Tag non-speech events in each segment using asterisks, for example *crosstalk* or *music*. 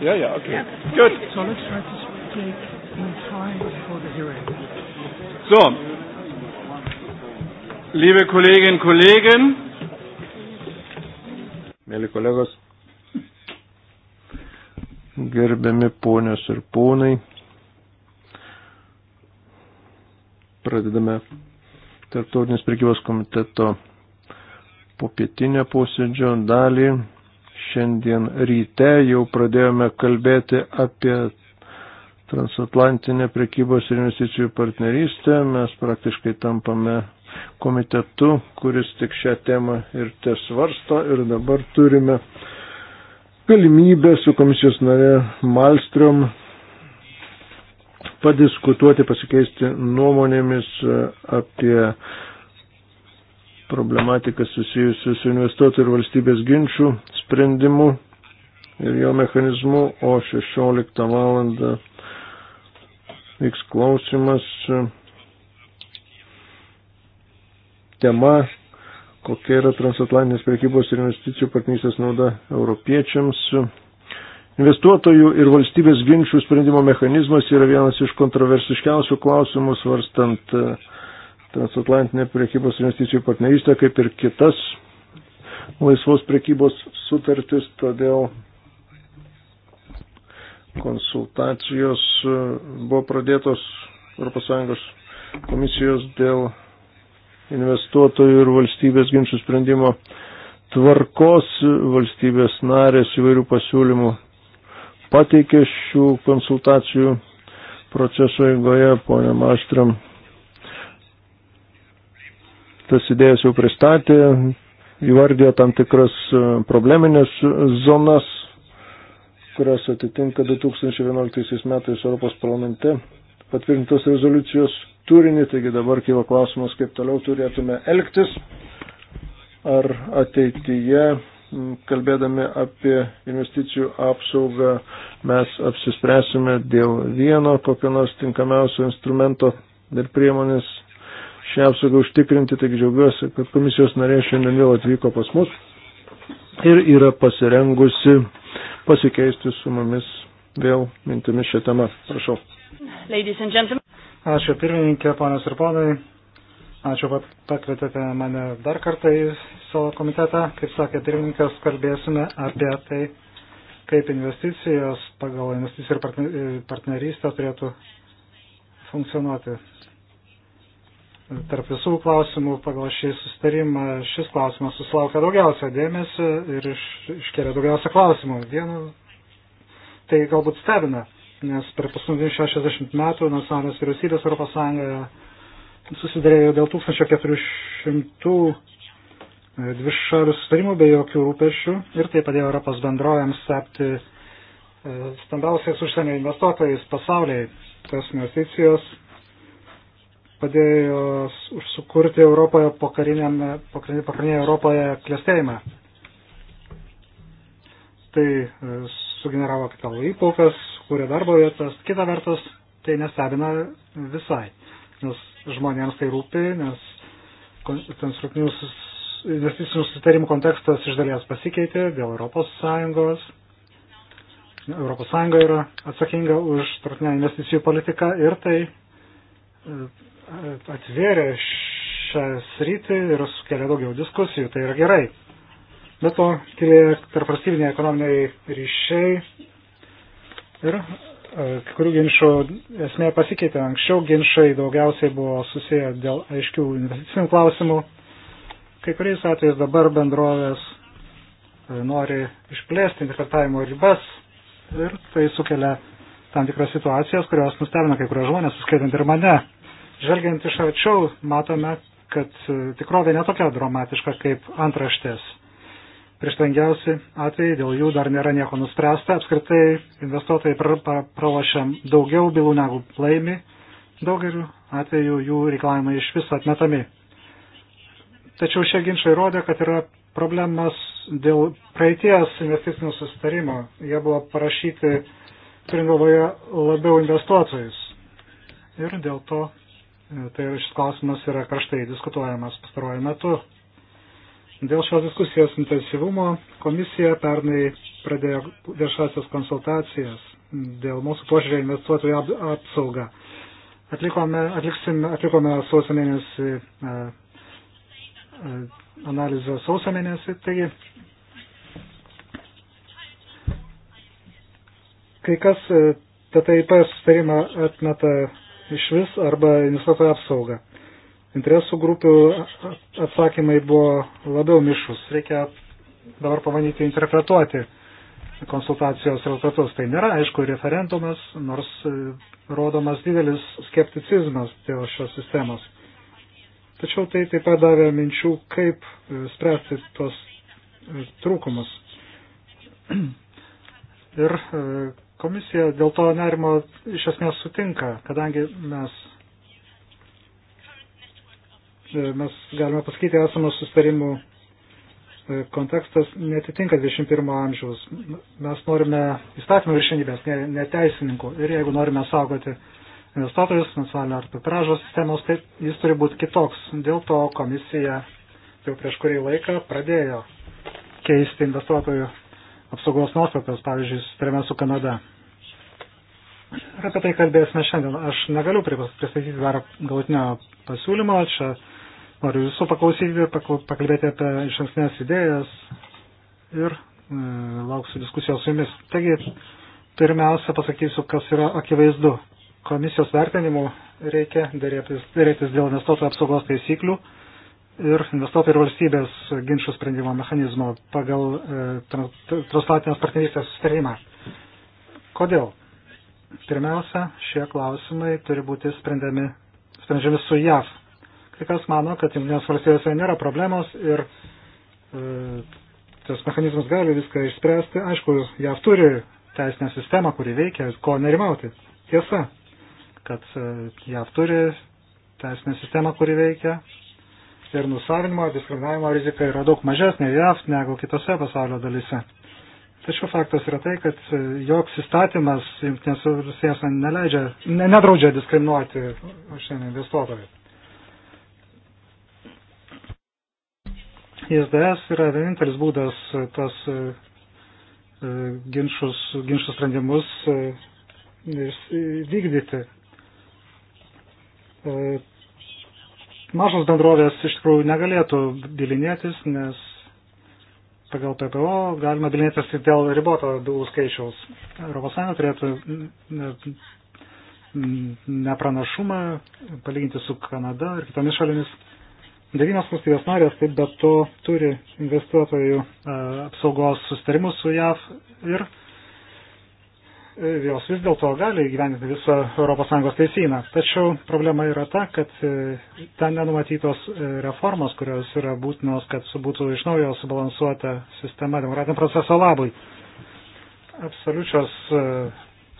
Yeah, yeah, okay. Yeah. Good. So let's try to speak in time for the hearing. So, liebe Kolleginnen und Kollegen, mėly kolegos, gerbiami ponios ir ponai, pradedame Tarptautinės prekybos komiteto popietinio posėdžio dalį. Šiandien ryte jau pradėjome kalbėti apie transatlantinę prekybos ir investicijų partnerystę. Mes praktiškai tampame komitetu, kuris tik šią temą ir tesvarsto ir dabar turime galimybę su komisijos narė Malstrom padiskutuoti, pasikeisti nuomonėmis apie problematiką susijusiu su investuotojų ir valstybės ginčių sprendimu ir jo mechanizmu, o 16 valandą vyks klausimas tema, kokia yra transatlantinės prekybos ir investicijų partnerystės nauda europiečiams. Investuotojų ir valstybės ginčių sprendimo mechanizmas yra vienas iš kontroversiškiausių klausimų svarstant uh, transatlantinę priekybos investicijų partnerystę, kaip ir kitas laisvos priekybos sutartis, todėl konsultacijos e, buvo pradėtos ES komisijos dėl investuotojų ir valstybės ginčių sprendimo tvarkos valstybės narės įvairių pasiūlymų pateikė šių konsultacijų proceso eigoje, ponė Maštram tas idėjas jau pristatė, įvardijo tam tikras e, probleminės zonas, kurios atitinka 2011 metais Europos parlamente patvirtintos rezoliucijos turinį, taigi dabar kyla klausimas, kaip toliau turėtume elgtis, ar ateityje, kalbėdami apie investicijų apsaugą, mes apsispręsime dėl vieno kokio nors tinkamiausio instrumento ir priemonės šią apsaugą užtikrinti, taigi džiaugiuosi, kad komisijos narė šiandien vėl atvyko pas mus ir yra pasirengusi pasikeisti su mumis vėl mintimis šią temą. Prašau. Ačiū pirmininkė, ponios ir ponai. Ačiū, kad pakvietėte mane dar kartą į savo komitetą. Kaip sakė pirmininkas, kalbėsime apie tai, kaip investicijos pagal investicijų ir partnerystę turėtų funkcionuoti tarp visų klausimų pagal šį sustarimą šis klausimas susilaukia daugiausia dėmesio ir iš, iškelia daugiausia klausimų. Vienu tai galbūt stebina, nes per paskutinius 60 metų nacionalinės vyriausybės Europos Sąjungoje susidarėjo dėl 1400 e, dvišalių sustarimų be jokių rūpešių ir tai padėjo Europos bendrovėms tapti e, stambiausiais užsienio investuotojais pasaulyje. Tas investicijos padėjo sukurti Europoje pokarinėje pokarinė Europoje klėstėjimą. Tai e, sugeneravo kapitalų įplaukas, kūrė darbo vietas, kita vertus tai nestebina visai, nes žmonėms tai rūpi, nes konstruktinių investicinių susitarimų kontekstas iš dalies pasikeitė dėl Europos Sąjungos. Europos Sąjunga yra atsakinga už tarptautinę investicijų politiką ir tai e, atvėrė šią sritį ir sukelia daugiau diskusijų, tai yra gerai. Be to, kilė tarp valstybiniai ekonominiai ryšiai ir e, kai kurių ginčių esmė pasikeitė. Anksčiau ginčiai daugiausiai buvo susiję dėl aiškių investicinių klausimų. Kai kuriais atvejais dabar bendrovės e, nori išplėsti interpretavimo ribas ir tai sukelia tam tikras situacijas, kurios nustebina kai kurios žmonės, suskaitant ir mane. Žvelgiant iš arčiau, matome, kad e, tikrovė netokia dramatiška kaip antraštės. Prieštangiausi atvejai, dėl jų dar nėra nieko nuspręsta. Apskritai, investuotojai pr pr pralošia daugiau bylų negu laimi. Daugeliu atveju jų reikalavimai iš viso atmetami. Tačiau šie ginčiai rodė, kad yra problemas dėl praeities investicinių sustarimo. Jie buvo parašyti, turint galvoje, labiau investuotojus. Ir dėl to E, tai šis klausimas yra karštai diskutuojamas pastaruoju metu. Dėl šios diskusijos intensyvumo komisija pernai pradėjo viešasias konsultacijas dėl mūsų požiūrė investuotojų apsaugą. Atlikome, atliksim, atlikome sausio mėnesį e, e, analizę sausio mėnesį. Taigi, kai kas e, TTIP sustarimą atmeta iš vis arba investuotojų apsaugą. Interesų grupių atsakymai buvo labiau mišus. Reikia dabar pamanyti interpretuoti konsultacijos rezultatus. Tai nėra, aišku, referendumas, nors e, rodomas didelis skepticizmas dėl šios sistemos. Tačiau tai taip pat davė minčių, kaip e, spręsti tos e, trūkumus. *clears throat* Ir Komisija dėl to nerimo iš esmės sutinka, kadangi mes, e, mes galime pasakyti esamų sustarimų e, kontekstas netitinka 21 amžiaus. Mes norime įstatymų viršinybės, ne, ne teisininkų. Ir jeigu norime saugoti investuotojus, nacionalinio arbitražo sistemos, tai jis turi būti kitoks. Dėl to komisija jau prieš kurį laiką pradėjo keisti investuotojų apsaugos nuostatas, pavyzdžiui, sutarėme su Kanada. Ir apie tai kalbėsime šiandien. Aš negaliu pristatyti dar galutinio pasiūlymo, čia noriu jūsų paklausyti, pakalbėti apie iš anksnės idėjas ir e, lauksiu diskusijos su jumis. Taigi, pirmiausia pasakysiu, kas yra akivaizdu. Komisijos vertinimu reikia dėrėtis, dėrėtis dėl investuotojų apsaugos taisyklių ir investuotojų ir valstybės ginčių sprendimo mechanizmo pagal e, transatlantinės partnerystės sustarimą. Kodėl? Pirmiausia, šie klausimai turi būti sprendami, sprendžiami su JAV. Kai kas mano, kad jungtinės valstybėse nėra problemos ir e, tas mechanizmas gali viską išspręsti. Aišku, JAV turi teisinę sistemą, kuri veikia, ko nerimauti. Tiesa, kad e, JAV turi teisinę sistemą, kuri veikia, ir nusavinimo diskriminavimo rizika yra daug mažesnė JAV negu kitose pasaulio dalise. Tačiau faktas yra tai, kad e, joks įstatymas jungtinės valstijos neleidžia, ne, nedraudžia diskriminuoti užsienio investuotojų. ISDS yra vienintelis būdas e, tas e, ginčius, ginčius sprendimus vykdyti Mažos bendrovės iš tikrųjų negalėtų bilinėtis, nes pagal PPO galima bilinėtis tik dėl riboto bylų skaičiaus. ES turėtų nepranašumą palyginti su Kanada ir kitomis šalimis. Devynios valstybės narės taip bet to turi investuotojų e, apsaugos sustarimus su JAV ir jos vis dėlto gali įgyvendinti visą ES teisyną. Tačiau problema yra ta, kad e, ten nenumatytos e, reformos, kurios yra būtinos, kad būtų iš naujo subalansuota sistema demokratinio proceso labui. Absoliučios e,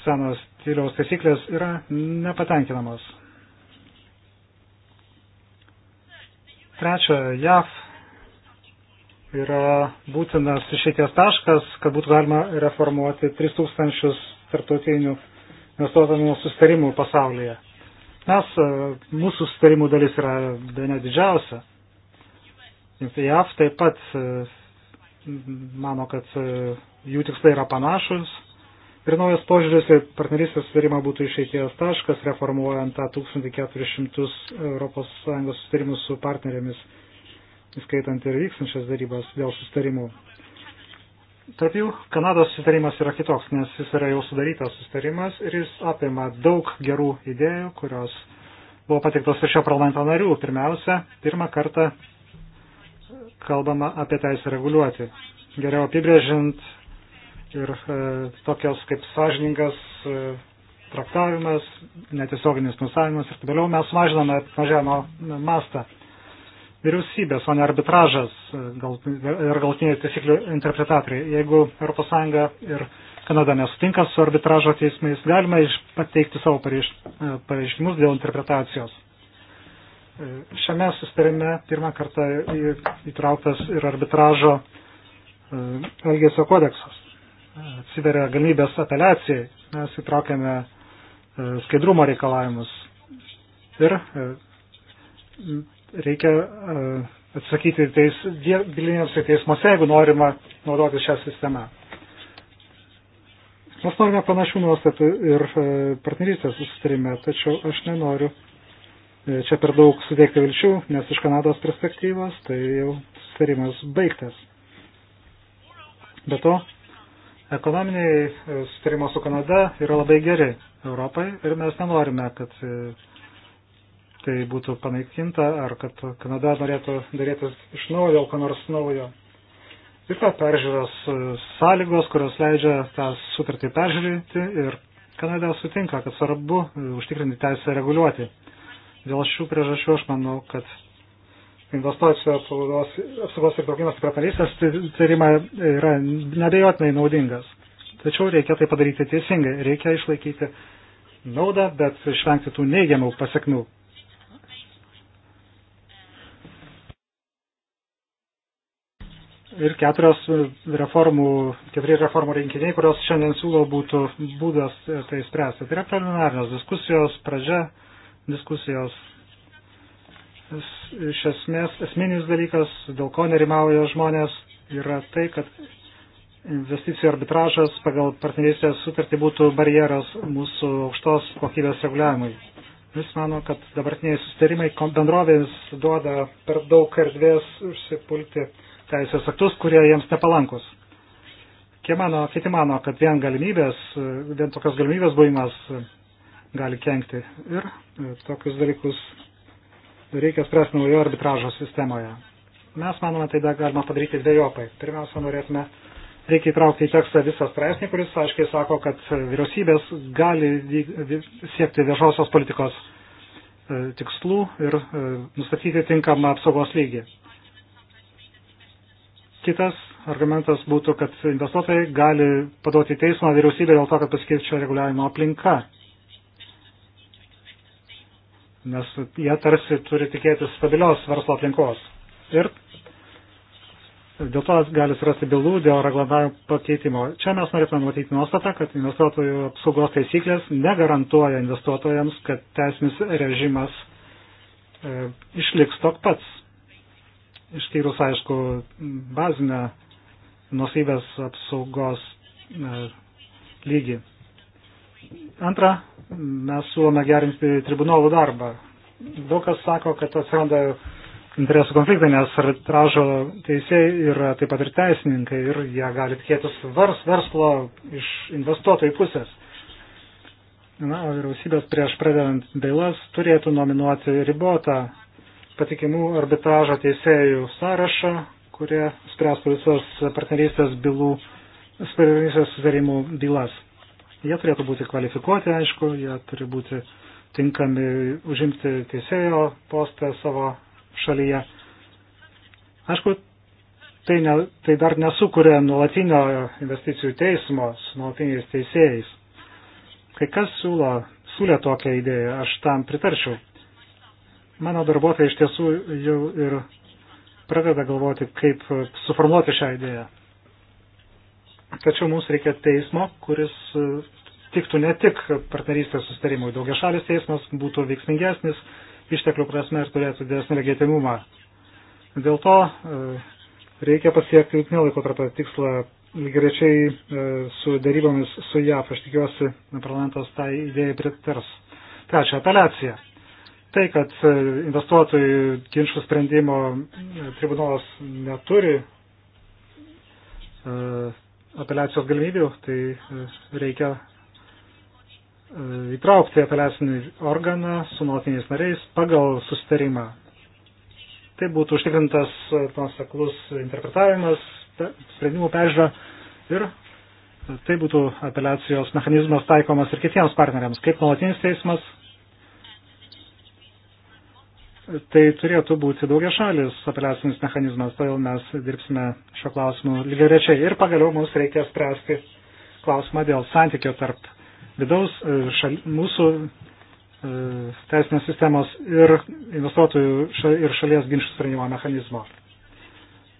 senos tyliaus taisyklės yra nepatenkinamos. Trečia, JAV yra būtinas išeities taškas, kad būtų galima reformuoti 3000 tarptautinių investuotojų sustarimų pasaulyje. Mes, e, mūsų sustarimų dalis yra bene didžiausia. JAV taip pat e, mano, kad e, jų tikslai yra panašus. Ir naujas požiūris į partnerystės sustarimą būtų išeities taškas, reformuojant tą 1400 ES sustarimus su partnerėmis, įskaitant ir vykstančias darybas dėl sustarimų. Tarp jų Kanados susitarimas yra kitoks, nes jis yra jau sudarytas susitarimas ir jis apima daug gerų idėjų, kurios buvo patiktos iš šio parlamento narių. Pirmiausia, pirmą kartą kalbama apie teisę reguliuoti. Geriau apibrėžint ir e, tokios kaip sąžiningas e, traktavimas, netiesioginis nusavimas ir toliau mes mažiname mažėjimo mastą vyriausybės, o ne arbitražas e, gal, ir galtiniai taisyklių interpretatoriai. Jeigu ES ir Kanada nesutinka su arbitražo teismais, galima pateikti savo e, pareiškimus dėl interpretacijos. E, šiame sustarime pirmą kartą įtrauktas ir arbitražo elgesio kodeksas. Atsiveria galimybės apeliacijai, mes įtraukėme skaidrumo reikalavimus ir reikia e, atsakyti teis, bylinėms teismuose, jeigu norima naudoti šią sistemą. Mes norime panašių nuostatų ir e, partnerystės susitarime, tačiau aš nenoriu e, čia per daug suteikti vilčių, nes iš Kanados perspektyvos tai jau susitarimas baigtas. Be to, ekonominiai susitarimo su Kanada yra labai geri Europai ir mes nenorime, kad tai būtų panaikinta, ar kad Kanada norėtų daryti iš naujo, ko nors naujo. Taip pat peržiūros e, sąlygos, kurios leidžia tą sutartį peržiūrėti ir Kanada sutinka, kad svarbu e, užtikrinti teisę reguliuoti. Dėl šių priežasčių aš manau, kad investuotojų apsaugos, apsaugos ir traukimas į karalystės tyrimą yra nebejotinai naudingas. Tačiau reikia tai padaryti teisingai, reikia išlaikyti naudą, bet išvengti tų neigiamų pasiekmių. ir keturios reformų, keturi reformų rinkiniai, kurios šiandien siūlo būtų būdas tai spręsti. Tai yra preliminarios diskusijos, pradžia diskusijos. Iš esmės, esminis dalykas, dėl ko nerimauja žmonės, yra tai, kad investicijų arbitražas pagal partnerystės sutartį būtų barjeras mūsų aukštos kokybės reguliavimui. Jis mano, kad dabartiniai sustarimai bendrovės duoda per daug erdvės užsipulti uh, teisės aktus, kurie jiems nepalankus. Mano, kiti mano, kad vien galimybės, vien tokios galimybės buvimas gali kenkti ir e, tokius dalykus reikia spręsti naujo arbitražo sistemoje. Mes manome, tai galima padaryti dviejopai. Pirmiausia, norėtume reikia įtraukti į tekstą visą straipsnį, kuris aiškiai sako, kad vyriausybės gali siekti viešosios politikos e, tikslų ir e, nustatyti tinkamą apsaugos lygį. Kitas argumentas būtų, kad investuotojai gali paduoti teismą vyriausybę dėl to, kad pasikeičia reguliavimo aplinka. Nes jie tarsi turi tikėtis stabilios verslo aplinkos. Ir dėl to gali surasti bylų dėl reglamentavimo pakeitimo. Čia mes norėtume matyti nuostatą, kad investuotojų apsaugos taisyklės negarantuoja investuotojams, kad teisinis režimas e, išliks tok pats išskyrus, aišku, bazinę nusybės apsaugos e, lygį. Antra, mes siūlome gerinti tribunolų darbą. Daug kas sako, kad atsiranda interesų konfliktai, nes arbitražo teisėjai yra taip pat ir teisininkai ir jie gali tikėtis vers, verslo iš investuotojų pusės. Na, vyriausybės prieš pradedant bylas turėtų nominuoti ribotą patikimų arbitražo teisėjų sąrašą, kurie spręstų visas partnerystės bylų, partnerystės susitarimų bylas. Jie turėtų būti kvalifikuoti, aišku, jie turi būti tinkami užimti teisėjo postą savo šalyje. Aišku, tai, ne, tai dar nesukuria nuolatinio investicijų teismo su nuolatiniais teisėjais. Kai kas siūlo, siūlė tokią idėją, aš tam pritarčiau. Mano darbuotojai iš tiesų jau ir pradeda galvoti, kaip suformuoti šią idėją. Tačiau mums reikia teismo, kuris tiktų ne tik partnerystės sustarimui. Daugia šalis teismas būtų veiksmingesnis, išteklių prasme ir turėtų didesnį legitimumą. Dėl to e, reikia pasiekti jungtinio laiko tarp tikslą lygiai e, su darybomis su JAF. Aš tikiuosi, parlamentas tą tai idėją pritars. Trečia, apeliacija. Tai, kad e, investuotojų ginčių sprendimo e, tribunolas neturi e, apeliacijos galimybių, tai reikia įtraukti apeliacinį organą su nuolatiniais nariais pagal susitarimą. Tai būtų užtikrintas nuoseklus interpretavimas, sprendimų peržiūra ir tai būtų apeliacijos mechanizmas taikomas ir kitiems partneriams, kaip nuolatinis teismas, tai turėtų būti daugia šalis apeliacinis mechanizmas, todėl mes dirbsime šio klausimu lygiarečiai. Ir pagaliau mums reikia spręsti klausimą dėl santykio tarp vidaus e, šal, mūsų e, teisinės sistemos ir investuotojų šal, ir šalies ginčių sprendimo mechanizmo.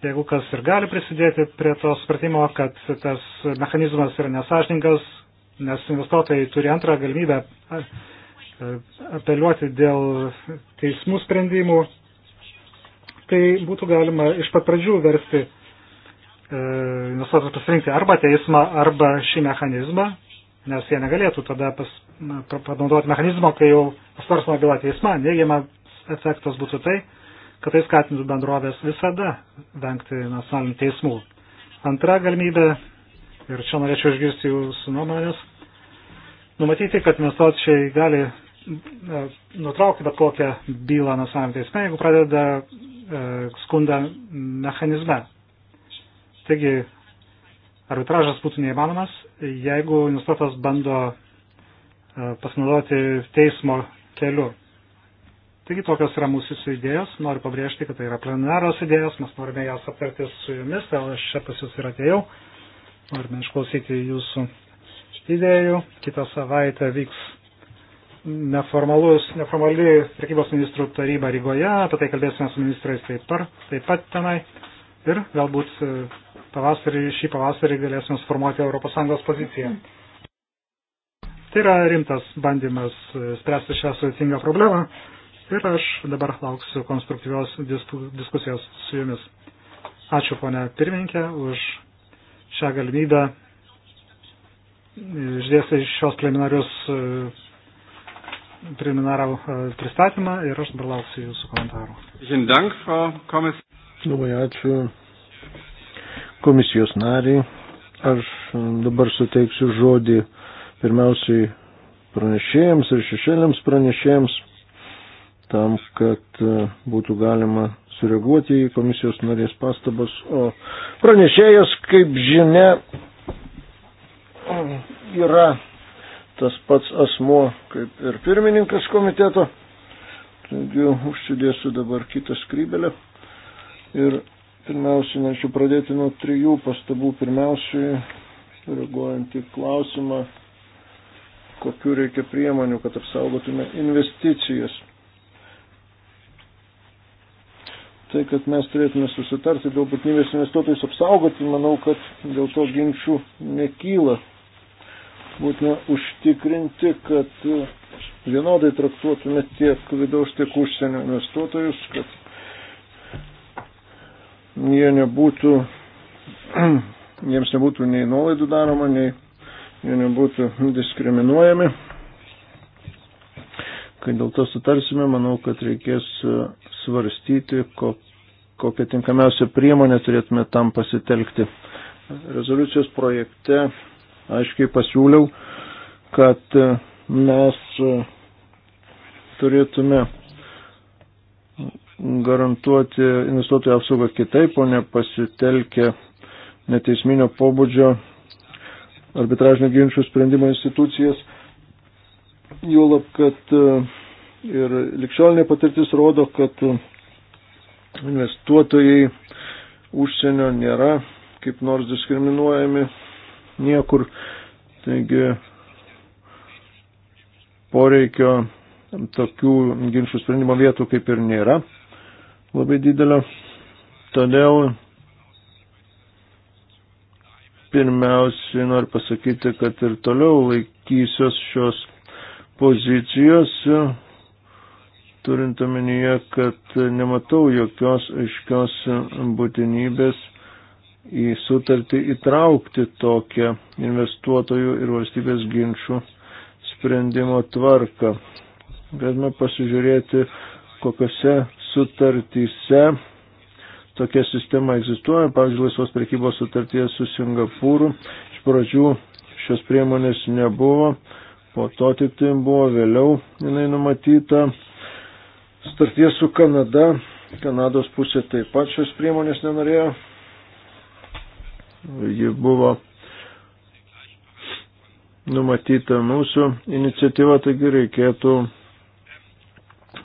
Jeigu kas ir gali prisidėti prie to supratimo, kad tas mechanizmas yra nesažininkas, nes investuotojai turi antrą galimybę apeliuoti dėl teismų sprendimų, tai būtų galima iš pat pradžių versti investuotojus e, pasirinkti arba teismą, arba šį mechanizmą, nes jie negalėtų tada pas, na, panaudoti mechanizmo, kai jau pasvarstama byla teisma, neigiamas efektas būtų tai, kad tai skatintų bendrovės visada vengti nacionalinių teismų. Antra galimybė, ir čia norėčiau išgirsti jūsų nuomonės, numatyti, kad investuotojai gali nutraukti bet kokią bylą nacionalinė teisme, jeigu pradeda e, skundą mechanizme. Taigi, arbitražas būtų neįmanomas, jeigu investuotojas bando e, pasinaudoti teismo keliu. Taigi tokios yra mūsų idėjos. Noriu pabrėžti, kad tai yra plenaros idėjos. Mes norime jas aptarti su jumis. Todėl tai aš čia pas jūs ir atėjau. Norime išklausyti jūsų idėjų. Kitą savaitę vyks neformalus, neformali prekybos ministrų taryba Rygoje, apie tai kalbėsime su ministrais taip, par, taip pat tenai ir galbūt e, pavasarį, šį pavasarį galėsime sformuoti ES poziciją. Tai yra rimtas bandymas e, spręsti šią sudėtingą problemą ir aš dabar lauksiu konstruktyvios diskusijos su jumis. Ačiū ponia pirmininkė už šią galimybę išdėsti šios preliminarius e, preliminarą e, pristatymą ir aš dabar lauksiu jūsų komentarų. Labai ačiū komisijos nariai. Aš e, dabar suteiksiu žodį pirmiausiai pranešėjams ir šešėliams pranešėjams, tam, kad e, būtų galima sureaguoti į komisijos narės pastabas. O pranešėjas, kaip žinia, yra tas pats asmuo kaip ir pirmininkas komiteto. Taigi užsidėsiu dabar kitą skrybelę. Ir pirmiausia, norėčiau pradėti nuo trijų pastabų. Pirmiausiai, reaguojant į klausimą, kokiu reikia priemonių, kad apsaugotume investicijas. Tai, kad mes turėtume susitarti dėl būtinybės investuotojus apsaugoti, manau, kad dėl to ginčių nekyla būtina užtikrinti, kad vienodai traktuotume tiek vidaus, tiek užsienio investuotojus, kad jie nebūtų, *clears throat* jiems nebūtų nei nuolaidų daroma, nei jie nebūtų diskriminuojami. Kai dėl to sutarsime, manau, kad reikės e, svarstyti, kokią tinkamiausią priemonę turėtume tam pasitelkti. Rezoliucijos projekte aiškiai pasiūliau, kad e, mes e, turėtume garantuoti investuotojų apsaugą kitaip, o ne pasitelkę neteisminio pobūdžio arbitražinio ginčių sprendimo institucijas. Juolab, kad e, ir likščiolinė patirtis rodo, kad investuotojai užsienio nėra kaip nors diskriminuojami niekur. Taigi poreikio tokių ginčių sprendimo vietų kaip ir nėra labai didelio. Todėl pirmiausiai noriu pasakyti, kad ir toliau laikysios šios pozicijos, turint omenyje, kad nematau jokios aiškios būtinybės į sutartį įtraukti tokią investuotojų ir valstybės ginčių sprendimo tvarką. Galime pasižiūrėti, kokiuose sutartyse tokia sistema egzistuoja. Pavyzdžiui, laisvos prekybos sutartyje su Singapūru. Iš pradžių šios priemonės nebuvo, po to tik tai buvo vėliau jinai numatyta. Sutartyje su Kanada. Kanados pusė taip pat šios priemonės nenorėjo ji buvo numatyta mūsų iniciatyva, taigi reikėtų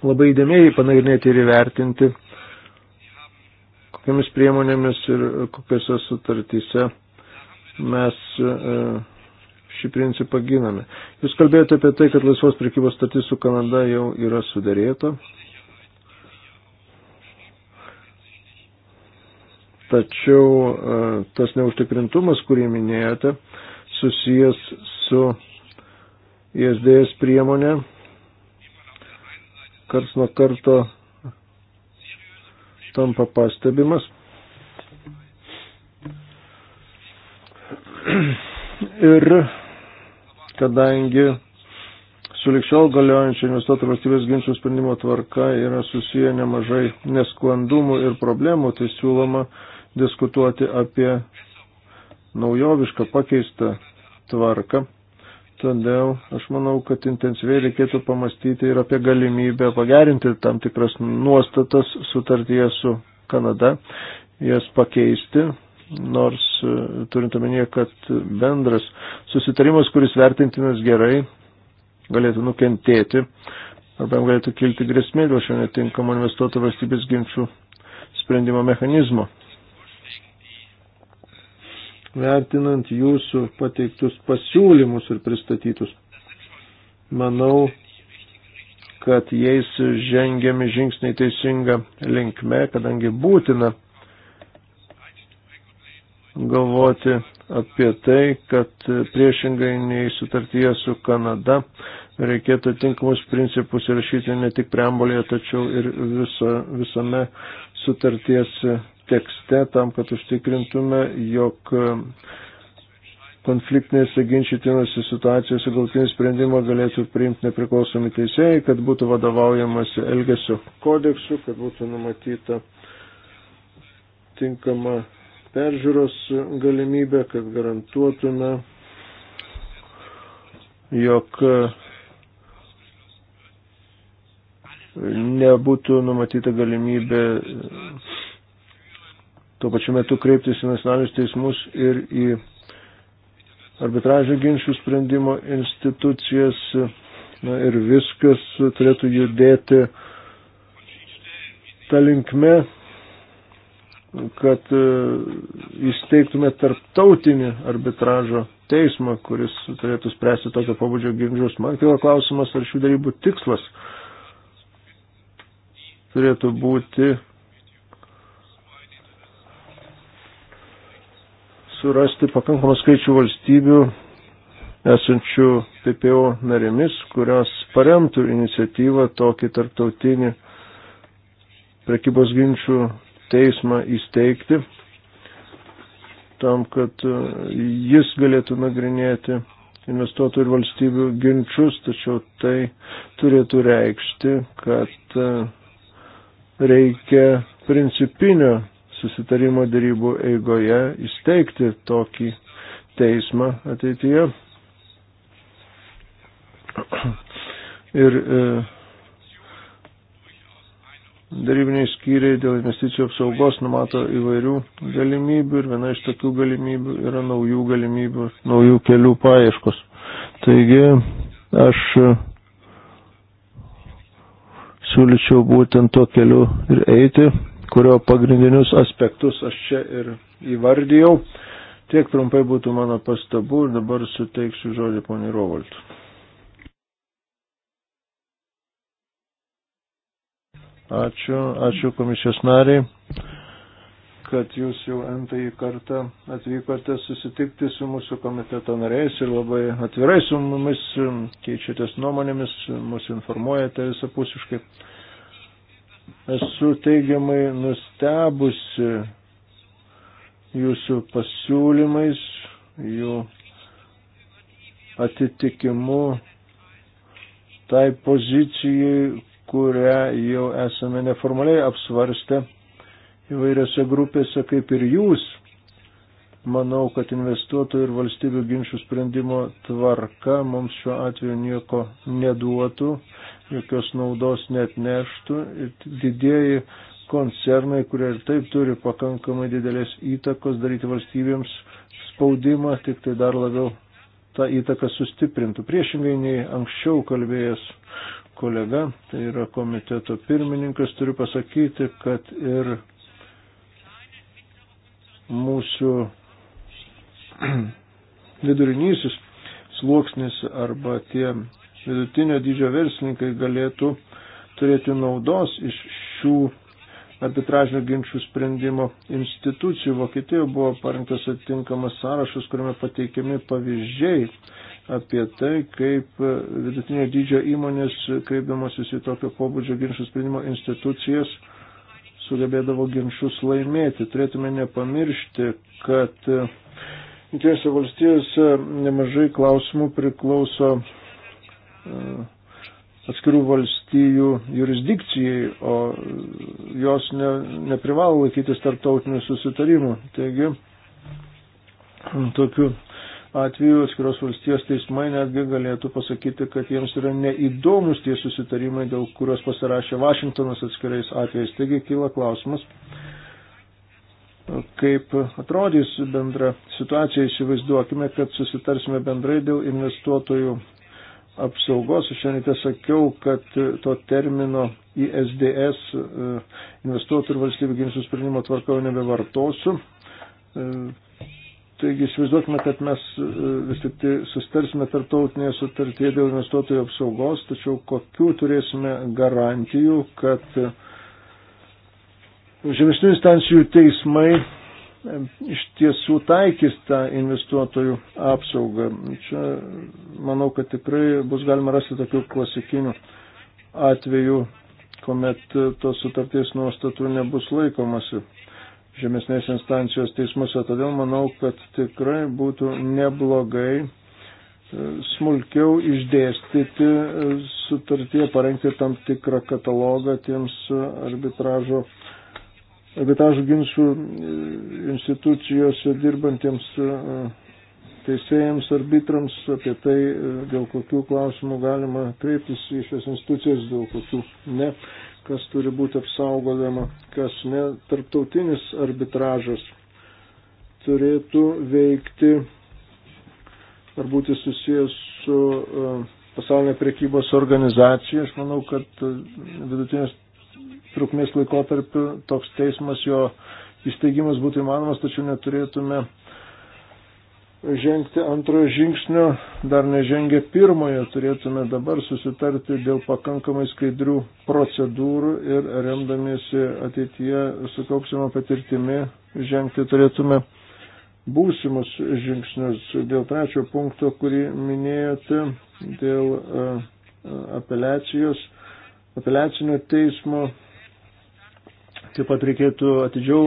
labai įdėmiai panagrinėti ir įvertinti, kokiamis priemonėmis ir kokiose sutartyse mes e, šį principą giname. Jūs kalbėjote apie tai, kad laisvos prekybos sutartis su Kanada jau yra sudarėta. Tačiau e, tas neužtikrintumas, kurį minėjote, susijęs su ISDS priemonė, karts nuo karto tampa pastebimas. Ir kadangi su likščiau galiojančia investuotojų valstybės ginčių sprendimo tvarka yra susiję nemažai nesklandumų ir problemų, tai siūloma uh, diskutuoti apie naujovišką pakeistą tvarką. Todėl aš manau, kad intensyviai reikėtų pamastyti ir apie galimybę pagerinti tam tikras nuostatas sutartyje su Kanada, jas pakeisti, nors e, turint omenyje, kad bendras susitarimas, kuris vertintinas gerai, galėtų nukentėti arba jam galėtų kilti grėsmė dėl šio netinkamo investuoto valstybės ginčių sprendimo mechanizmo vertinant jūsų pateiktus pasiūlymus ir pristatytus. Manau, kad jais žengiami žingsniai teisinga linkme, kadangi būtina galvoti apie tai, kad priešingai nei sutartyje su Kanada reikėtų tinkamus principus įrašyti ne tik preambulėje, tačiau ir viso, visame sutarties tekste tam, kad užtikrintume, jog e, konfliktinėse ginčytinose situacijose galtinį sprendimą galėtų priimti nepriklausomi teisėjai, kad būtų vadovaujamasi Elgesio kodeksu, kad būtų numatyta tinkama peržiūros galimybė, kad garantuotume, jog e, nebūtų numatyta galimybė tuo pačiu metu kreiptis į nacionalinius teismus ir į arbitražo ginčių sprendimo institucijas na, ir viskas turėtų judėti tą linkme, kad e, įsteigtume tarptautinį arbitražo teismą, kuris turėtų spręsti tokio pabudžio ginčius. Man kilo klausimas, ar šių darybų tikslas turėtų būti surasti pakankamą skaičių valstybių esančių PPO narėmis, kurios paremtų iniciatyvą tokį tarptautinį prekybos ginčių teismą įsteigti, tam, kad e, jis galėtų nagrinėti investuotojų ir valstybių ginčius, tačiau tai turėtų reikšti, kad e, reikia principinio susitarimo darybų eigoje įsteigti tokį teismą ateityje. *clears throat* Ir e, darybiniai skyriai dėl investicijų apsaugos numato įvairių galimybių ir viena iš tokių galimybių yra naujų galimybių, naujų kelių paieškos. Taigi aš e, siūlyčiau būtent tuo keliu ir eiti, kurio pagrindinius aspektus aš čia ir įvardijau. Tiek trumpai būtų mano pastabų ir dabar suteiksiu žodį poniai Rovaltų. Ačiū, ačiū komisijos nariai, kad jūs jau antrąjį kartą atvykote susitikti su mūsų komiteto nariais ir labai atvirai su mumis keičiatės nuomonėmis, mūsų informuojate visapusiškai. Esu teigiamai nustebusi jūsų pasiūlymais, jų atitikimu tai pozicijai, kurią jau esame neformaliai apsvarstę įvairiose grupėse, kaip ir jūs. Manau, kad investuotojų ir valstybių ginčių sprendimo tvarka mums šiuo atveju nieko neduotų, jokios naudos net neštų. Didieji koncernai, kurie ir taip turi pakankamai didelės įtakos daryti valstybėms spaudimą, tik tai dar labiau tą įtaką sustiprintų. Priešingai nei anksčiau kalbėjęs kolega, tai yra komiteto pirmininkas, turiu pasakyti, kad ir mūsų *clears throat* vidurinysis sluoksnis arba tie vidutinio dydžio verslininkai galėtų turėti naudos iš šių arbitražinio ginčių sprendimo institucijų. Vokietijoje buvo parinktas atitinkamas sąrašas, kuriame pateikiami pavyzdžiai apie tai, kaip vidutinio dydžio įmonės, kreipdamasis į tokio pobūdžio ginčių sprendimo institucijas, sugebėdavo ginčius laimėti. Turėtume nepamiršti, kad Jungtinėse valstijose nemažai klausimų priklauso E, atskirų valstybių jurisdikcijai, o jos ne, neprivalo laikytis tarptautinių susitarimų. Taigi, tokiu atveju atskiros valstijos teismai netgi galėtų pasakyti, kad jiems yra neįdomus tie susitarimai, dėl kuriuos pasirašė Vašingtonas atskirais atvejais. Taigi, kyla klausimas kaip atrodys bendra situacija, įsivaizduokime, kad susitarsime bendrai dėl investuotojų apsaugos. Aš šiandien sakiau, kad to termino ISDS e, investuotojų ir valstybių ginčių sprendimo tvarkau nebevartosiu. E, taigi įsivaizduokime, kad mes e, vis tik tai sustarsime tarptautinėje sutartyje dėl investuotojų apsaugos, tačiau kokių turėsime garantijų, kad žemesnių instancijų teismai iš tiesų taikys tą investuotojų apsaugą. Čia manau, kad tikrai bus galima rasti tokių klasikinių atvejų, kuomet tos sutarties nuostatų nebus laikomasi žemesnės instancijos teismuose. Todėl manau, kad tikrai būtų neblogai e, smulkiau išdėstyti e, sutartie, parengti tam tikrą katalogą tiems e, arbitražo arbitražų ginčių e, institucijose dirbantiems e, teisėjams, arbitrams, apie tai, e, dėl kokių klausimų galima kreiptis į šias institucijas, dėl kokių ne, kas turi būti apsaugodama, kas ne. Tarptautinis arbitražas turėtų veikti ar būti susijęs su pasaulinė priekybos organizacija. Aš manau, kad vidutinės trukmės laikotarpiu toks teismas, jo įsteigimas būtų įmanomas, tačiau neturėtume žengti antrojo žingsnio, dar nežengę pirmojo, turėtume dabar susitarti dėl pakankamai skaidrių procedūrų ir remdamiesi ateityje sukaupsimo patirtimi žengti turėtume būsimus žingsnius. Dėl trečio punkto, kurį minėjote, dėl e, e, apeliacijos apeliacinio teismo. Taip pat reikėtų atidžiau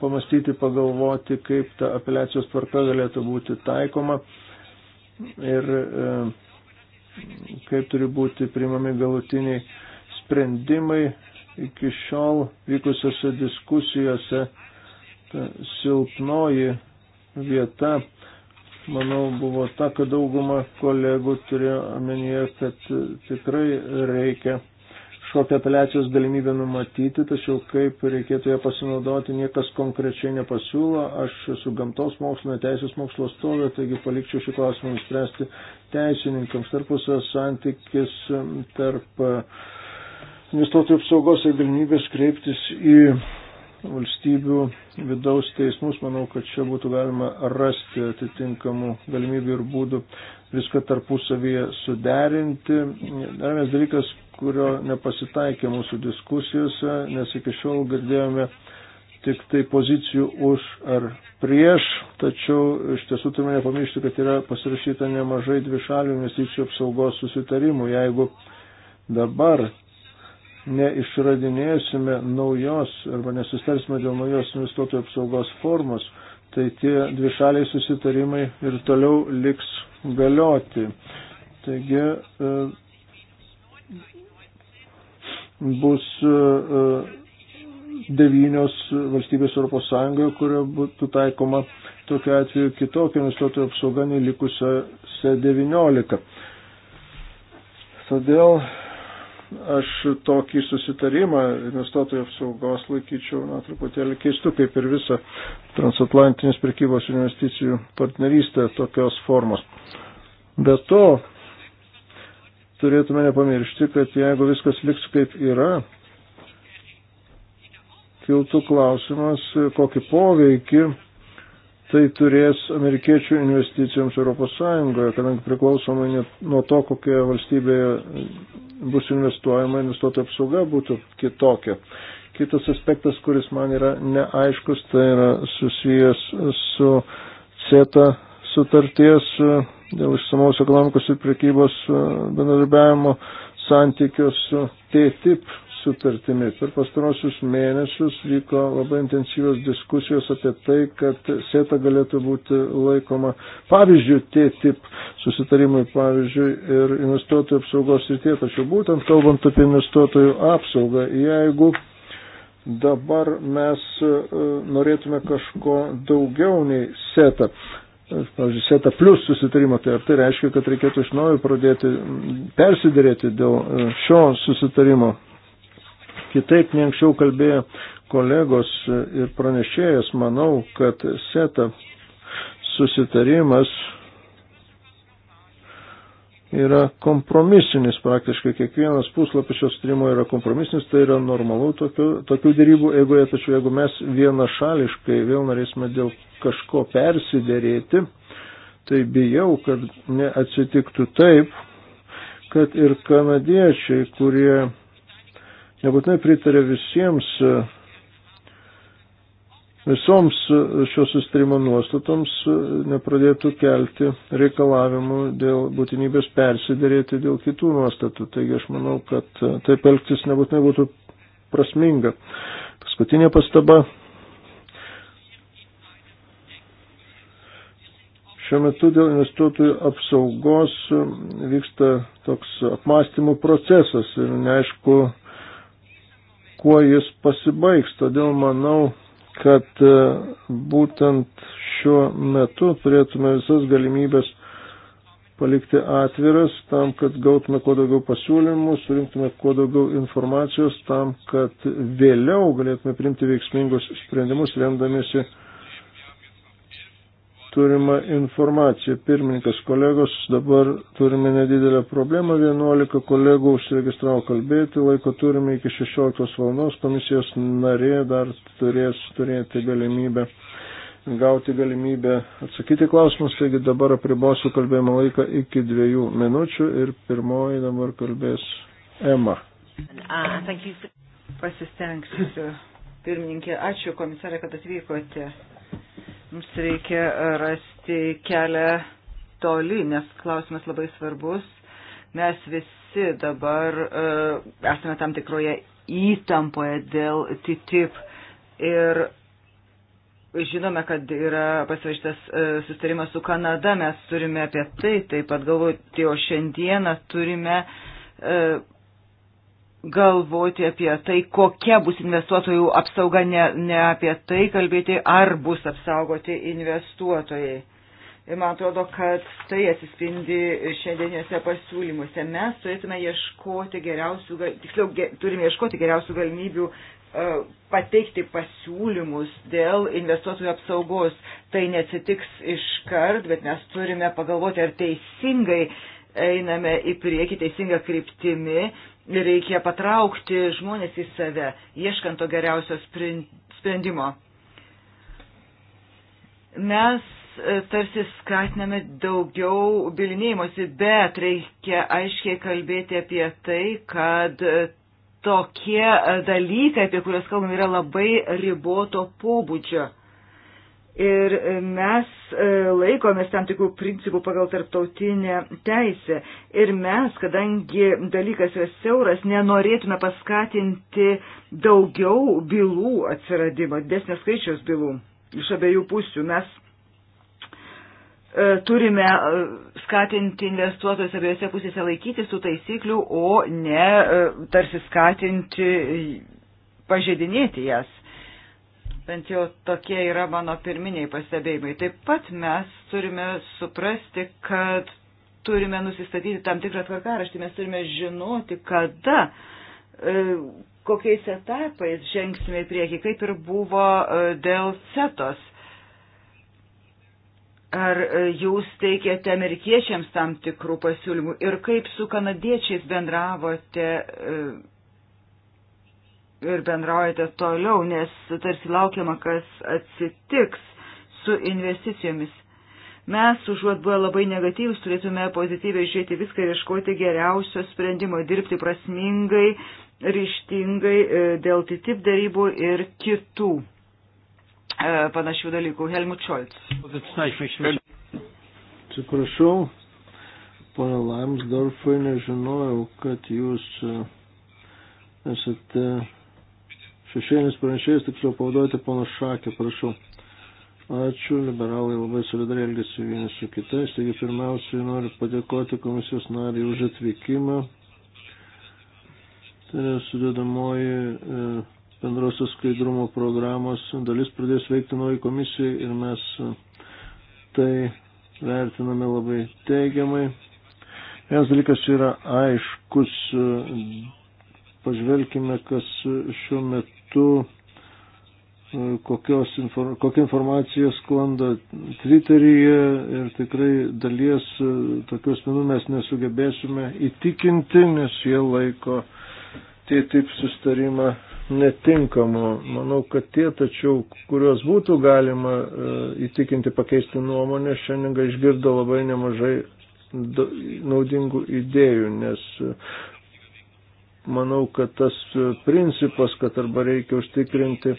pamastyti, pagalvoti, kaip ta apeliacijos tvarka galėtų būti taikoma ir e, kaip turi būti priimami galutiniai sprendimai. Iki šiol vykusiose diskusijose ta silpnoji vieta, manau, buvo ta, kad dauguma kolegų turėjo omenyje, kad tikrai reikia šokio apeliacijos galimybę numatyti, tačiau kaip reikėtų ją pasinaudoti, niekas konkrečiai nepasiūlo. Aš esu gamtos mokslo, teisės mokslo stovė, taigi palikčiau šį klausimą spręsti teisininkams. Tarpusio santykis tarp investuotojų apsaugos ir galimybės kreiptis į valstybių vidaus teismus, manau, kad čia būtų galima rasti atitinkamų galimybių ir būdų viską tarpusavyje suderinti. Dar vienas dalykas, kurio nepasitaikė mūsų diskusijose, nes iki šiol girdėjome tik tai pozicijų už ar prieš, tačiau iš tiesų turime nepamiršti, kad yra pasirašyta nemažai dvišalių investicijų apsaugos susitarimų. Jeigu dabar neišradinėsime naujos arba nesustarsime dėl naujos investuotojų apsaugos formos, tai tie dvišaliai susitarimai ir toliau liks galioti. Taigi e, bus e, e, devynios valstybės Europos Sąjungoje, kurio būtų taikoma tokia atveju kitokia investuotojų apsauga nei likusiose 19. Todėl aš tokį susitarimą investuotojų apsaugos laikyčiau na, truputėlį keistu, kaip ir visą transatlantinės prekybos investicijų partnerystę tokios formos. Be to, turėtume nepamiršti, kad jeigu viskas liks kaip yra, kiltų klausimas, kokį poveikį tai turės amerikiečių investicijoms Europos Sąjungoje, kadangi priklausomai nuo to, kokioje valstybėje bus investuojama, investuotojų apsauga būtų kitokia. Kitas aspektas, kuris man yra neaiškus, tai yra susijęs su CETA sutarties dėl išsamaus ekonomikos ir prekybos e, bendradarbiavimo santykius su TTIP sutartimi. Per pastarosius mėnesius vyko labai intensyvios diskusijos apie tai, kad SETA galėtų būti laikoma pavyzdžių T-tip susitarimui, pavyzdžiui, ir investuotojų apsaugos rytie. Tačiau būtent kalbant apie investuotojų apsaugą, jeigu dabar mes e, norėtume kažko daugiau nei SETA pavyzdžiui, SETA plus susitarimą, tai ar tai reiškia, kad reikėtų iš naujo pradėti persidėrėti dėl e, šio susitarimo? Kitaip nei anksčiau kalbėjo kolegos e, ir pranešėjas, manau, kad SETA susitarimas yra kompromisinis praktiškai. Kiekvienas puslapis šios trimo yra kompromisinis, tai yra normalu tokių, tokių dėrybų eigoje, tačiau jeigu mes vienašališkai vėl norėsime dėl kažko persidėrėti, tai bijau, kad neatsitiktų taip, kad ir kanadiečiai, kurie nebūtinai pritarė visiems visoms e, šio sustarimo nuostatoms e, nepradėtų kelti reikalavimų dėl būtinybės persidėrėti dėl kitų nuostatų. Taigi aš manau, kad e, taip elgtis nebūtinai būtų prasminga. Paskutinė pastaba. Šiuo metu dėl investuotojų apsaugos vyksta toks apmąstymų procesas ir neaišku, kuo jis pasibaigs. Todėl manau, kad e, būtent šiuo metu turėtume visas galimybės palikti atviras tam, kad gautume kuo daugiau pasiūlymų, surinktume kuo daugiau informacijos tam, kad vėliau galėtume primti veiksmingus sprendimus remdamiesi turimą informaciją. Pirmininkas kolegos, dabar turime nedidelę problemą. 11 kolegų užsiregistravo kalbėti, laiko turime iki 16 valandos. Komisijos narė dar turės turėti galimybę gauti galimybę atsakyti klausimus, taigi dabar apribosiu kalbėjimo laiką iki dviejų minučių ir pirmoji dabar kalbės Ema. Pasistengsiu, pirmininkė, ačiū komisarė, kad atvykote. Mums reikia rasti kelią toli, nes klausimas labai svarbus. Mes visi dabar uh, esame tam tikroje įtampoje dėl TTIP ir žinome, kad yra pasirašytas uh, e, sustarimas su Kanada, mes turime apie tai taip pat galvoti, o šiandieną turime uh, galvoti apie tai, kokia bus investuotojų apsauga, ne, ne apie tai kalbėti, ar bus apsaugoti investuotojai. Ir man atrodo, kad tai atsispindi šiandieniuose pasiūlymuose. Mes turėtume ieškoti geriausių, tiksliau, turime ieškoti geriausių galimybių e, pateikti pasiūlymus dėl investuotojų apsaugos. Tai neatsitiks iškart, bet mes turime pagalvoti, ar teisingai einame į priekį, teisinga kryptimi reikia patraukti žmonės į save, ieškant to geriausio sprendimo. Mes e, tarsi skatiname daugiau bilinėjimosi, bet reikia aiškiai kalbėti apie tai, kad e, tokie dalykai, apie kuriuos kalbame, yra labai riboto pobūdžio ir e, mes e, laikomės tam tikrų principų pagal tarptautinę teisę. Ir mes, kadangi dalykas yra siauras, nenorėtume paskatinti daugiau bylų atsiradimo, desnės skaičiaus bylų iš abiejų pusių. Mes e, turime skatinti investuotojus abiejose pusėse laikytis tų taisyklių, o ne tarsi skatinti pažeidinėti jas. Bent jau tokie yra mano pirminiai pastebėjimai. Taip pat mes turime suprasti, kad turime nusistatyti tam tikrą tvarkaraštį, mes turime žinoti, kada, e, kokiais etapais žengsime į priekį, kaip ir buvo e, dėl CETOS. Ar e, jūs teikėte amerikiečiams tam tikrų pasiūlymų ir kaip su kanadiečiais bendravote ir bendraujate toliau, nes tarsi laukiama, kas atsitiks su investicijomis. Mes, užuot buvę labai negatyvus, turėtume pozityviai žiūrėti viską ir iškoti geriausio sprendimo, dirbti prasmingai, ryštingai e, dėl TTIP darybų ir kitų e, panašių dalykų. Helmut Scholz. Atsiprašau, pana Lamsdorfai, nežinojau, kad jūs e, esate šešėlinis pranešėjas, tiksliau pavaduoti pono Šakį, prašau. Ačiū, liberalai labai solidariai elgesi vieni su kitais, taigi pirmiausiai noriu padėkoti komisijos nariai už atvykimą. Tai yra sudėdamoji e, bendrosios skaidrumo programos dalis pradės veikti nauji komisijai ir mes e, tai vertiname labai teigiamai. Vienas dalykas yra aiškus, e, pažvelkime, kas šiuo metu metu, e, kokios, kokia informacija sklando Twitteryje ir tikrai dalies e, tokių asmenų mes nesugebėsime įtikinti, nes jie laiko tie taip sustarimą netinkamu. Manau, kad tie tačiau, kuriuos būtų galima e, įtikinti pakeisti nuomonę, šiandien išgirdo labai nemažai naudingų idėjų, nes manau, kad tas e, principas, kad arba reikia užtikrinti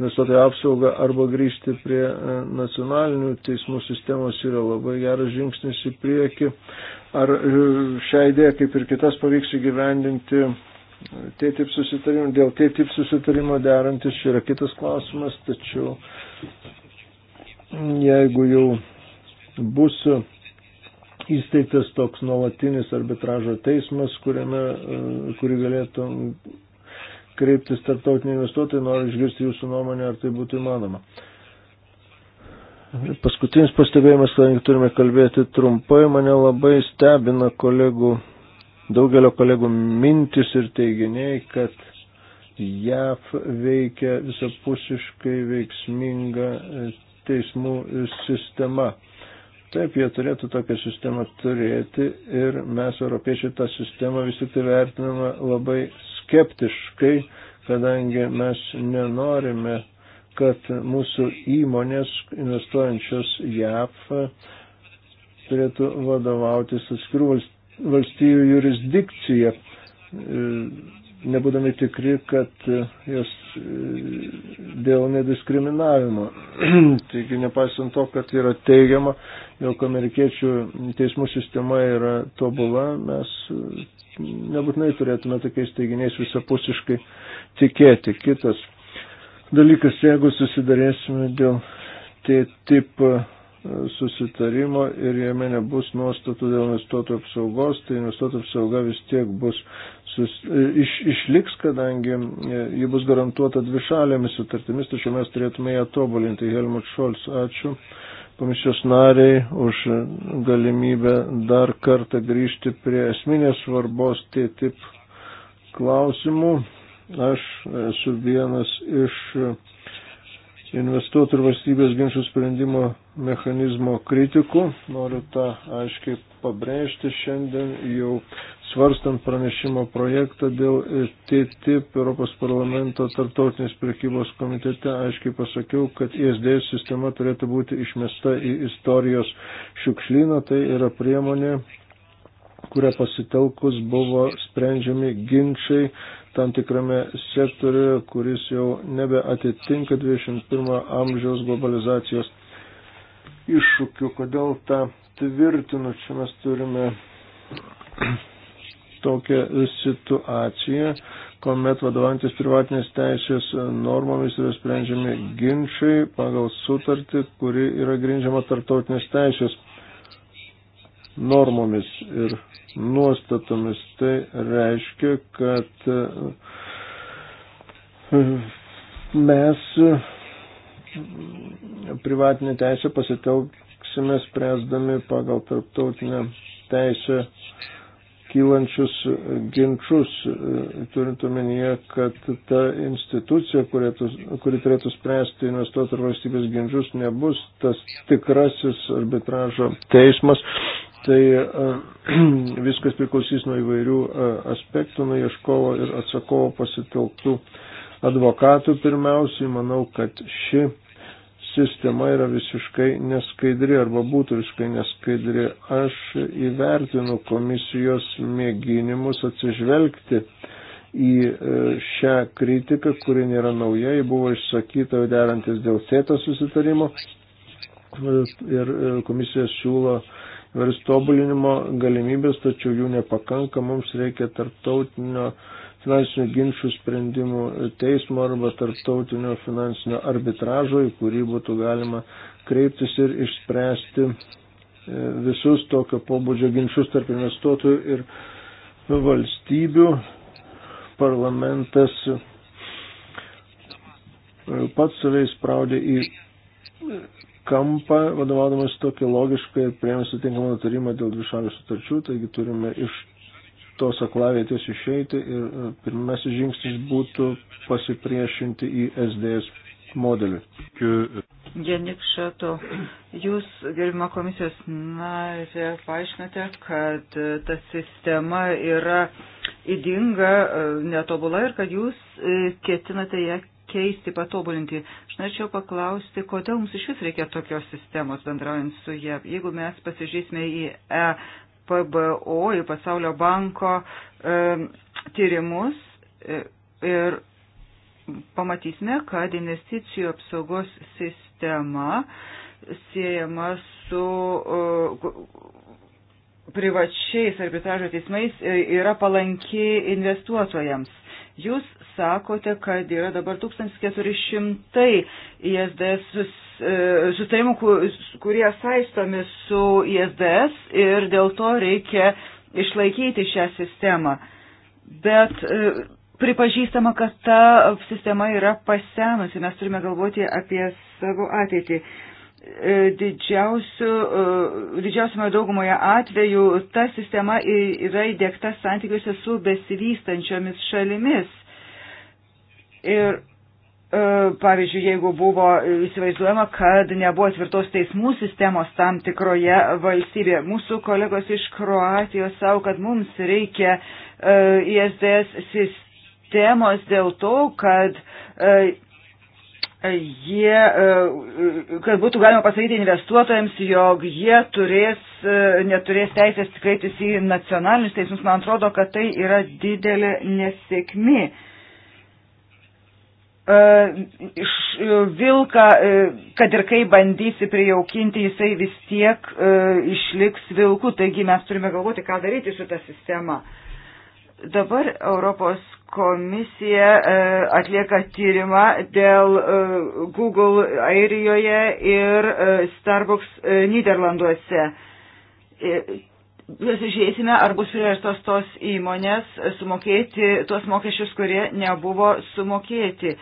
investuotojų apsaugą arba grįžti prie e, nacionalinių teismų sistemos yra labai geras žingsnis į priekį. Ar e, šią idėją, kaip ir kitas, pavyks įgyvendinti TTIP susitarimą, dėl TTIP susitarimo derantis yra kitas klausimas, tačiau jeigu jau bus įsteigtas toks nuolatinis arbitražo teismas, kuriame, e, kuri galėtų kreiptis tarptautiniai investuotojai, noriu išgirsti jūsų nuomonę, ar tai būtų įmanoma. Paskutinis pastebėjimas, kadangi turime kalbėti trumpai, mane labai stebina kolegų, daugelio kolegų mintis ir teiginiai, kad JAV veikia visapusiškai veiksminga teismų sistema. Taip, jie turėtų tokią sistemą turėti ir mes, europiečiai, tą sistemą vis tik tai vertiname labai skeptiškai, kadangi mes nenorime, kad mūsų įmonės investuojančios JAV turėtų vadovautis atskirų valstybių jurisdikcija nebūdami tikri, kad e, jos e, dėl nediskriminavimo. *clears throat* Taigi, nepaisant to, kad yra teigiama, jog amerikiečių teismų sistema yra tobula, mes e, nebūtinai turėtume tokiais teiginiais visapusiškai tikėti. Kitas dalykas, jeigu susidarėsime dėl T-tip susitarimo ir jame nebus nuostatų dėl investuotojų apsaugos, tai investuotojų apsauga vis tiek bus sus, iš, išliks, kadangi e, ji bus garantuota dvišalėmis sutartimis, tačiau mes turėtume ją tobulinti. Helmut Scholz, ačiū komisijos nariai už galimybę dar kartą grįžti prie esminės svarbos TTIP klausimų. Aš esu vienas iš investuotojų ir valstybės ginčių sprendimo mechanizmo kritikų, noriu tą aiškiai pabrėžti šiandien jau svarstant pranešimo projektą dėl TTIP Europos parlamento tarptautinės priekybos komitete, aiškiai pasakiau, kad ISD sistema turėtų būti išmesta į istorijos šiukšlyną, tai yra priemonė, kurią pasitelkus buvo sprendžiami ginčiai tam tikrame sektoriuje, kuris jau nebeatitinka 21 amžiaus globalizacijos iššūkių. Kodėl tą tvirtinu? Čia mes turime tokią situaciją, kuomet vadovantis privatinės teisės normomis yra sprendžiami ginčiai pagal sutartį, kuri yra grindžiama tarptautinės teisės normomis ir nuostatomis. Tai reiškia, kad mes privatinę teisę pasitelksime spręsdami pagal tarptautinę teisę kylančius ginčius, turint omenyje, kad ta institucija, kuri, kuri turėtų spręsti investuotojų ir valstybės ginčius, nebus tas tikrasis arbitražo teismas. Tai e, *clears throat* viskas priklausys nuo įvairių e, aspektų, nuo ieškovo ir atsakovo pasitelktų advokatų pirmiausiai. Manau, kad ši sistema yra visiškai neskaidri arba būtų visiškai neskaidri. Aš įvertinu komisijos mėginimus atsižvelgti į e, šią kritiką, kuri nėra nauja, ji buvo išsakyta derantis dėl sėto susitarimo e, ir e, komisija siūlo varis tobulinimo galimybės, tačiau jų nepakanka, mums reikia tarptautinio uh, finansinių ginčių sprendimų teismo arba tarptautinio finansinio arbitražo, į kurį būtų galima kreiptis ir išspręsti e, visus tokio pobūdžio ginčius tarp investuotojų ir valstybių. Parlamentas e, pats save įspraudė į kampą, vadovaudamas tokį logišką ir priemęs atitinkamą nutarimą dėl dvišalių sutarčių, taigi turime iš tos aklavietės išeiti ir e, pirmasis žingsnis būtų pasipriešinti į SDS modelį. Janik Šato, jūs, gerbimo komisijos narė, paaiškinate, kad e, ta sistema yra įdinga, e, netobula ir kad jūs ketinate ją keisti, patobulinti. Aš norėčiau paklausti, kodėl mums iš vis reikia tokios sistemos bendraujant su JAV. Jeigu mes pasižiūrėsime į e PBO ir Pasaulio banko e, tyrimus e, ir pamatysime, kad investicijų apsaugos sistema siejama su e, privačiais arbitražo teismais e, yra palanki investuotojams. Jūs sakote, kad yra dabar 1400 ISDS sutarimų, kurie saistomi su ISDS ir dėl to reikia išlaikyti šią sistemą. Bet e, pripažįstama, kad ta sistema yra pasenusi, mes turime galvoti apie savo ateitį. E, Didžiausių, e, didžiausiame daugumoje atveju ta sistema yra įdėkta santykiuose su besivystančiomis šalimis. Ir e, pavyzdžiui, jeigu buvo įsivaizduojama, kad nebuvo tvirtos teismų sistemos tam tikroje valstybėje. Mūsų kolegos iš Kroatijos savo, kad mums reikia e, ISDS sistemos dėl to, kad e, jie, kad būtų galima pasakyti investuotojams, jog jie turės, neturės teisės kreiptis į nacionalinius teismus. Man atrodo, kad tai yra didelė nesėkmė E, e, vilką, e, kad ir kaip bandysi prijaukinti, jisai vis tiek išliks vilku, taigi mes turime galvoti, ką daryti su tą sistemą. Dabar Europos komisija atlieka tyrimą dėl Google Airijoje ir Starbucks Niderlanduose pasižiūrėsime, ar bus priverstos tos įmonės sumokėti tuos mokesčius, kurie nebuvo sumokėti.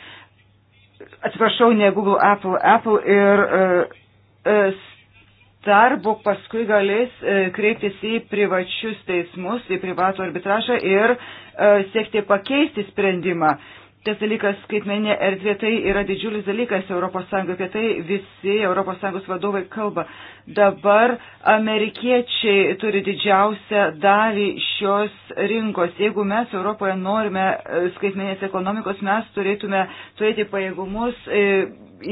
Atsiprašau, ne Google, Apple, Apple ir uh, e, e, Starbuck paskui galės uh, kreiptis į privačius teismus, į privatų arbitražą ir uh, siekti pakeisti sprendimą. Uh, Kitas dalykas, skaitmenė erdvė, tai yra didžiulis dalykas ES, apie tai visi ES vadovai kalba. Dabar amerikiečiai turi didžiausią dalį šios rinkos. Jeigu mes Europoje norime e, skaitmenės ekonomikos, mes turėtume turėti pajėgumus e,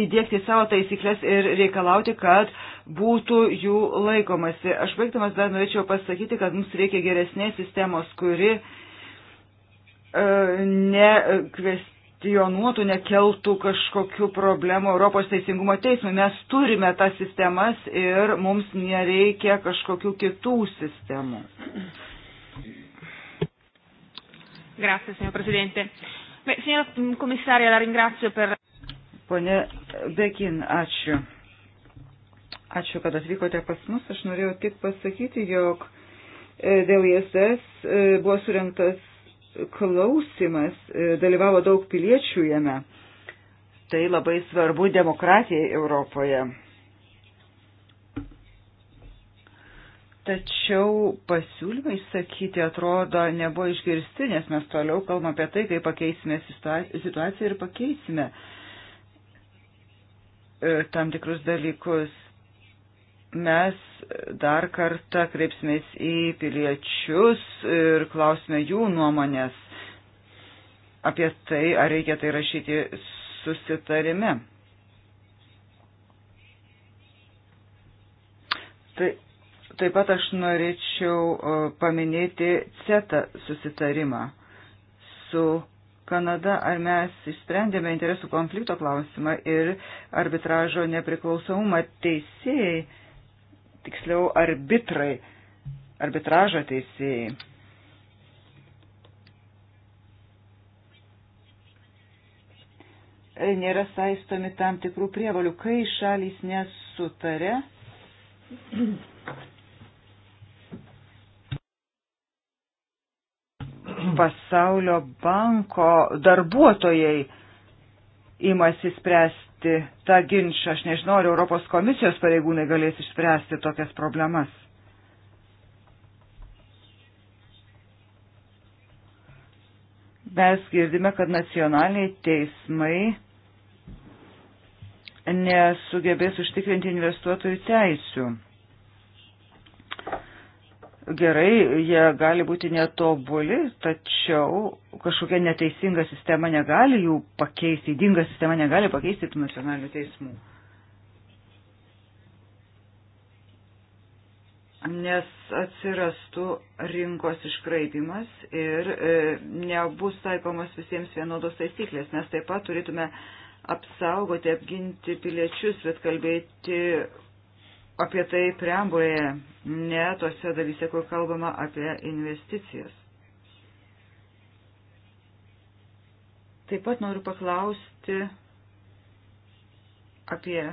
įdėkti savo taisyklės ir reikalauti, kad būtų jų laikomasi. Aš baigdamas dar norėčiau pasakyti, kad mums reikia geresnės sistemos, kuri E, nekvestionuotų, nekeltų kažkokių problemų Europos Teisingumo teismui. Mes turime tas sistemas ir mums nereikia kažkokių kitų sistemų. Grazie, signor Presidente. Beh, signora Commissaria, la ringrazio per. Pone Bekin, ačiū. Ačiū, kad atvykote pas mus. Aš norėjau tik pasakyti, jog e, dėl ISS e, buvo surinktas klausimas, e, dalyvavo daug piliečių jame. Tai labai svarbu demokratijai Europoje. Tačiau pasiūlymai sakyti atrodo nebuvo išgirsti, nes mes toliau kalbam apie tai, kaip pakeisime situaciją ir pakeisime e, tam tikrus dalykus mes dar kartą kreipsimės į piliečius ir klausime jų nuomonės apie tai, ar reikia tai rašyti susitarime. Tai, taip pat aš norėčiau paminėti CETA susitarimą su Kanada, ar mes išsprendėme interesų konflikto klausimą ir arbitražo nepriklausomumą teisėjai tiksliau arbitrai, arbitražo teisėjai. Nėra saistomi tam tikrų prievalių, kai šalys nesutarė. Pasaulio banko darbuotojai imasi spręsti išspręsti tą ginčą. Aš nežinau, ar Europos komisijos pareigūnai galės išspręsti tokias problemas. Mes girdime, kad nacionaliniai teismai nesugebės užtikrinti investuotojų teisių. Gerai, jie gali būti netobuli, tačiau kažkokia neteisinga sistema negali jų pakeisti, įdinga sistema negali pakeisti tų nacionalinių teismų. Nes atsirastų rinkos iškraipimas ir e, nebus taikomas visiems vienodos taisyklės. Mes taip pat turėtume apsaugoti, apginti piliečius, bet kalbėti apie tai preamboje, ne tose dalyse, kur kalbama apie investicijas. Taip pat noriu paklausti apie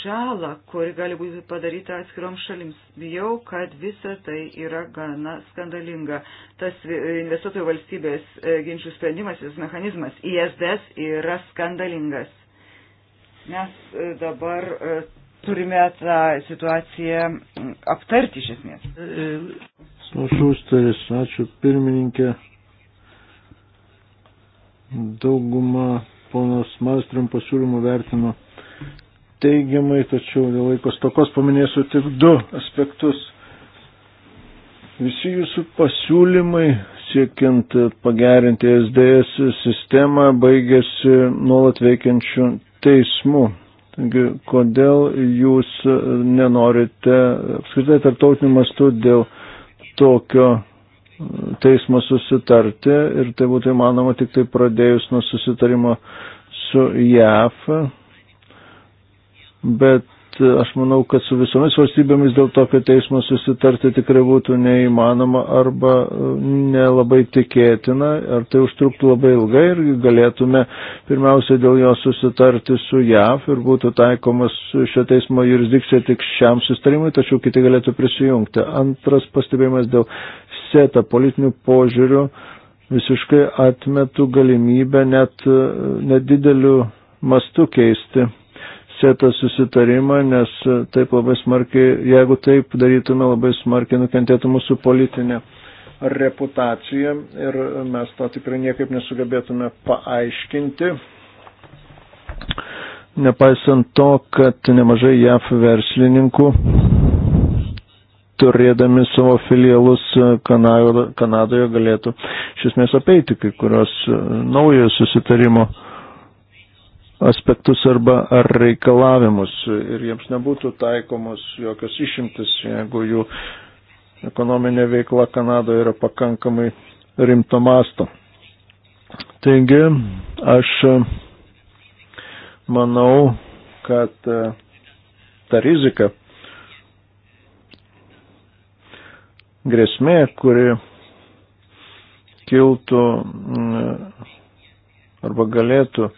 žalą, kuri gali būti padaryta atskirom šalims. Bijau, kad visa tai yra gana skandalinga. Tas investuotojų valstybės e, ginčių sprendimas, jis mechanizmas ISDS yra skandalingas. Mes e, dabar e, turime tą situaciją aptarti iš esmės. Smašūsteris, ačiū pirmininkė. Dauguma ponos Malstrom pasiūlymų vertino teigiamai, tačiau dėl laikos tokos paminėsiu tik du aspektus. Visi jūsų pasiūlymai siekiant pagerinti SDS sistemą baigėsi nuolat veikiančių teismų. Taigi, kodėl jūs nenorite apskritai tarptautiniu mastu dėl tokio teismo susitarti ir tai būtų įmanoma tik tai pradėjus nuo susitarimo su JAF, bet E, aš manau, kad su visomis valstybėmis dėl tokio teismo susitarti tikrai būtų neįmanoma arba e, nelabai tikėtina, ar tai užtruktų labai ilgai ir galėtume pirmiausia dėl jo susitarti su JAV ir būtų taikomas šio teismo jurisdikcija tik šiam sustarimui, tačiau kiti galėtų prisijungti. Antras pastebėjimas dėl SETA politinių požiūrių visiškai atmetų galimybę net e, nedideliu mastu keisti CETA susitarimą, nes taip labai smarkiai, jeigu taip darytume, labai smarkiai nukentėtų mūsų politinė reputacija ir mes to tikrai niekaip nesugebėtume paaiškinti. Nepaisant to, kad nemažai JAF verslininkų turėdami savo filialus Kanado, Kanadoje galėtų iš esmės apeiti kai kurios naujo susitarimo aspektus arba ar reikalavimus ir jiems nebūtų taikomos jokios išimtis, jeigu jų ekonominė veikla Kanadoje yra pakankamai rimto masto. Taigi, aš manau, kad e, ta rizika, grėsmė, kuri kiltų arba galėtų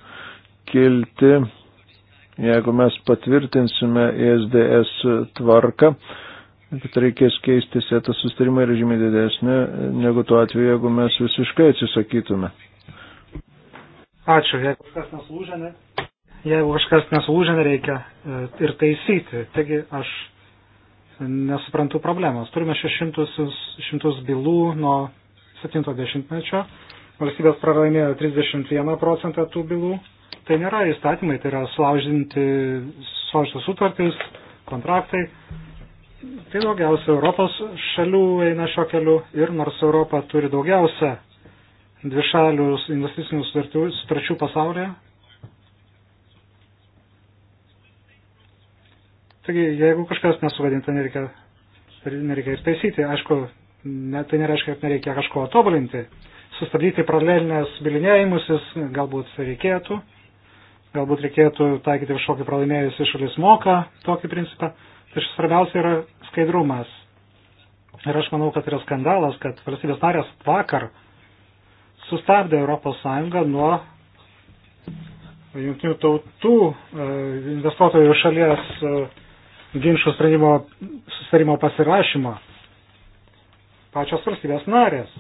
kilti, jeigu mes patvirtinsime ESDS tvarką, kad reikės keisti setą sustarimą yra žymiai didesnė negu tuo atveju, jeigu mes visiškai atsisakytume. Ačiū, jeigu kažkas nesulūžė, jeigu kažkas nesulūžė, reikia e, ir taisyti. Taigi aš nesuprantu problemos. Turime 600 šimtus bylų nuo 70-mečio. Valstybės pralaimėjo 31 procentą tų bylų. Tai nėra įstatymai, tai yra sulaužinti sulaužytos sutartys, kontraktai. Tai daugiausia Europos šalių eina šio keliu ir nors Europa turi daugiausia dvišalių investicinių sutarčių pasaulyje. Taigi, jeigu kažkas nesugadinta, nereikia, nereikia ir taisyti. Aišku, ne, tai nereiškia, kad nereikia kažko tobulinti. Sustabdyti paralelinės bilinėjimusis galbūt reikėtų. Galbūt reikėtų taikyti kažkokį pralaimėjusi šalis moka tokį principą. Tai svarbiausia yra skaidrumas. Ir aš manau, kad yra skandalas, kad valstybės narės vakar sustabdė Europos Sąjungą nuo jungtinių tautų e, investuotojų šalies e, ginčių sprendimo sustarimo pasirašymo. Pačios valstybės narės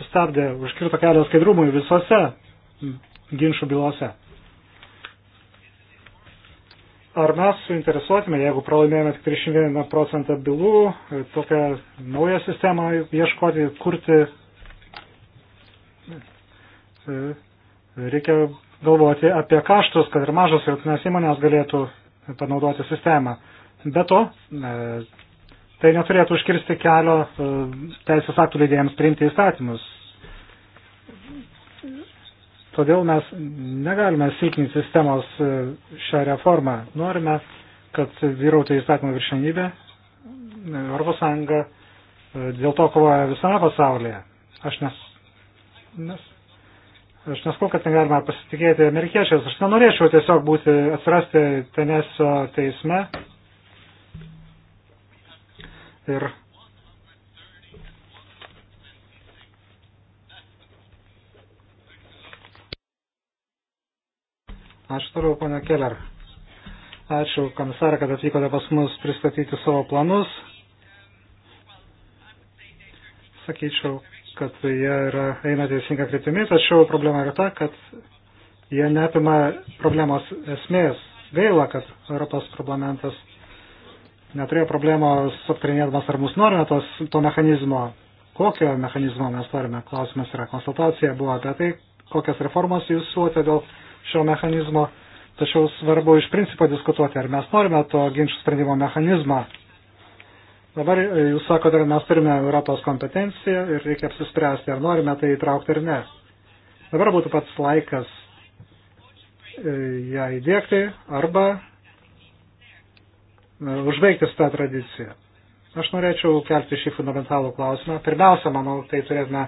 sustabdė, užkirto kelią skaidrumui visose ginčių bylose. Ar mes suinteresuotume, jeigu pralaimėjome tik 31 procentą bylų, e, tokią naują sistemą ieškoti, kurti? E, reikia galvoti apie kaštus, kad ir mažos jautinės įmonės galėtų panaudoti sistemą. Be to, e, tai neturėtų užkirsti kelio teisės aktų leidėjams priimti įstatymus. Todėl mes negalime silpninti sistemos e, šią reformą. Norime, kad vyrautų įstatymo viršenybė. Europos Sąjunga e, dėl to kovoja visame pasaulyje. Aš nes, nes aš neskau, kad negalima pasitikėti amerikiečiais. Aš nenorėčiau tiesiog būti, atsirasti tenesio teisme. Ir Ačiū toliau, ponia Keller. Ačiū komisarė, kad atvykote pas mus pristatyti savo planus. Sakyčiau, kad jie yra, eina teisinga kryptimi, tačiau problema yra ta, kad jie neapima problemos esmės. Gaila, kad Europos parlamentas neturėjo problemos aptarinėdamas, ar mus norime tos, to mechanizmo. Kokio mechanizmo mes norime? Klausimas yra konsultacija, buvo apie tai, kokias reformas jūs siūlote dėl šio mechanizmo, tačiau svarbu iš principo diskutuoti, ar mes norime to ginčių sprendimo mechanizmą. Dabar e, jūs sakote, kad mes turime Europos kompetenciją ir reikia apsispręsti, ar norime tai įtraukti ar ne. Dabar būtų pats laikas e, ją įdėkti arba e, užbaigti su tą tradiciją. Aš norėčiau kelti šį fundamentalų klausimą. Pirmiausia, manau, tai turėtume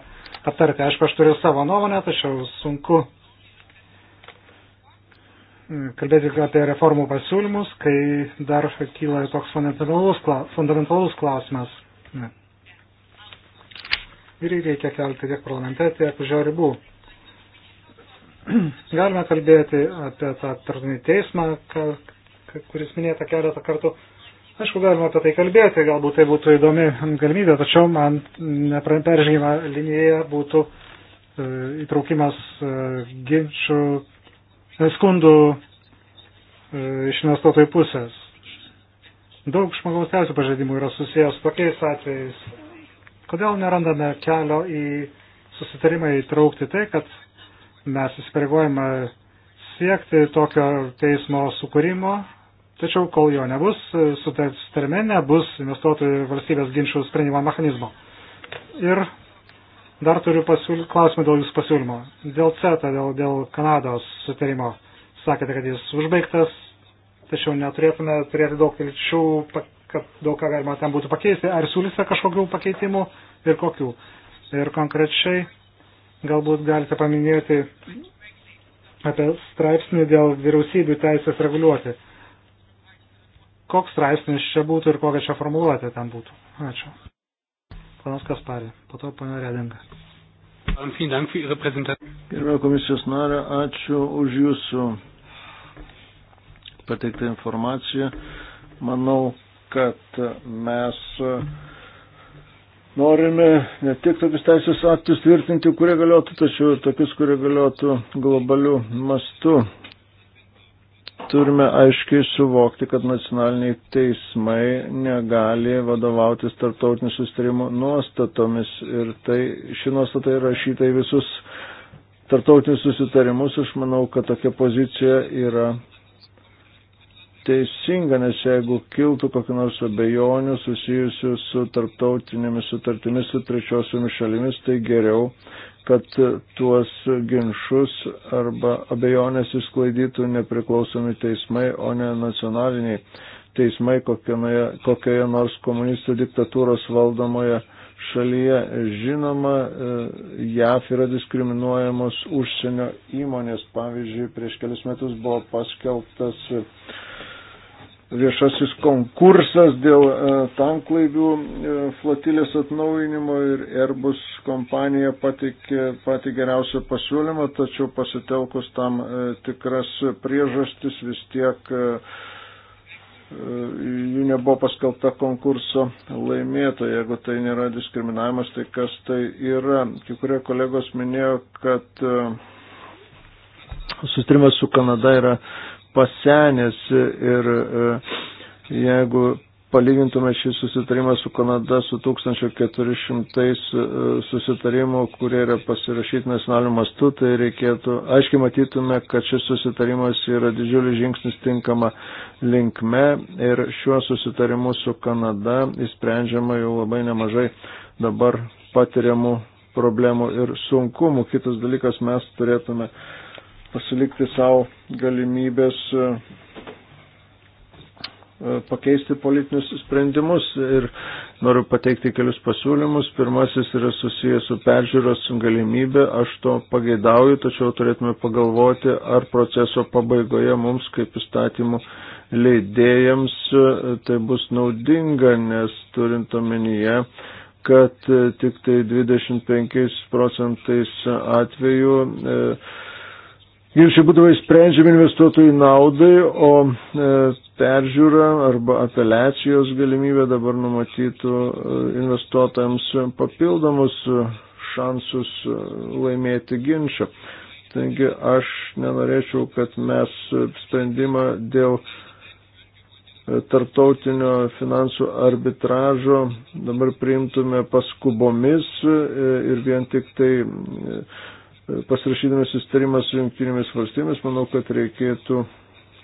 aptarti. Aišku, aš turiu savo nuomonę, tačiau sunku kalbėti apie reformų pasiūlymus, kai dar kyla toks fundamentalus, fundamentalus klausimas. Ne. Ir jį reikia kelti tiek parlamente, tiek už jo ribų. *clears throat* Galime kalbėti apie tą tarptautinį teismą, kuris minėta keletą kartų. Aišku, galima apie tai kalbėti, galbūt tai būtų įdomi galimybė, tačiau man neperžengima linija būtų e, įtraukimas e, ginčių skundų e, iš investuotojų pusės. Daug žmogaus teisų pažeidimų yra susijęs su tokiais atvejais. Kodėl nerandame kelio į susitarimą įtraukti tai, kad mes įsipareigojame siekti tokio teismo sukūrimo, tačiau kol jo nebus, e, sutarime nebus investuotojų valstybės ginčių sprendimo mechanizmo. Ir Dar turiu pasiūly, klausimą dėl jūsų pasiūlymo. Dėl CETA, dėl, dėl Kanados sutarimo. Sakėte, kad jis užbaigtas, tačiau neturėtume turėti daug vilčių, kad daug ką galima ten būtų pakeisti. Ar siūlysite kažkokių pakeitimų ir kokių? Ir konkrečiai galbūt galite paminėti apie straipsnį dėl vyriausybių teisės reguliuoti. Koks straipsnis čia būtų ir kokia čia formuluotė ten būtų? Ačiū. Panas Kasparė, po to pana Redinga. Gerbėjo komisijos nario, ačiū už jūsų pateiktą informaciją. Manau, kad mes norime ne tik tokius teisės aktus tvirtinti, kurie galiotų, tačiau ir tokius, kurie galiotų globalių mastų turime aiškiai suvokti, kad nacionaliniai teismai negali vadovautis tarptautinių sustarimų nuostatomis ir tai, ši nuostata yra rašyta į visus tarptautinius susitarimus. Aš manau, kad tokia pozicija yra teisinga, nes jeigu kiltų kokių nors abejonių susijusių su tarptautinėmis sutartimis su trečiosiomis šalimis, tai geriau kad tuos ginčius arba abejonės išsklaidytų nepriklausomi teismai, o ne nacionaliniai teismai kokioje, kokioje nors komunistų diktatūros valdomoje šalyje. Žinoma, e, JAF yra diskriminuojamos užsienio įmonės. Pavyzdžiui, prieš kelis metus buvo paskelbtas viešasis konkursas dėl e, tanklaivių e, flotilės atnaujinimo ir Airbus kompanija patikė patį geriausią pasiūlymą, tačiau pasitelkus tam e, tikras priežastis vis tiek jų nebuvo paskelbta konkurso laimėtoja. Jeigu tai nėra diskriminavimas, tai kas tai yra? Kai kurie kolegos minėjo, kad sustrimas su Kanada yra pasenęs ir e, jeigu palygintume šį susitarimą su Kanada su 1400 e, susitarimu, kurie yra pasirašyti nacionaliniu mastu, tai reikėtų, aiškiai matytume, kad šis susitarimas yra didžiulis žingsnis tinkama linkme ir šiuo susitarimu su Kanada įsprendžiama jau labai nemažai dabar patiriamų problemų ir sunkumų. Kitas dalykas, mes turėtume uh, pasilikti savo galimybės e, e, pakeisti politinius sprendimus ir noriu pateikti kelius pasiūlymus. Pirmasis yra susijęs su peržiūros galimybė, aš to pageidauju, tačiau turėtume pagalvoti, ar proceso pabaigoje mums kaip įstatymų leidėjams e, tai bus naudinga, nes turint omenyje, kad tik tai 25 procentais atveju e, Ginčiai būdavo įsprendžiami investuotojų naudai, o e, peržiūra arba apeliacijos galimybė dabar numatytų e, investuotojams papildomus e, šansus e, laimėti ginčą. Taigi aš nenorėčiau, kad mes sprendimą dėl tarptautinio finansų arbitražo dabar priimtume paskubomis ir vien tik tai pasirašydami sustarimą su jungtinėmis valstybėmis, manau, kad reikėtų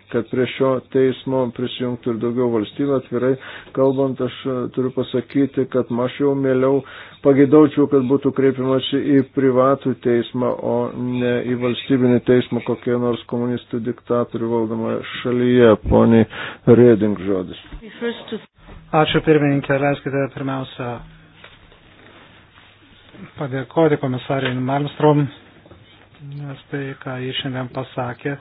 kad prie šio teismo prisijungtų ir daugiau valstybių. Atvirai kalbant, aš e, turiu pasakyti, kad aš jau mėliau pagėdaučiau, kad būtų kreipiamasi į privatų teismą, o ne į valstybinį teismą kokie nors komunistų diktatorių valdomoje šalyje. Poniai Reding žodis. Ačiū pirmininkė, leiskite pirmiausia padėkoti komisariai Malmstrom nes tai, ką jis šiandien pasakė,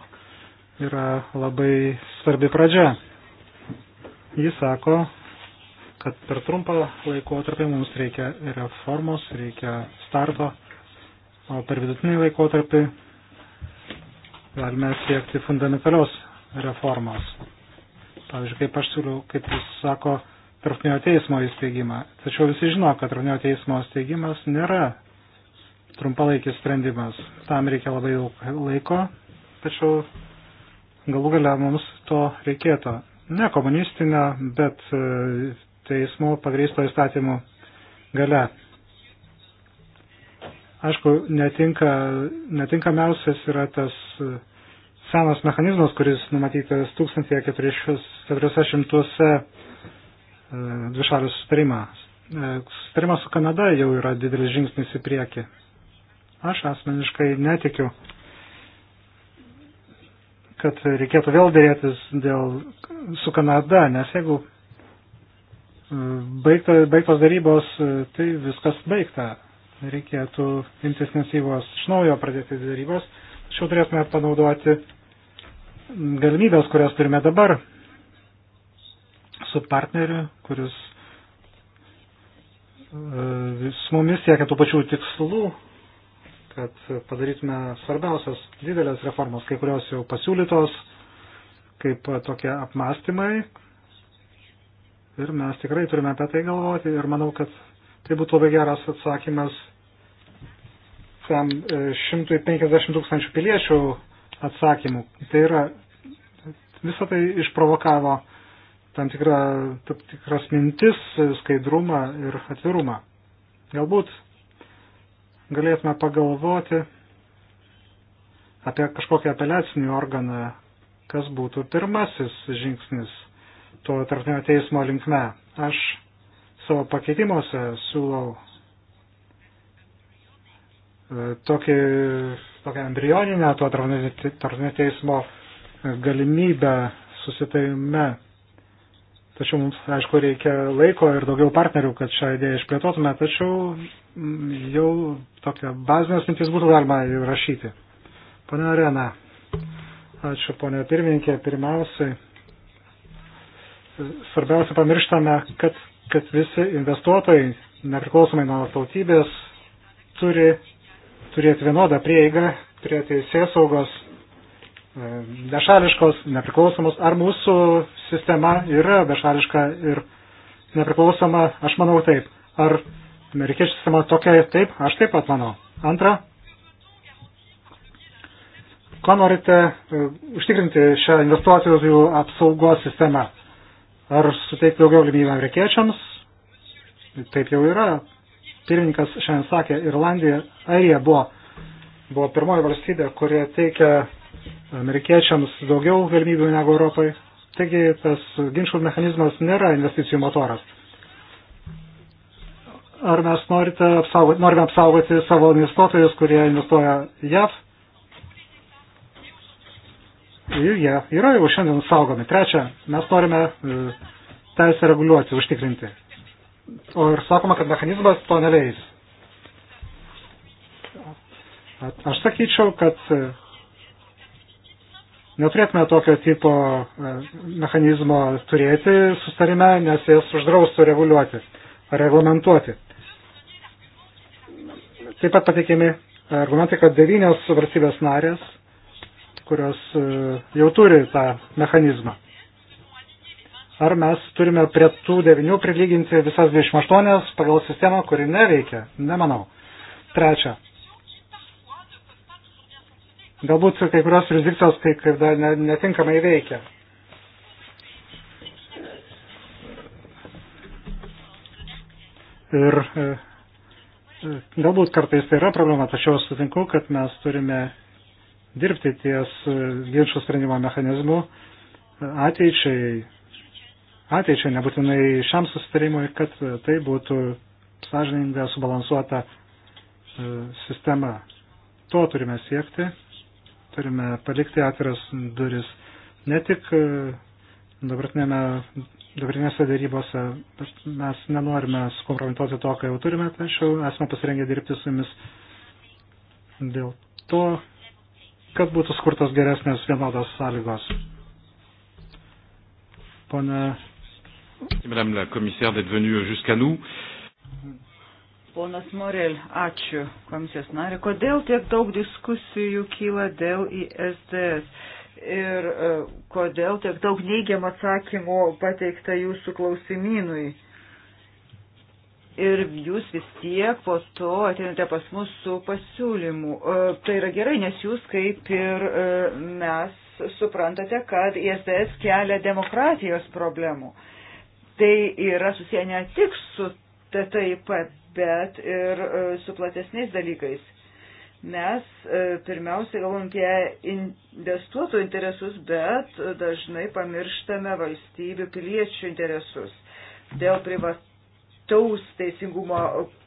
yra labai svarbi pradžia. Jis sako, kad per trumpą laikotarpį mums reikia reformos, reikia starto, o per vidutinį laikotarpį galime siekti fundamentalios reformos. Pavyzdžiui, kaip aš siūliau, kaip jis sako, tarptautinio teismo įsteigimą. Tačiau visi žino, kad tarptautinio teismo įsteigimas nėra trumpalaikis sprendimas. Tam reikia labai daug laiko, tačiau galų galia mums to reikėtų. Ne komunistinio, bet e, teismų pagrįsto įstatymų gale. Aišku, netinka, netinkamiausias yra tas e, senas mechanizmas, kuris numatytas 1400 e, dvišalių sustarimą. Sustarimas su Kanada jau yra didelis žingsnis į priekį. Aš asmeniškai netikiu, kad reikėtų vėl dėrėtis dėl, su Kanada, nes jeigu e, baigta, baigtos darybos, e, tai viskas baigta. Reikėtų imtis nesyvos iš naujo pradėti darybos. Tačiau turėtume panaudoti galimybės, kurias turime dabar su partneriu, kuris e, su mumis siekia tų pačių tikslų, kad padarytume svarbiausias didelės reformas, kai kurios jau pasiūlytos, kaip tokie apmąstymai. Ir mes tikrai turime apie tai galvoti ir manau, kad tai būtų labai geras atsakymas tam 150 e, tūkstančių piliečių atsakymų. Tai yra, visą tai išprovokavo tam, tikra, tam tikras mintis, skaidrumą ir atvirumą. Galbūt galėtume pagalvoti apie kažkokį apeliacinį organą, kas būtų pirmasis žingsnis to tarptinio teismo linkme. Aš savo pakeitimuose siūlau e, tokį, tokią embrioninę to tarptinio teismo galimybę susitarime Tačiau mums, aišku, reikia laiko ir daugiau partnerių, kad šią idėją išplėtotume, tačiau jau tokią bazinės mintis būtų galima įrašyti. Pane Arena, ačiū ponė pirmininkė, pirmiausiai. Svarbiausia pamirštame, kad, kad visi investuotojai, nepriklausomai nuo tautybės, turi turėti vienodą prieigą prie teisės saugos E, bešališkos, nepriklausomos. Ar mūsų sistema yra bešališka ir nepriklausoma? Aš manau taip. Ar amerikiečių sistema tokia taip? Aš taip pat manau. Antra. Ko norite e, užtikrinti šią investuotojų apsaugos sistemą? Ar suteikti daugiau galimybių amerikiečiams? Taip jau yra. Pirmininkas šiandien sakė, Irlandija, Airija buvo, buvo pirmoji valstybė, kurie teikia amerikiečiams daugiau galimybių negu Europai. Taigi tas ginčių mechanizmas nėra investicijų motoras. Ar mes norite apsaugoti, norime apsaugoti savo investuotojus, kurie investuoja JAV? Ir jie yra jau šiandien saugomi. Trečia, mes norime e, teisę reguliuoti, užtikrinti. O ir sakoma, kad mechanizmas to neleis. Aš sakyčiau, kad e, Neturėtume tokio tipo e, mechanizmo turėti sustarime, nes jas uždraustų reguliuoti ar reglamentuoti. Taip pat patikimi argumentai, kad devynios valstybės narės, kurios e, jau turi tą mechanizmą. Ar mes turime prie tų devinių prilyginti visas 28 pagal sistemą, kuri neveikia? Nemanau. Trečia, Galbūt kai kurios jurisdikcijos kai kada netinkamai veikia. Ir e, e, galbūt kartais tai yra problema, tačiau sutinku, kad mes turime dirbti ties e, ginčių sprendimo mechanizmu ateičiai, ateičiai nebūtinai šiam susitarimui, kad tai būtų sąžininga, subalansuota sistema. To turime siekti turime palikti atviras duris ne tik e, dabartinėse darybose, mes nenorime sukompromituoti to, ką jau turime, tačiau esame pasirengę dirbti su jumis dėl to, kad būtų skurtos geresnės vienodos sąlygos. Pone. Madame la commissaire d'être venue jusqu'à nous. Ponas Morel, ačiū komisijos nariu. Kodėl tiek daug diskusijų kyla dėl ISDS? ir e, kodėl tiek daug neigiamų atsakymų pateikta jūsų klausimynui. Ir jūs vis tiek po to ateinate pas mus su pasiūlymu. E, tai yra gerai, nes jūs kaip ir e, mes suprantate, kad ISDS kelia demokratijos problemų. Tai yra susiję ne tik su TTIP, bet ir e, su platesniais dalykais. Mes e, pirmiausiai galvom apie investuotojų interesus, bet dažnai pamirštame valstybių piliečių interesus. Dėl privataus teisingumo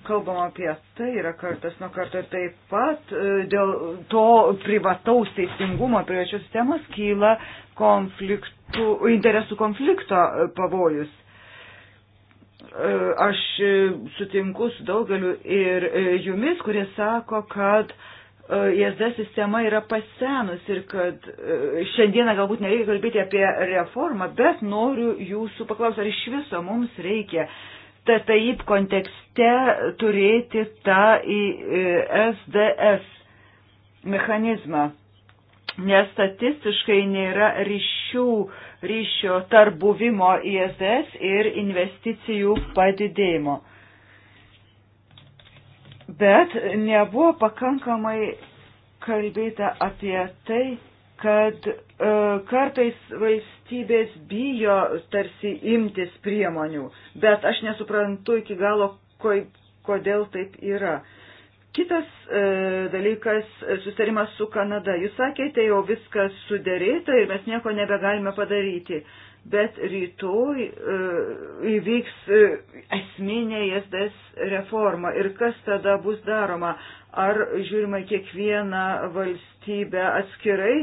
kalbam apie tai yra kartas nuo karto taip pat e, dėl to privataus teisingumo privačios sistemos kyla konfliktų, interesų konflikto pavojus E, aš e, sutinku su daugeliu ir e, jumis, kurie sako, kad ISD sistema yra pasenus ir kad šiandieną galbūt nereikia kalbėti apie reformą, bet noriu jūsų paklausti, ar iš viso mums reikia TTIP kontekste turėti tą ISDS mechanizmą nes statistiškai nėra ryšių, ryšio tarp buvimo ISS ir investicijų padidėjimo. Bet nebuvo pakankamai kalbėta apie tai, kad e, kartais valstybės bijo tarsi imtis priemonių, bet aš nesuprantu iki galo, ko, kodėl taip yra. E, Kitas e, dalykas e, - sustarimas su Kanada. Jūs sakėte, jau viskas suderėta ir mes nieko nebegalime padaryti. Bet rytoj e, įvyks e, esminė JSDS reforma. Ir kas tada bus daroma? Ar žiūrima kiekvieną valstybę atskirai?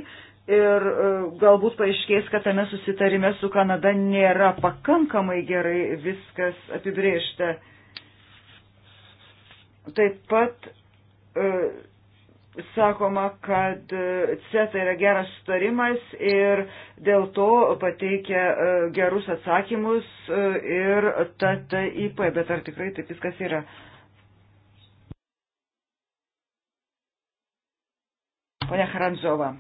Ir e, galbūt paaiškės, kad tame susitarime su Kanada nėra pakankamai gerai viskas apibriežta. E, Taip pat e, sakoma, kad e, CETA yra geras sutarimas ir dėl to pateikia e, gerus atsakymus ir TTIP, bet ar tikrai taip viskas yra? Pone Haranzova,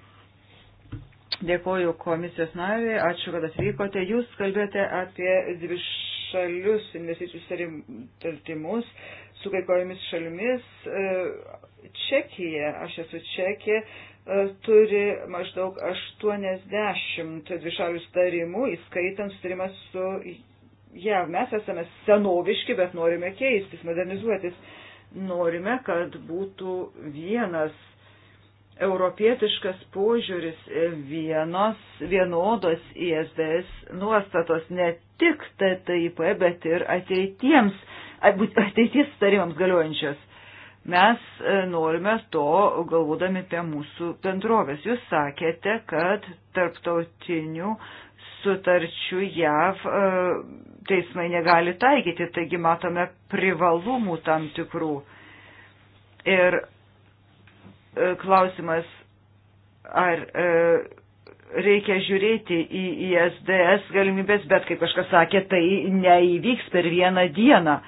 dėkoju komisijos nariai, ačiū, kad atvykote. Jūs kalbėjote apie dvišalius investicijų sutartimus su kai kuriomis šalimis. E, Čekija, aš esu Čekija, e, turi maždaug 80 dvišalių starimų, įskaitant starimą su JAV. Mes esame senoviški, bet norime keistis, modernizuotis. Norime, kad būtų vienas europietiškas požiūris vienos, vienodos ISDS nuostatos ne tik TTIP, bet ir ateitiems ateities sutarimams galiojančios. Mes e, norime to, galvodami apie mūsų bendrovės. Jūs sakėte, kad tarptautinių sutarčių JAV e, teismai negali taikyti, taigi matome privalumų tam tikrų. Ir e, klausimas, ar reikia žiūrėti į ISDS galimybės, bet kaip kažkas sakė, tai neįvyks per vieną dieną.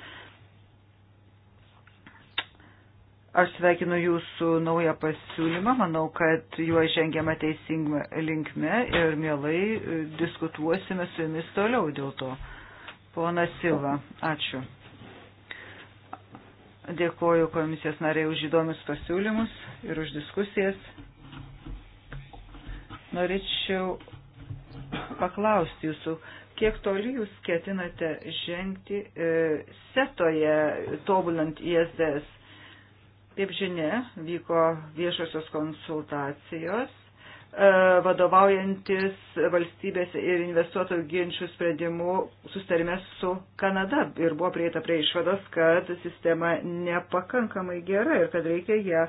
Aš sveikinu jūsų naują pasiūlymą, manau, kad juo žengiama teisinga linkme ir mielai e, diskutuosime su jumis toliau dėl to. Pona Silva, ačiū. Dėkoju komisijos nariai už įdomius pasiūlymus ir už diskusijas. Norėčiau paklausti jūsų, kiek toli jūs ketinate žengti e, setoje, tobulant ISDS Kaip žinia, vyko viešosios konsultacijos e, vadovaujantis valstybės ir investuotojų ginčių sprendimu sustarime su Kanada ir buvo prieita prie išvados, kad sistema nepakankamai gera ir kad reikia ją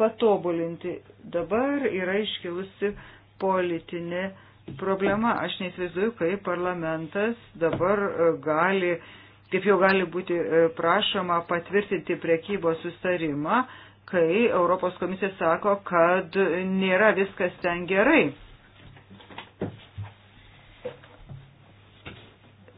patobulinti. Dabar yra iškilusi politinė problema. Aš neįsivaizduoju, kaip parlamentas dabar e, gali uh, kaip jau gali būti e, prašoma patvirtinti priekybos sustarimą, kai Europos komisija sako, kad nėra viskas ten gerai.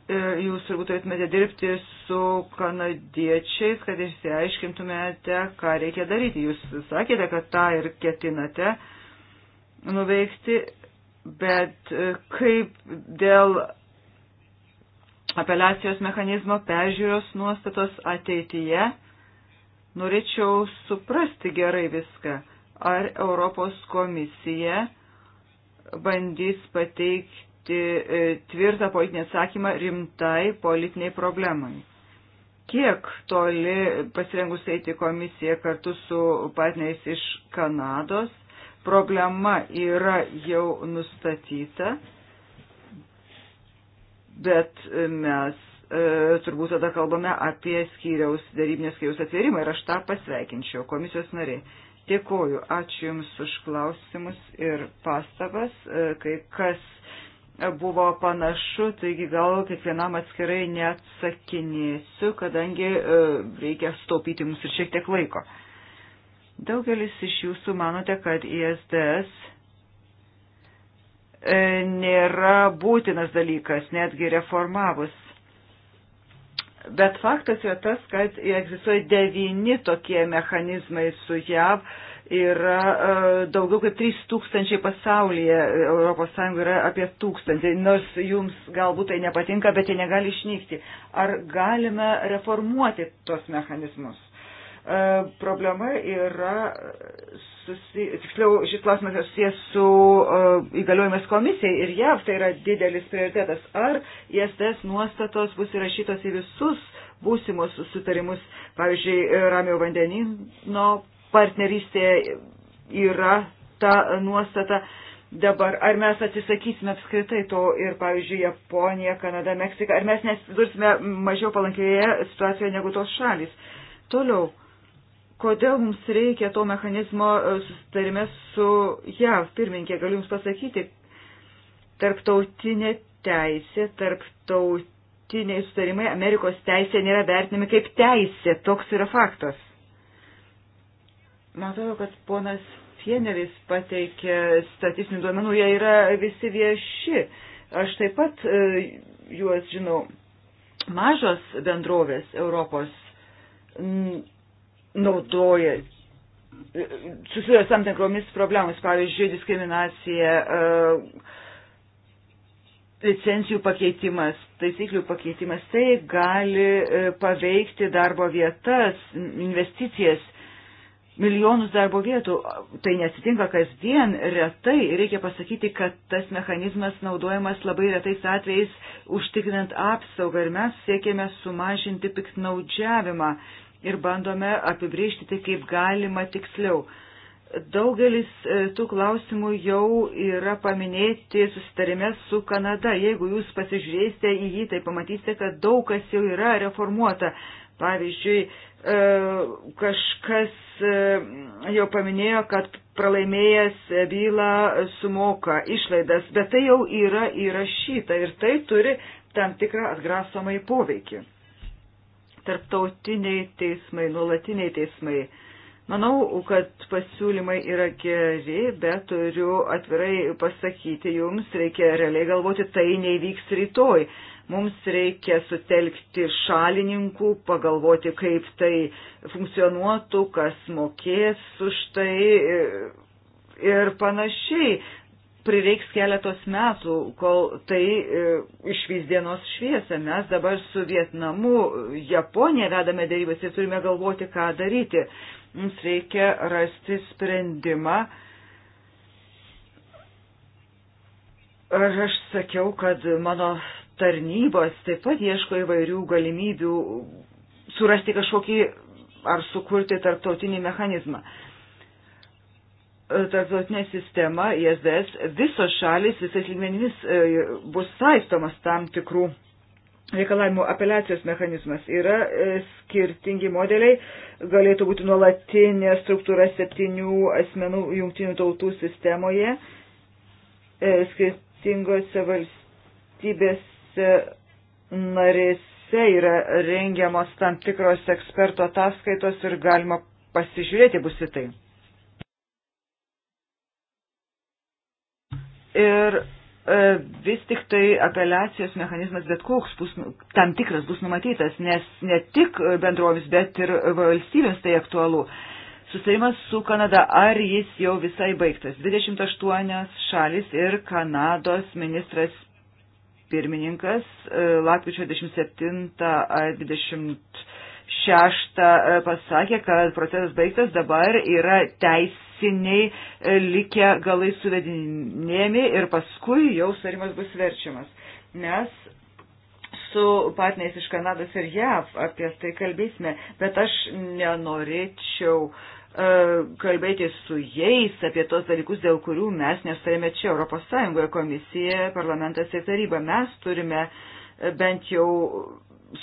E, jūs turbūt turėtumėte dirbti su kanadiečiais, kad išsiaiškintumėte, ką reikia daryti. Jūs sakėte, kad tą ir ketinate nuveikti, bet e, kaip dėl apeliacijos mechanizmo peržiūros nuostatos ateityje, norėčiau suprasti gerai viską, ar Europos komisija bandys pateikti e, tvirtą politinį atsakymą rimtai politiniai problemai. Kiek toli pasirengus eiti komisija kartu su partneriais iš Kanados, problema yra jau nustatyta bet e, mes e, turbūt tada kalbame apie skyriaus, darybinės skyriaus atvėrimą ir aš tą pasveikinčiau komisijos nariai. Dėkoju, ačiū Jums už klausimus ir pastabas, e, kai kas buvo panašu, taigi gal kiekvienam atskirai neatsakinėsiu, kadangi e, reikia staupyti mums ir šiek tiek laiko. Daugelis iš jūsų manote, kad ISDS E, nėra būtinas dalykas, netgi reformavus. Bet faktas yra tas, kad egzistuoja devyni tokie mechanizmai su JAV, yra e, daugiau kaip 3 tūkstančiai pasaulyje, ES yra apie tūkstantį, nors jums galbūt tai nepatinka, bet jie negali išnykti. Ar galime reformuoti tos mechanizmus? E, problema yra, susi, tiksliau, šis klausimas yra susijęs su uh, e, įgaliojimas komisijai ir jav tai yra didelis prioritetas. Ar ISDS nuostatos bus įrašytos į visus būsimus sutarimus, pavyzdžiui, e, Ramio vandenino partnerystėje yra ta nuostata. Dabar, ar mes atsisakysime apskritai to ir, pavyzdžiui, Japonija, Kanada, Meksika, ar mes nesidursime mažiau palankioje situacijoje negu tos šalis. Toliau, kodėl mums reikia to mechanizmo e, susitarime su JAV pirmininkė, galiu Jums pasakyti, tarptautinė teisė, tarptautiniai sutarimai Amerikos teisė nėra vertinami kaip teisė, toks yra faktas. Man atrodo, kad ponas Fieneris pateikė statistinių duomenų, jie yra visi vieši. Aš taip pat e, juos žinau. Mažos bendrovės Europos naudoja susiduria tam tikromis problemomis, pavyzdžiui, diskriminacija, e, licencijų pakeitimas, taisyklių pakeitimas, tai gali e, paveikti darbo vietas, investicijas, milijonus darbo vietų. Tai nesitinka kasdien, retai, reikia pasakyti, kad tas mechanizmas naudojamas labai retais atvejais, užtikrinant apsaugą ir mes siekėme sumažinti piknaudžiavimą ir bandome apibrėžti tai kaip galima tiksliau. Daugelis e, tų klausimų jau yra paminėti susitarime su Kanada. Jeigu jūs pasižiūrėsite į jį, tai pamatysite, kad daug kas jau yra reformuota. Pavyzdžiui, e, kažkas e, jau paminėjo, kad pralaimėjęs bylą sumoka išlaidas, bet tai jau yra įrašyta ir tai turi tam tikrą atgrasomąjį poveikį tarptautiniai teismai, nuolatiniai teismai. Manau, kad pasiūlymai yra geri, bet turiu atvirai pasakyti jums, reikia realiai galvoti, tai nevyks rytoj. Mums reikia sutelkti šalininkų, pagalvoti, kaip tai funkcionuotų, kas mokės už tai e, ir panašiai prireiks keletos metų, kol tai e, išvys dienos šviesą. Mes dabar su Vietnamu, Japonija vedame dėrybas ir turime galvoti, ką daryti. Mums reikia rasti sprendimą. Ar aš sakiau, kad mano tarnybos taip pat ieško įvairių galimybių surasti kažkokį ar sukurti tarptautinį mechanizmą. E, tarptautinė sistema, ISDS, visos šalis, visais lygmenimis e, bus saistomas tam tikrų reikalavimų apeliacijos mechanizmas. Yra e, skirtingi modeliai, galėtų būti nuolatinė struktūra septynių asmenų jungtinių tautų sistemoje, skirtingose valstybėse narėse yra rengiamos tam tikros eksperto ataskaitos ir galima pasižiūrėti bus į tai. Ir e, vis tik tai apeliacijos mechanizmas bet koks bus, nu, tam tikras bus numatytas, nes ne tik bendrovės, bet ir valstybėms tai aktualu. Susitarimas su Kanada, ar jis jau visai baigtas? 28 šalis ir Kanados ministras pirmininkas e, lapkričio 27-28 šeštą e, pasakė, kad procesas baigtas, dabar yra teisiniai e, likę galai suvedinėjami ir paskui jau sutarimas bus verčiamas. Mes su partneriais iš Kanados ir JAV apie tai kalbėsime, bet aš nenorėčiau uh, kalbėti su jais apie tos dalykus, dėl kurių mes nestarėme čia Europos Sąjungoje, komisija, parlamentas ir taryba. Mes turime bent jau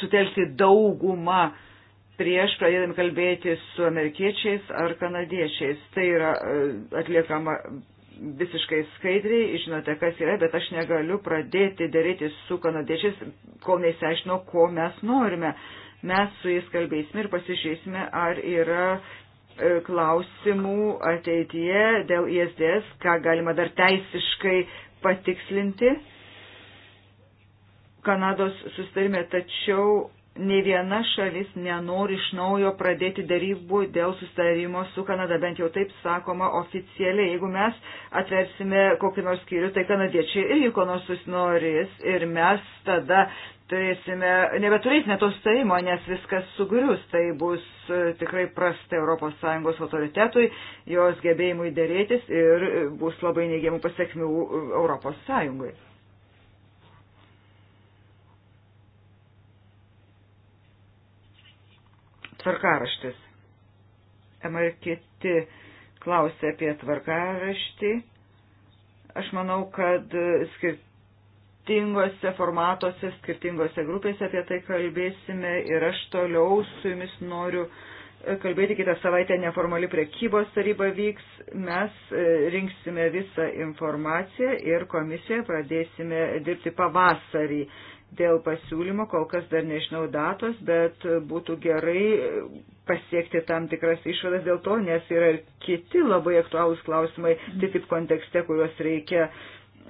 sutelkti daugumą uh, prieš pradėdami kalbėti su amerikiečiais ar kanadiečiais. Tai yra e, atliekama visiškai skaidriai, žinote, kas yra, bet aš negaliu pradėti daryti su kanadiečiais, kol neįsiaiškinau, ko mes norime. Mes su jais kalbėsime ir pasižiūrėsime, ar yra e, klausimų ateityje dėl ISDS, ką galima dar teisiškai patikslinti Kanados sustarime, tačiau ne viena šalis nenori iš naujo pradėti darybų dėl susitarimo su Kanada, bent jau taip sakoma oficialiai. Jeigu mes atversime kokį nors skyrių, tai kanadiečiai irgi ko nors susinorės ir mes tada turėsime, nebeturėsime to susitarimo, nes viskas sugrius. Tai bus e, tikrai prasta ES autoritetui, jos gebėjimui dėrėtis ir bus labai neigiamų pasiekmių ES. tvarkaraštis. Ema ir kiti klausė apie tvarkaraštį. Aš manau, kad skirtingose formatuose, skirtingose grupėse apie tai kalbėsime ir aš toliau su jumis noriu e, kalbėti kitą savaitę neformali prekybos taryba vyks, mes e, rinksime visą informaciją ir komisiją pradėsime dirbti pavasarį dėl pasiūlymo, kol kas dar nežinau datos, bet būtų gerai pasiekti tam tikras išvadas dėl to, nes yra ir kiti labai aktualūs klausimai, tai taip kontekste, kuriuos reikia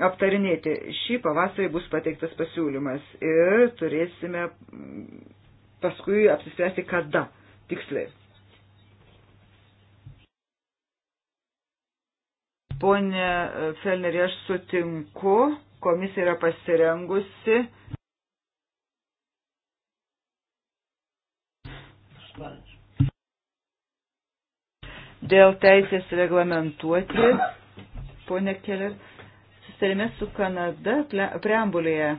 aptarinėti. Šį pavasarį bus pateiktas pasiūlymas ir turėsime paskui apsispręsti, kada tiksliai. Pone Felneri, aš sutinku, komisija yra pasirengusi Dėl teisės reglamentuoti, ponė Keller, susitarime su Kanada preambulėje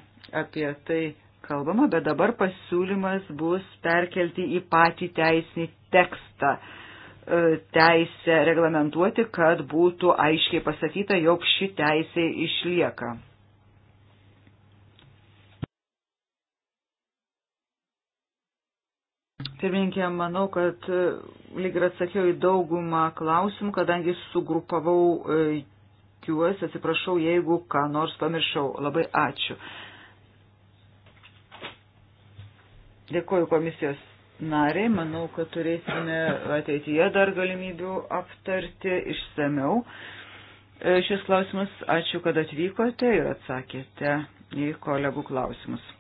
apie tai kalbama, bet dabar pasiūlymas bus perkelti į patį teisinį tekstą e, teisę reglamentuoti, kad būtų aiškiai pasakyta, jog ši teisė išlieka. Pirmininkė, manau, kad e, lyg ir atsakiau į daugumą klausimų, kadangi sugrupavau e, juos, atsiprašau, jeigu ką nors pamiršau. Labai ačiū. Dėkuoju komisijos nariai, manau, kad turėsime ateityje dar galimybių aptarti išsameu e, šis klausimas. Ačiū, kad atvykote ir atsakėte į kolegų klausimus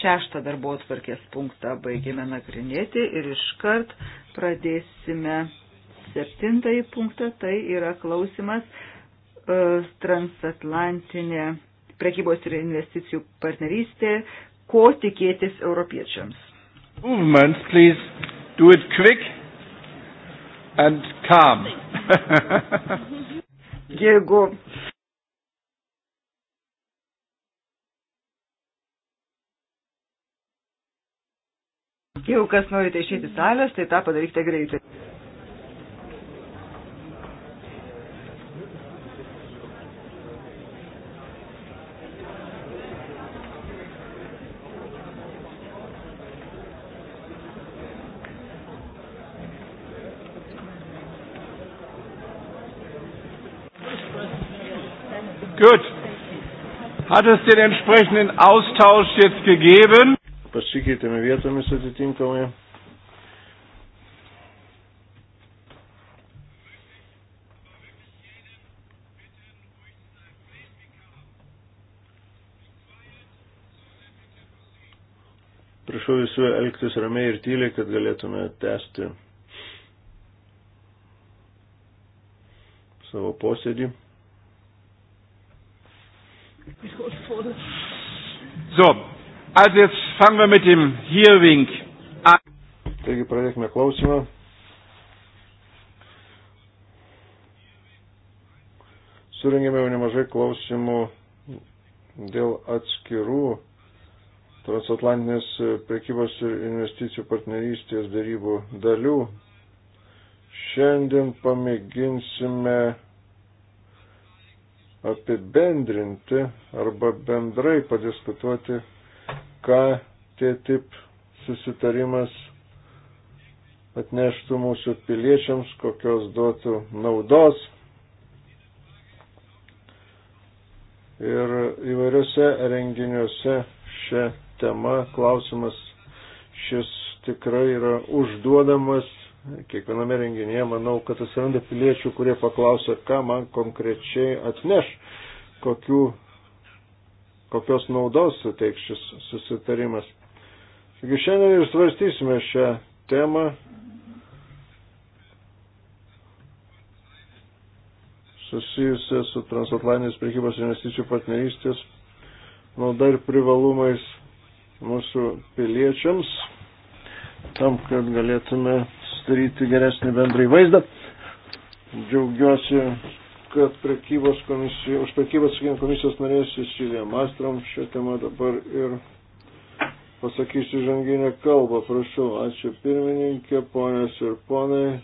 šeštą darbo atvarkės punktą baigėme nagrinėti ir iškart pradėsime septintąjį punktą, tai yra klausimas e, transatlantinė prekybos ir investicijų partnerystė, ko tikėtis europiečiams. Movement, please do it quick and calm. Jeigu Jeigu kas norite išėti salės, tai tą padarykite greitai. Gut. Hat es den entsprechenden Austausch jetzt gegeben? pasikeitėme vietomis atitinkamai. Prašau visų elgtis ramiai ir tyliai, kad galėtume tęsti savo posėdį. So, Also jetzt fangen wir mit dem Hearing an. Taigi pradėkime klausimą. Surinkėme jau nemažai klausimų dėl atskirų transatlantinės prekybos ir investicijų partnerystės darybų dalių. Šiandien pamėginsime apibendrinti arba bendrai padiskutuoti ką tie tip susitarimas atneštų mūsų piliečiams, kokios duotų naudos. Ir įvairiose renginiuose šią temą klausimas šis tikrai yra užduodamas. Kiekviename renginyje manau, kad atsiranda piliečių, kurie paklausia, ką man konkrečiai atneš, kokių kokios naudos suteiks šis susitarimas. Taigi šiandien ir svarstysime šią temą. susijusia su transatlantinės prekybos investicijų partnerystės nauda ir privalumais mūsų piliečiams, tam, kad galėtume sudaryti geresnį bendrąjį vaizdą. Džiaugiuosi kad prekybos komisijos, už prekybos komisijos narės Cecilija Mastrom šią temą dabar ir pasakysiu žanginę kalbą. Prašau, ačiū pirmininkė, ponės ir ponai.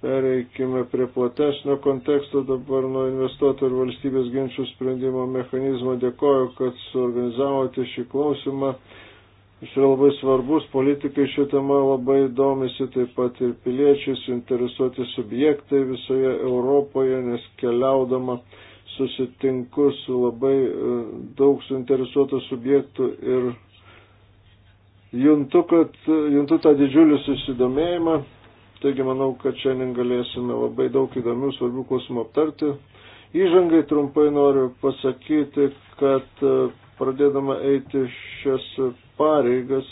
Pereikime prie platesnio konteksto dabar nuo investuotojų ir valstybės ginčių sprendimo mechanizmo. Dėkoju, kad suorganizavote šį klausimą. Jis yra labai svarbus, politikai šią temą labai domisi, taip pat ir piliečiai, suinteresuoti subjektai visoje Europoje, nes keliaudama susitinku su labai e, daug suinteresuotų subjektų ir juntu, kad, e, juntu tą didžiulį susidomėjimą. Taigi manau, kad šiandien galėsime labai daug įdomių, svarbių klausimų aptarti. Įžangai trumpai noriu pasakyti, kad e, pradėdama eiti šias pareigas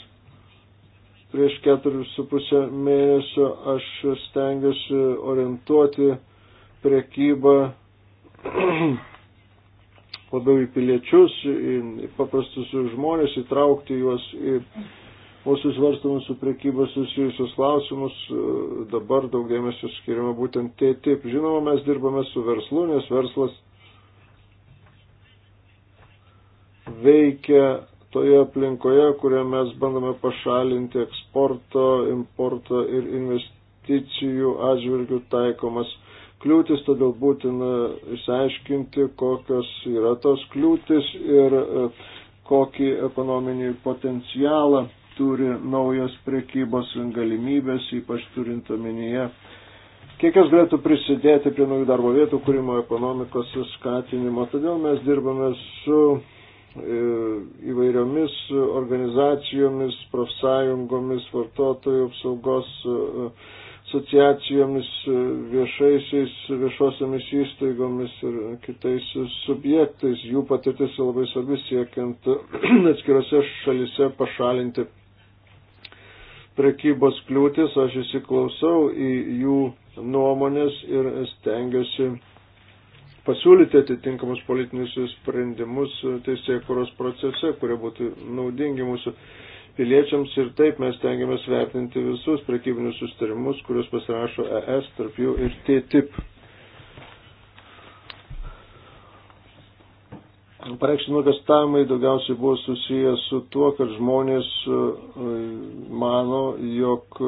prieš keturis su pusę mėnesio aš stengiuosi orientuoti priekybą *clears throat* labiau į piliečius, į paprastus žmonės, įtraukti juos į mūsų svarstamus su priekyba susijusius klausimus. Dabar daug dėmesio skiriama būtent tie taip. Žinoma, mes dirbame su verslu, nes verslas veikia toje aplinkoje, kurioje mes bandome pašalinti eksporto, importo ir investicijų atžvilgių taikomas kliūtis, todėl būtina išsiaiškinti, kokios yra tos kliūtis ir e, kokį ekonominį potencialą turi naujos prekybos galimybės, ypač turint omenyje kiek jos galėtų prisidėti prie naujų darbo vietų kūrimo ekonomikos skatinimo. Todėl mes dirbame su E, įvairiomis organizacijomis, profsąjungomis, vartotojų apsaugos e, asociacijomis, e, viešaisiais, viešosiamis įstaigomis ir kitais subjektais. Jų patirtis labai svarbi siekiant *clears throat* atskirose šalise pašalinti prekybos kliūtis. Aš įsiklausau į jų nuomonės ir stengiuosi pasiūlyti atitinkamus politinius sprendimus teisėjų kuros procese, kurie būtų naudingi mūsų piliečiams ir taip mes tengiamės vertinti visus prekybinius sustarimus, kuriuos pasirašo ES, tarp jų ir TTIP. Pareikšti nuogastavimai daugiausiai buvo susijęs su tuo, kad žmonės e, mano, jog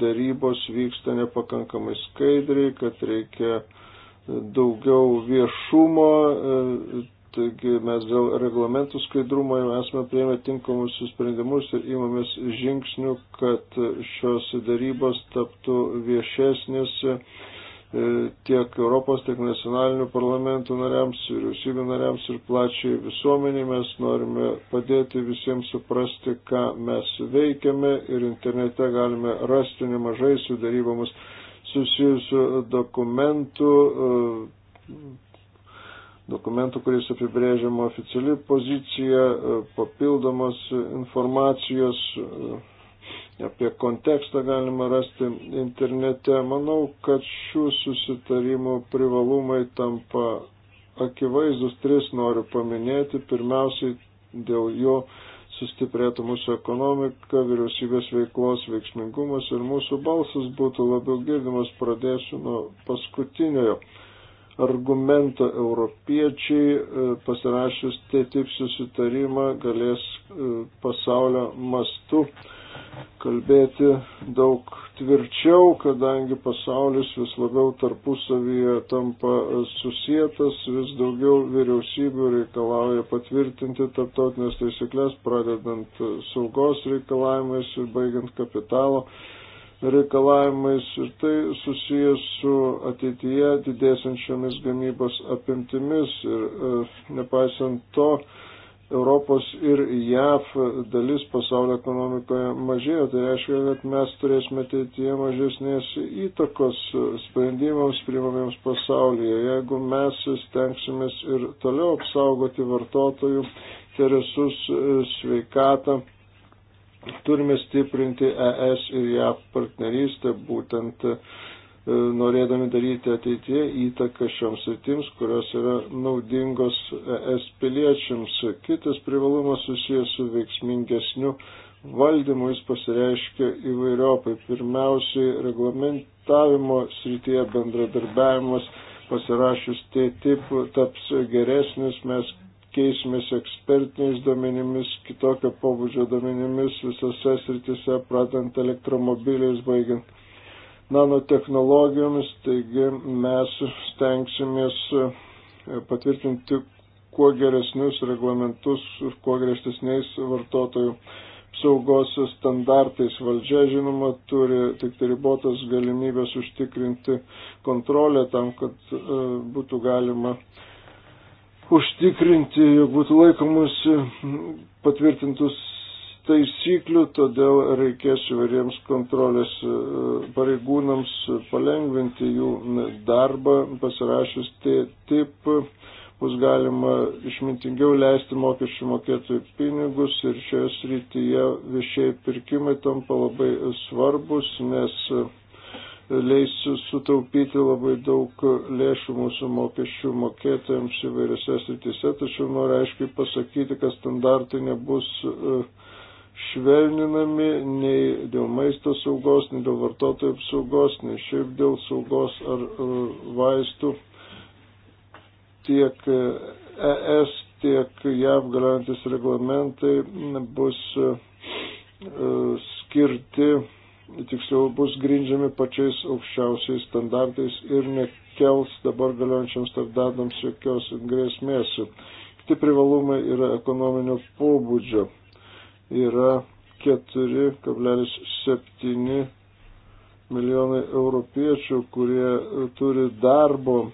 darybos vyksta nepakankamai skaidriai, kad reikia uh, daugiau viešumo, e, taigi mes dėl reglamentų skaidrumo jau esame prieimę tinkamus sprendimus ir įmamės žingsnių, kad šios darybos taptų viešesnės e, tiek Europos, tiek nacionalinių parlamentų nariams, vyriausybių nariams ir plačiai visuomeniai mes norime padėti visiems suprasti, ką mes veikiame ir internete galime rasti nemažai sudarybamus susijusių dokumentų, e, dokumentų, kuris apibrėžiama oficiali pozicija, e, papildomos informacijos e, apie kontekstą galima rasti internete. Manau, kad šių susitarimų privalumai tampa akivaizdus tris noriu paminėti. Pirmiausiai dėl jo sustiprėtų mūsų ekonomika, vyriausybės veiklos veiksmingumas ir mūsų balsas būtų labiau girdimas. Pradėsiu nuo paskutiniojo argumento europiečiai e, pasirašius TTIP susitarimą galės e, pasaulio mastu kalbėti daug tvirčiau, kadangi pasaulis vis labiau tarpusavyje tampa susijęs, vis daugiau vyriausybių reikalauja patvirtinti tarptautinės taisyklės, pradedant saugos reikalavimais ir baigiant kapitalo reikalavimais ir tai susijęs su ateityje didėsiančiomis gamybos apimtimis ir e, nepaisant to, Europos ir JAV dalis pasaulio ekonomikoje mažėjo, tai reiškia, kad mes turėsime ateityje mažesnės įtakos sprendimams priimamiems pasaulyje. Jeigu mes stengsimės ir toliau apsaugoti vartotojų interesus, sveikatą, turime stiprinti ES ir JAV partnerystę būtent E, norėdami daryti ateitie įtaką šioms sritims, kurios yra naudingos ES piliečiams. Kitas privalumas susijęs su veiksmingesniu valdymu, jis pasireiškia įvairiopai. Pirmiausiai, reglamentavimo srityje bendradarbiavimas pasirašius TTIP taps geresnis, mes keisimės ekspertiniais duomenimis, kitokio pobūdžio duomenimis visose sritise, pradant elektromobiliais, baigiant nanotehnologijomis, taigi mes stengsimės e, patvirtinti kuo geresnius reglamentus, kuo griežtesniais vartotojų saugos standartais. Valdžia, žinoma, turi tik tai ribotas galimybės užtikrinti kontrolę tam, kad e, būtų galima užtikrinti, jog būtų laikomus patvirtintus taisyklių, todėl reikės įvairiems kontrolės e, pareigūnams palengvinti jų darbą, pasirašius taip bus galima išmintingiau leisti mokesčių mokėtojų pinigus ir šioje srityje viešieji pirkimai tampa labai svarbus, nes leis sutaupyti labai daug lėšų mūsų mokesčių mokėtojams įvairiose srityse, tačiau noriu aiškiai pasakyti, kad standartai nebus uh, švelninami nei dėl maisto saugos, nei dėl vartotojų apsaugos, nei šiaip dėl saugos ar vaistų tiek e, ES, tiek JAV galiojantis reglamentai bus e, skirti, tiksliau bus grindžiami pačiais aukščiausiais standartais ir nekels dabar galiojančiams standartams jokios grėsmės. Kiti privalumai yra ekonominio pobūdžio yra 4,7 milijonai europiečių, kurie e, turi darbo e,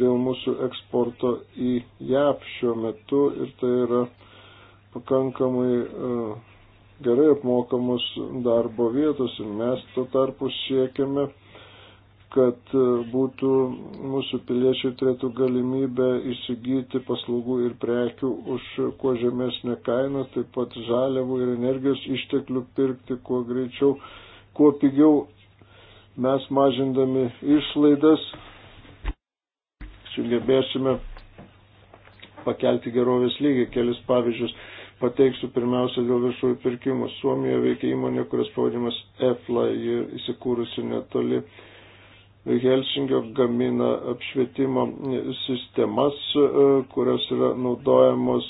dėl mūsų eksporto į JAP šiuo metu ir tai yra pakankamai e, gerai apmokamos darbo vietos ir mes tuo tarpu siekiame kad e, būtų mūsų piliečiai turėtų galimybę įsigyti paslaugų ir prekių už kuo žemesnę kainą, taip pat žaliavų ir energijos išteklių pirkti kuo greičiau, kuo pigiau mes mažindami išlaidas sugebėsime pakelti gerovės lygį. Kelis pavyzdžius pateiksiu pirmiausia dėl viešųjų pirkimų. Suomijoje veikia įmonė, kurios pavadimas EFLA, ji įsikūrusi netoli Helsingio gamina apšvietimo sistemas, e, kurios yra naudojamos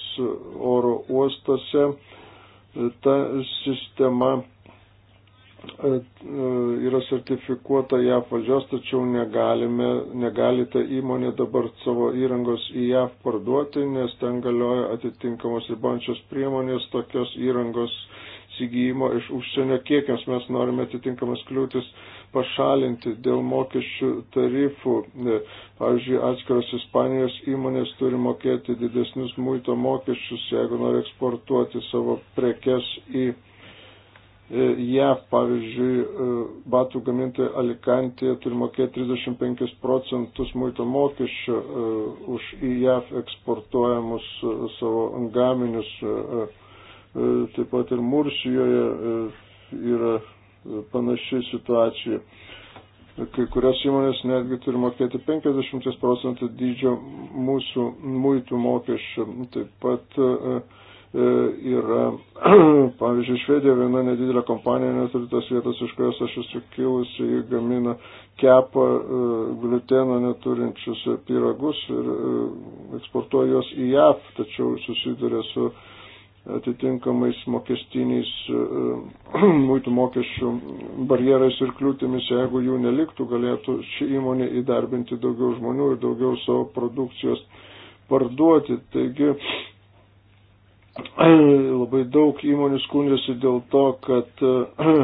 oro uostose. E, ta sistema e, yra sertifikuota JAF valdžios, tačiau negalime, negali ta įmonė dabar savo įrangos į JAF parduoti, nes ten galioja atitinkamos ribančios priemonės, tokios įrangos įsigijimo iš užsienio kiekiams mes norime atitinkamas kliūtis pašalinti dėl mokesčių tarifų. E, pavyzdžiui, atskiros Ispanijos įmonės turi mokėti didesnius muito mokesčius, jeigu nori eksportuoti savo prekes į e, JAV, pavyzdžiui, e, batų gamintojai Alicantėje turi mokėti 35 procentus muito mokesčio už į JAV eksportuojamus savo gaminius. E, taip pat ir Mursijoje e, yra e, panaši situacija. Kai kurios įmonės netgi turi mokėti 50 procentų dydžio mūsų muitų mokesčių. Taip pat yra, *clears throat* pavyzdžiui, Švedija viena nedidelė kompanija neturi tos vietos, iš kurios aš esu kilusi, jį gamina kepą gluteno neturinčius pyragus ir eksportuoja juos į JAV, tačiau susiduria su atitinkamais mokestiniais e, *clears throat* muitų mokesčių barjerais ir kliūtimis, jeigu jų neliktų, galėtų ši įmonė įdarbinti daugiau žmonių ir daugiau savo produkcijos parduoti. Taigi *clears throat* labai daug įmonių skundžiasi dėl to, kad e, *clears throat*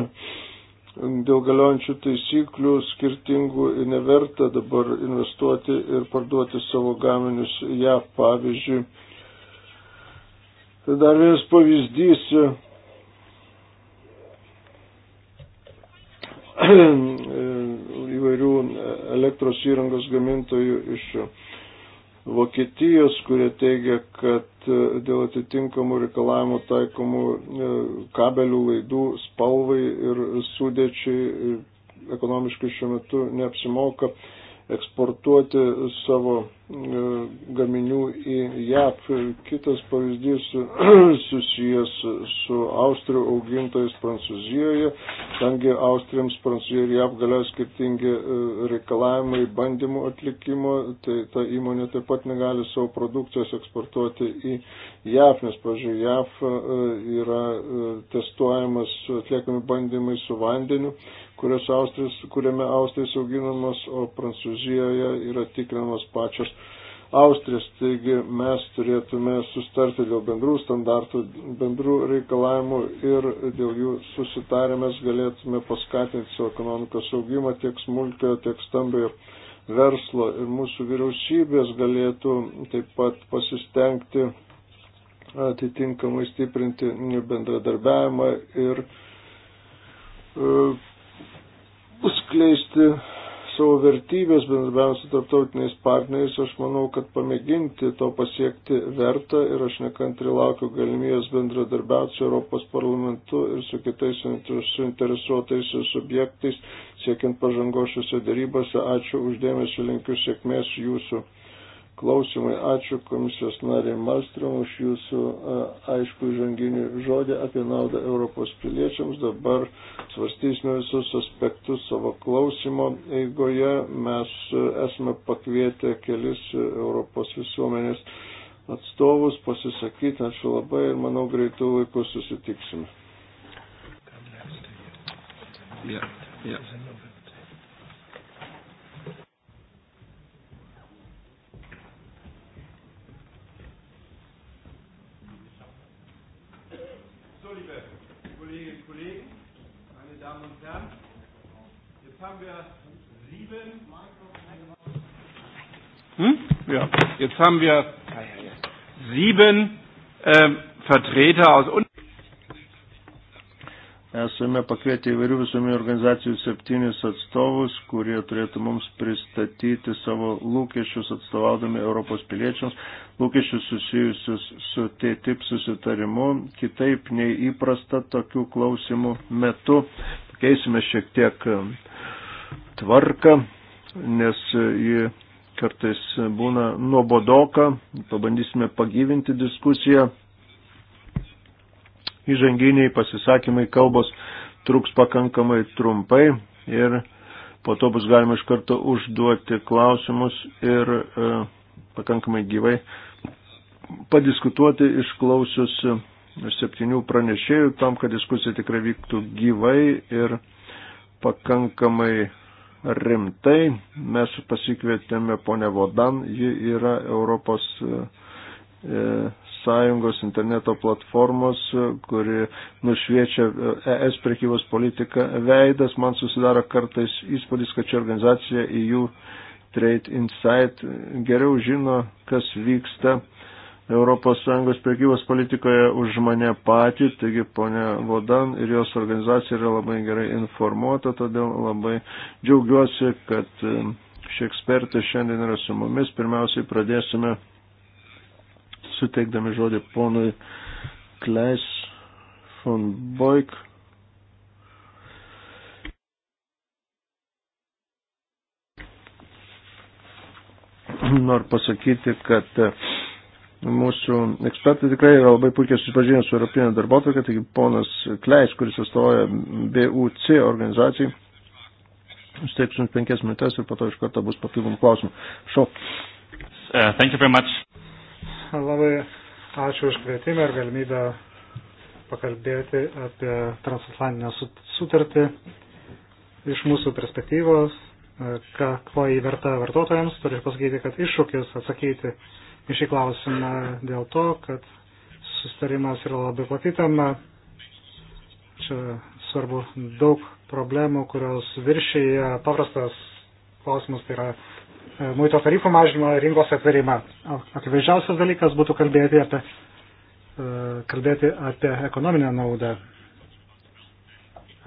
dėl galiojančių taisyklių skirtingų neverta dabar investuoti ir parduoti savo gaminius JAV, pavyzdžiui, Tai dar vienas pavyzdys. E, *clears throat* įvairių elektros įrangos gamintojų iš Vokietijos, kurie teigia, kad e, dėl atitinkamų reikalavimų taikomų e, kabelių laidų spalvai ir sudėčiai ekonomiškai šiuo metu neapsimoka eksportuoti savo E, gaminių į JAP. Kitas pavyzdys *clears throat* susijęs su Austrių augintojais Prancūzijoje, tengi Austriams Prancūzija ir JAP galioja skirtingi e, reikalavimai bandymų atlikimo, tai ta įmonė taip pat negali savo produkcijos eksportuoti į JAP, nes, pažiūrėjau, JAP e, yra testuojamas, atliekami bandymai su vandeniu, kuriame Austrijos auginamos, o Prancūzijoje yra tikrinamos pačios Austrės. Taigi mes turėtume sustarti dėl bendrų standartų, bendrų reikalavimų ir dėl jų susitarę mes galėtume paskatinti savo ekonomikos augimą tiek smulkio, tiek stambiojo verslo. Ir mūsų vyriausybės galėtų taip pat pasistengti atitinkamai stiprinti bendradarbiavimą ir e, uh, skleisti savo vertybės bendradarbiavimas su tarptautiniais partneriais, aš manau, kad pamėginti to pasiekti verta ir aš nekantri laukiu galimybės bendradarbiauti su Europos parlamentu ir su kitais suinteresuotais subjektais, siekiant pažangos šiuose darybose. Ačiū uždėmesi, linkiu sėkmės jūsų klausimai. Ačiū komisijos narė Malstrom už jūsų aišku žanginį žodį apie naudą Europos piliečiams. Dabar svarstysime visus aspektus savo klausimo eigoje. Mes esame pakvietę kelis Europos visuomenės atstovus pasisakyti. Ačiū labai ir manau greitų laikų susitiksime. Yeah, yeah. Jetzt haben wir sieben. Hm? Ja, jetzt haben wir sieben äh, Vertreter aus uns. Esame pakvietę įvairių visuomenių organizacijų septynis atstovus, kurie turėtų mums pristatyti savo lūkesčius atstovaudami Europos piliečiams, lūkesčius susijusius su TTIP susitarimu, kitaip nei įprasta tokių klausimų metu. Pakeisime šiek tiek uh, tvarką, nes ji kartais būna nuobodoka. Pabandysime pagyvinti diskusiją. Įžanginiai pasisakymai kalbos truks pakankamai trumpai ir po to bus galima iš karto užduoti klausimus ir e, pakankamai gyvai padiskutuoti išklausius septynių pranešėjų tam, kad diskusija tikrai vyktų gyvai ir pakankamai rimtai. Mes pasikvietėme ponę Vodan, ji yra Europos e, e, sąjungos interneto platformos, e, kuri nušviečia ES prekybos politiką veidas. Man susidaro kartais įspūdis, kad čia organizacija į jų Trade Insight geriau žino, kas vyksta ES prekybos politikoje už mane patį, taigi ponia Vodan ir jos organizacija yra labai gerai informuota, todėl labai džiaugiuosi, kad um, ši ekspertė šiandien yra su mumis. Pirmiausiai pradėsime suteikdami žodį ponui Kleis von Boik. Noriu pasakyti, kad uh, mūsų ekspertai tikrai yra labai puikiai susipažinę su Europinė darbotvarkė, taigi ponas Kleis, kuris atstovauja BUC organizacijai, steiks jums penkias minutės ir po to iš karto bus papildomų klausimų. Šau. Uh, labai ačiū už kvietimą ir galimybę pakalbėti apie transatlantinę sutartį iš mūsų perspektyvos, ką, ko įverta vartotojams. Turiu pasakyti, kad iššūkis atsakyti uh, į šį klausimą dėl to, kad sustarimas yra labai plati tema. Čia svarbu daug problemų, kurios viršyje paprastas klausimas, tai yra e, muito tarifų mažinimą, rinkos atverimą. Akivaizdžiausias dalykas būtų kalbėti apie, e, kalbėti apie ekonominę naudą,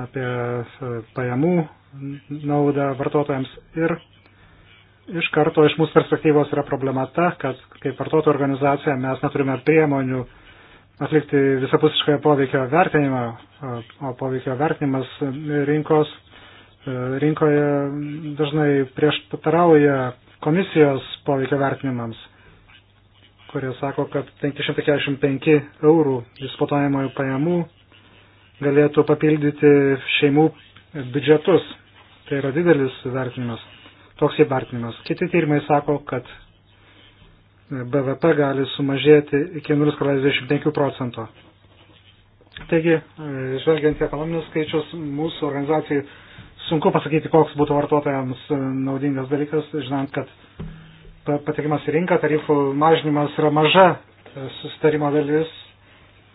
apie e, pajamų naudą vartotojams ir iš karto iš mūsų perspektyvos yra problema ta, kad kaip vartotojų organizacija mes neturime priemonių atlikti visapusišką poveikio vertinimą, o poveikio vertinimas rinkos, e, rinkoje dažnai prieštarauja komisijos poveikio vertinimams, kurie sako, kad 545 eurų disponuojamojų pajamų galėtų papildyti šeimų biudžetus. Tai yra didelis vertinimas toks įvertinimas. Kiti tyrimai sako, kad e, BVP gali sumažėti iki 0,25 procento. Taigi, e, žvelgiant į ekonominius skaičius, mūsų organizacijai sunku pasakyti, koks būtų vartotojams e, naudingas dalykas, žinant, kad patekimas į rinką tarifų mažinimas yra maža susitarimo dalis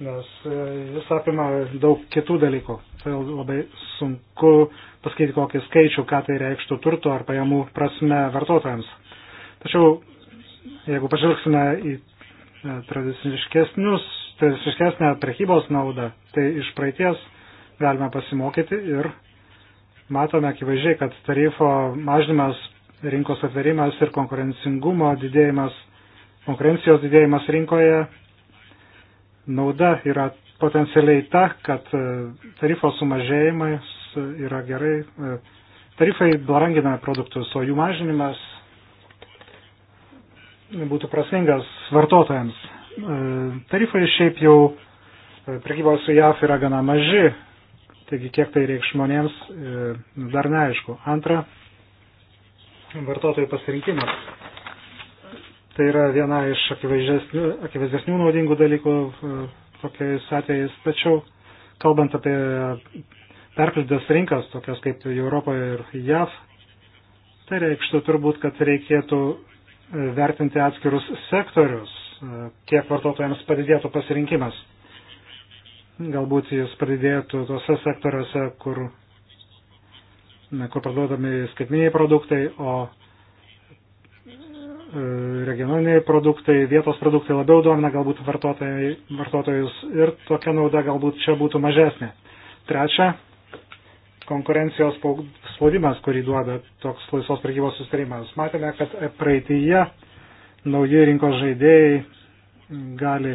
nes e, jis apima daug kitų dalykų. Tai labai sunku pasakyti kokį skaičių, ką tai reikštų turto ar pajamų prasme vartotojams. Tačiau, jeigu pažvelgsime į e, tradiciškesnius, tradiciškesnę prekybos naudą, tai iš praeities galime pasimokyti ir matome akivaizdžiai, kad tarifo mažinimas, rinkos atverimas ir konkurencingumo didėjimas, konkurencijos didėjimas rinkoje nauda yra potencialiai ta, kad e, tarifo sumažėjimas yra gerai. E, tarifai brangina produktus, o jų mažinimas būtų prasmingas vartotojams. E, tarifai šiaip jau prekybos su JAF yra gana maži, taigi kiek tai reikš žmonėms dar neaišku. Antra, vartotojų pasirinkimas. Tai yra viena iš akivaizdesnių naudingų dalykų e, tokiais atvejais. Tačiau, kalbant apie perpildytas rinkas, tokias kaip Europoje ir JAV, tai reikštų turbūt, kad reikėtų e, vertinti atskirus sektorius, e, kiek vartotojams padidėtų pasirinkimas. Galbūt jis padidėtų tose sektoriuose, kur, kur parduodami skaitminiai produktai, o regioniniai produktai, vietos produktai labiau domina galbūt vartotojus ir tokia nauda galbūt čia būtų mažesnė. Trečia, konkurencijos spaudimas, kurį duoda toks laisvos prekybos sustarimas. Matėme, kad praeitįje nauji rinkos žaidėjai gali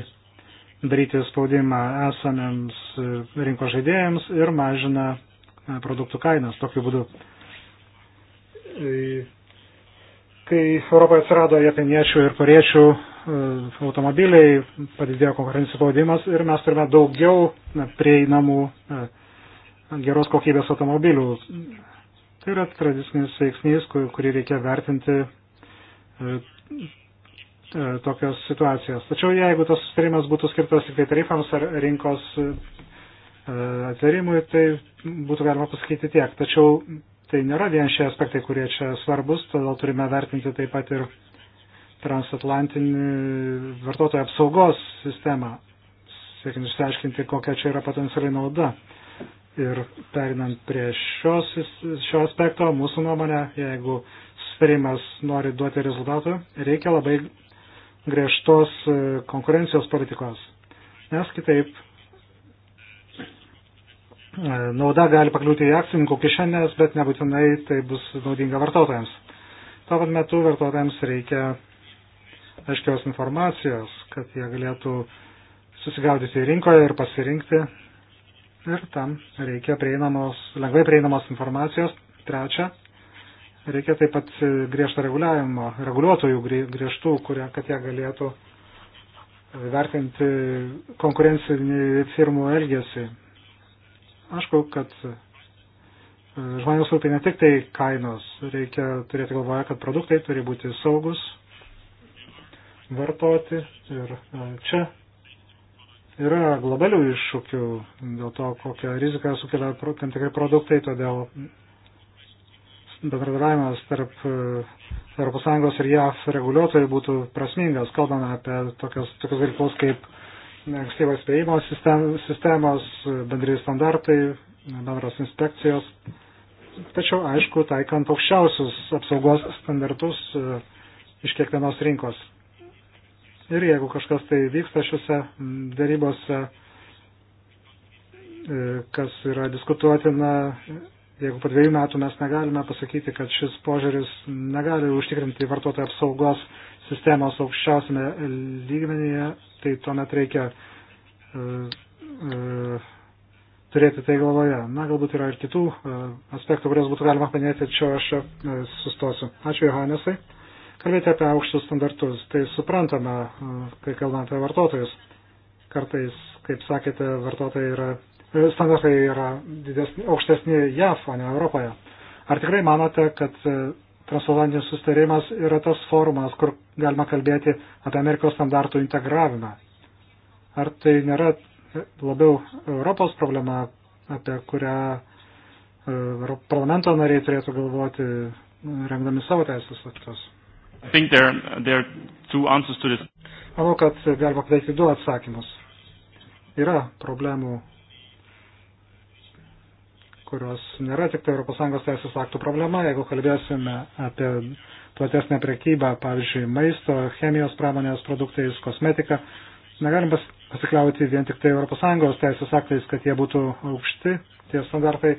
daryti spaudimą esamiems e, rinkos žaidėjams ir mažina e, produktų kainas tokiu būdu e, Kai Europoje atsirado japiniečių ir koriečių e, automobiliai, padidėjo konkurencijų spaudimas ir mes turime daugiau prieinamų e, geros kokybės automobilių. Tai yra tradicinis veiksnys, kurį reikia vertinti e, tokios situacijos. Tačiau jeigu tas sustarimas būtų skirtas tik tai tarifams ar rinkos atverimui, tai būtų galima pasakyti tiek. Tačiau tai nėra vien šie aspektai, kurie čia svarbus, todėl turime vertinti taip pat ir transatlantinį vartotojų apsaugos sistemą, siekiant išsiaiškinti, kokia čia yra potencialiai nauda. Ir perinant prie šios, šio aspekto, mūsų nuomonė, jeigu sustarimas nori duoti rezultatų, reikia labai griežtos konkurencijos politikos. Nes kitaip nauda gali pakliūti į akcininkų kišenės, bet nebūtinai tai bus naudinga vartotojams. Tuo pat metu vartotojams reikia aiškios informacijos, kad jie galėtų susigaudyti rinkoje ir pasirinkti. Ir tam reikia prieinamos, lengvai prieinamos informacijos. Trečia, reikia taip pat griežto reguliavimo, reguliuotojų griežtų, kurie, kad jie galėtų vertinti konkurencinį firmų elgesį Aišku, kad e, žmonės rūpi ne tik tai kainos, reikia turėti galvoje, kad produktai turi būti saugus, vartoti ir e, čia yra globalių iššūkių dėl to, kokią riziką sukelia tam tikrai produktai, todėl bendradarbiavimas tarp ES ir JAF reguliuotojų būtų prasmingas, kalbame apie tokios, tokios dalykus kaip ankstyvas spėjimo sistemos, bendrėjai standartai, bendros inspekcijos. Tačiau, aišku, taikant aukščiausius apsaugos standartus e, iš kiekvienos rinkos. Ir jeigu kažkas tai vyksta šiuose darybose, e, kas yra diskutuotina, jeigu po dviejų metų mes negalime pasakyti, kad šis požiūris negali užtikrinti vartotojų apsaugos sistemos aukščiausiame lygmenyje, tai tuomet reikia e, e, turėti tai galvoje. Na, galbūt yra ir kitų e, aspektų, kurias būtų galima paminėti, čia aš sustosiu. Ačiū Johanesai. Kalbėti apie aukštus standartus, tai suprantame, kai kalbame apie vartotojus. Kartais, kaip sakėte, vartotojai yra, standartai yra didesni, aukštesni JAV, o ne Europoje. Ar tikrai manote, kad transatlantinis sustarimas yra tas formas, kur galima kalbėti apie Amerikos standartų integravimą. Ar tai nėra labiau Europos problema, apie kurią e, parlamento nariai turėtų galvoti, rengdami savo teisės aktus? Manau, kad galima pateikti du atsakymus. Yra problemų kurios nėra tik tai ES teisės aktų problema, jeigu kalbėsime apie platesnę prekybą, pavyzdžiui, maisto, chemijos pramonės produktais, kosmetika, negalim pasikliauti vien tik tai ES teisės aktais, kad jie būtų aukšti, tie standartai.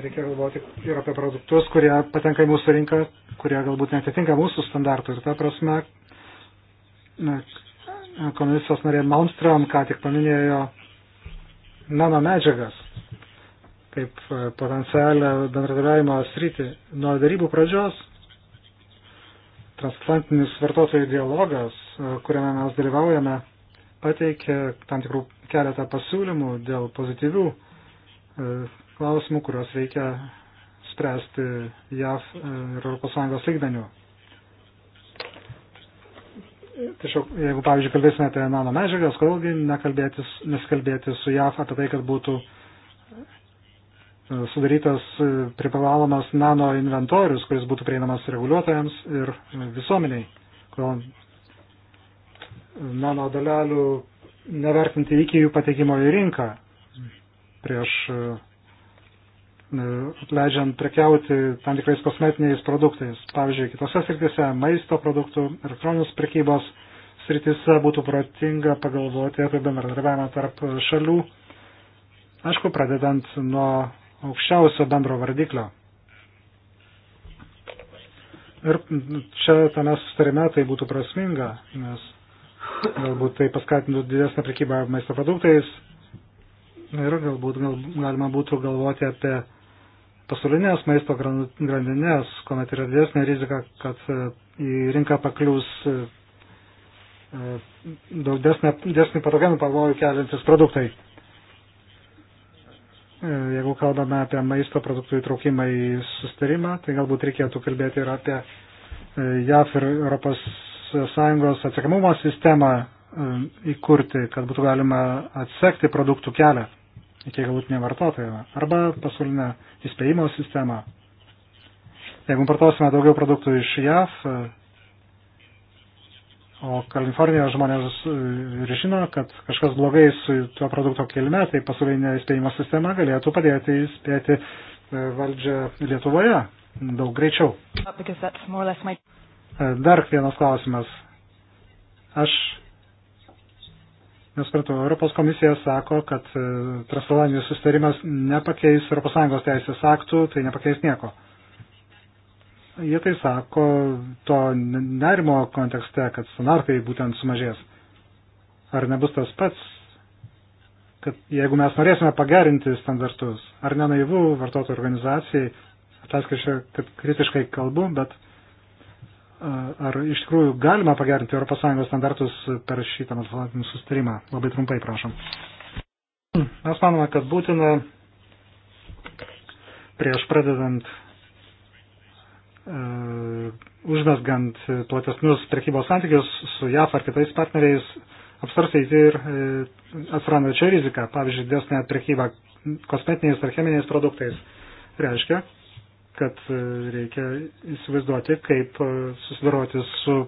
Reikia galvoti ir apie produktus, kurie patenka į mūsų rinką, kurie galbūt netitinka mūsų standartų. Ir ta prasme, komisijos narė Malmström ką tik paminėjo nano medžiagas kaip e, potencialią bendradarbiavimo sritį. Nuo darybų pradžios transatlantinis vartotojų dialogas, e, kuriame mes dalyvaujame, pateikė tam tikrų keletą pasiūlymų dėl pozityvių e, klausimų, kuriuos reikia spręsti JAV ir ES lygmenių. Tačiau, jeigu, pavyzdžiui, kalbėsime apie nano medžiagas, kodėlgi nekalbėti su JAV apie tai, kad būtų uh, sudarytas e, privalomas nano inventorius, kuris būtų prieinamas reguliuotojams ir e, visuomeniai, kol nano dalelių nevertinti iki jų patekimo į rinką prieš e, leidžiant prekiauti tam tikrais kosmetiniais produktais. Pavyzdžiui, kitose srityse maisto produktų, elektroninės prekybos srityse būtų protinga pagalvoti apie bendradarbiavimą tarp šalių. Aišku, pradedant nuo aukščiausio bendro vardiklio. Ir čia tame sustarime tai būtų prasminga, nes galbūt tai paskatintų didesnę prekybą maisto produktais ir galbūt gal, galima būtų galvoti apie pasaulinės maisto grandinės, kuomet yra didesnė rizika, kad e, į rinką paklius e, e, daug desnį patogenų pavojų keliantis produktai. E, jeigu kalbame apie maisto produktų įtraukimą į sustarimą, tai galbūt reikėtų kalbėti ir apie e, JAF ir ES atsakamumo sistemą e, įkurti, kad būtų galima atsekti produktų kelią iki galutinio vartotojo. Arba pasaulinę įspėjimo sistemą. Jeigu importuosime daugiau produktų iš JAF, O Kalifornijos žmonės e, ir žino, kad kažkas blogai su tuo produkto kilme, tai pasaulinė įspėjimo sistema galėtų padėti įspėti e, valdžią Lietuvoje daug greičiau. My... E, dar vienas klausimas. Aš nesuprantu, Europos komisija sako, kad transatlantijos sustarimas nepakeis ES teisės aktų, tai nepakeis nieko. Jie tai sako to nerimo kontekste, kad standartai būtent sumažės. Ar nebus tas pats, kad jeigu mes norėsime pagerinti standartus, ar nenaivu vartotojų organizacijai, atleiskite, kad kritiškai kalbu, bet ar iš tikrųjų galima pagerinti ES standartus per šitą atlantinį sustarimą? Labai trumpai prašom. Mes manome, kad būtina prieš pradedant E, užvesgant platesnius prekybos santykius su JAF ar kitais partneriais, apsvarstyti ir e, atsiranda čia rizika, pavyzdžiui, dėsnė prekyba kosmetiniais ar cheminiais produktais. Reiškia, kad e, reikia įsivaizduoti, kaip susidoroti su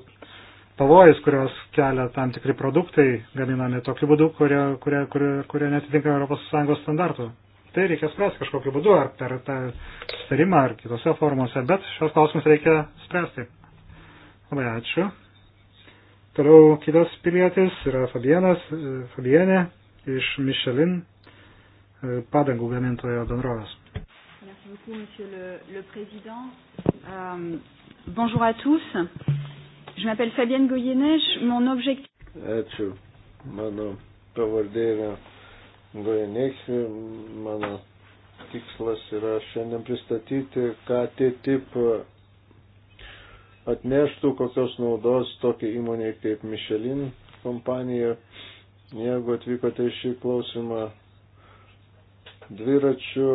pavojais, kurios kelia tam tikri produktai gaminami tokiu būdu, kurie, kurie, kurie, kurie netitinka ES standartų tai reikia spręsti kažkokiu būdu, ar per tą starimą, ar kitose formose, bet šios klausimus reikia spręsti. Labai ačiū. Toliau kitas pilietis yra Fabienas, e, Fabienė iš Michelin e, padangų gamintojo bendrovės. Merci beaucoup, Monsieur le, le Président. Euh, bonjour à tous. Je m'appelle Fabienne Goyenesh. Mon objectif. Ačiū. Mano pavardė yra Gojenechi. Mano tikslas yra šiandien pristatyti, ką TTIP atneštų kokios naudos tokiai įmoniai kaip Michelin kompanija. Jeigu atvykote į šį klausimą dviračiu,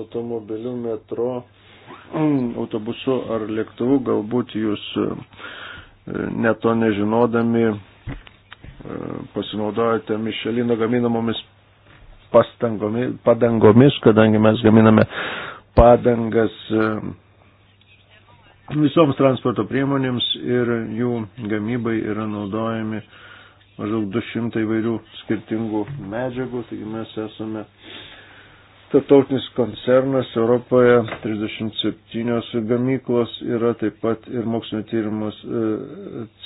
automobiliu, metro, *clears throat* autobusu ar lėktuvu, galbūt jūs e, neto nežinodami pasinaudojate Mišelino gaminamomis padangomis, kadangi mes gaminame padangas e, visoms transporto priemonėms ir jų gamybai yra naudojami maždaug 200 įvairių skirtingų medžiagų, taigi mes esame tarptautinis koncernas Europoje, 37 gamyklos yra taip pat ir mokslinio tyrimus e,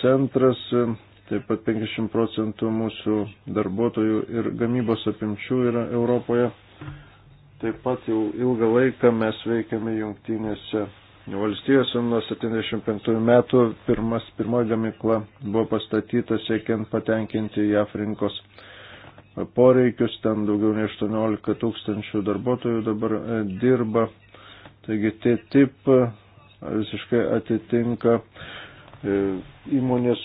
centras Taip pat 50 procentų mūsų darbuotojų ir gamybos apimčių yra Europoje. Taip pat jau ilgą laiką mes veikiame jungtinėse valstijose. Nuo 75 metų pirmas, pirmoji gamykla buvo pastatyta siekiant patenkinti JAF rinkos poreikius. Ten daugiau nei 18 tūkstančių darbuotojų dabar e, dirba. Taigi TTIP e, visiškai atitinka e, įmonės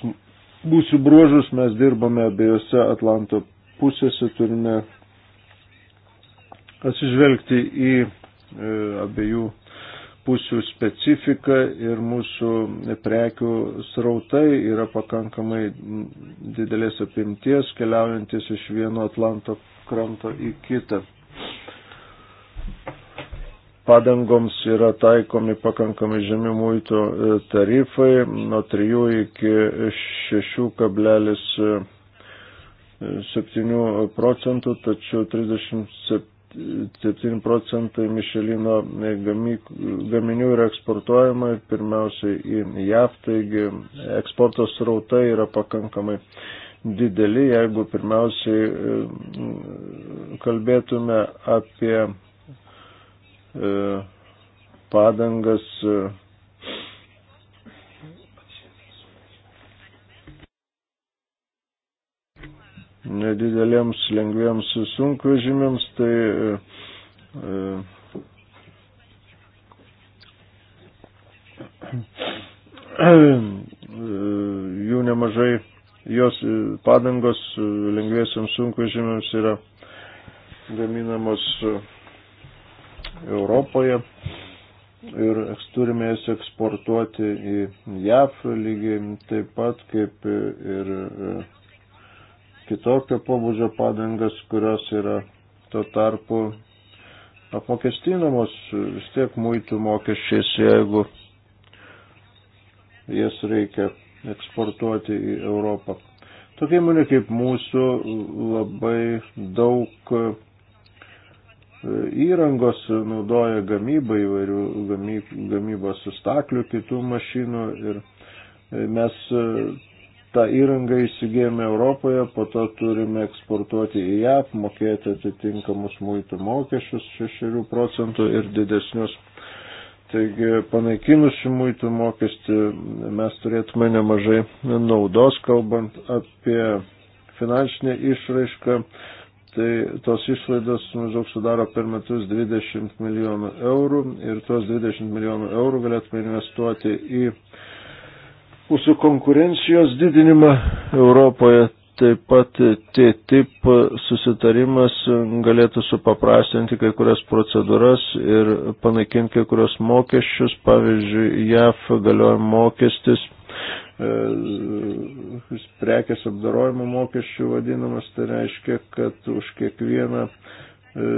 mūsų bruožus mes dirbame abiejose Atlanto pusėse, turime atsižvelgti į e, abiejų pusių specifiką ir mūsų prekių srautai yra pakankamai didelės apimties, keliaujantis iš vieno Atlanto kranto į kitą padangoms yra taikomi pakankamai žemi muito e, tarifai nuo 3 iki 6,7 e, procentų, tačiau 37 procentai Mišelino e, gaminių yra eksportuojama pirmiausiai į JAV, taigi eksporto srautai yra pakankamai dideli, jeigu pirmiausiai kalbėtume apie E, padangas. E, nedideliems lengviems sunkvežimiams, tai e, jų nemažai, jos padangos lengviesiams sunkvežimiams yra gaminamos Europoje ir turime jas eksportuoti į JAF lygiai taip pat kaip ir e, kitokio pobūdžio padangas, kurios yra tuo tarpu apmokestinamos vis tiek muitų mokesčiais, jeigu jas reikia eksportuoti į Europą. Tokie įmonė kaip mūsų labai daug įrangos naudoja gamybą įvairių gamybos sustaklių, kitų mašinų ir e, mes e, tą įrangą įsigėjome Europoje, po to turime eksportuoti į JAV, mokėti atitinkamus muitų mokesčius 6 procentų ir didesnius. Taigi panaikinus šį muitų mokestį mes turėtume nemažai naudos, kalbant apie finansinę išraišką tai tos išlaidos maždaug sudaro per metus 20 milijonų eurų ir tos 20 milijonų eurų galėtume investuoti į mūsų konkurencijos didinimą Europoje. Taip pat TTIP susitarimas galėtų supaprastinti kai kurias procedūras ir panaikinti kai kurios mokesčius. Pavyzdžiui, JAF galioja mokestis E, prekės apdarojimo mokesčių vadinamas, tai reiškia, kad už kiekvieną e,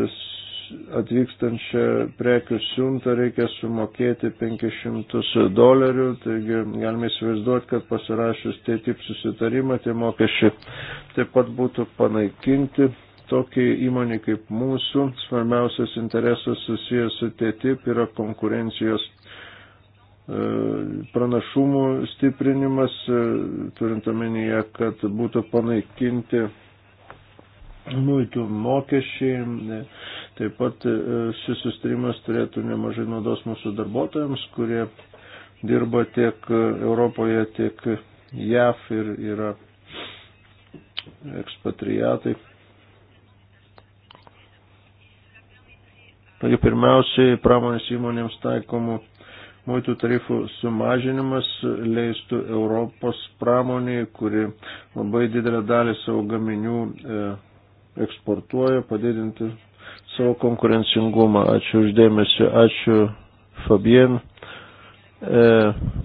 atvykstančią prekių siuntą reikia sumokėti 500 dolerių, taigi galime įsivaizduoti, kad pasirašius tie tip susitarimą, tie mokesčiai taip pat būtų panaikinti. Tokiai įmonė kaip mūsų svarbiausias interesas susijęs su TTIP yra konkurencijos E, pranašumų stiprinimas, e, turint omenyje, kad būtų panaikinti muitų mokesčiai. E, taip pat šis sustarimas turėtų nemažai naudos mūsų darbuotojams, kurie dirba tiek Europoje, tiek JAF ir yra ekspatriatai. Taigi pirmiausiai pramonės įmonėms taikomų muitų tarifų sumažinimas leistų Europos pramoniai, kuri labai didelę dalį savo gaminių e, eksportuoja, padidinti savo konkurencingumą. Ačiū uždėmesi, ačiū Fabien. E,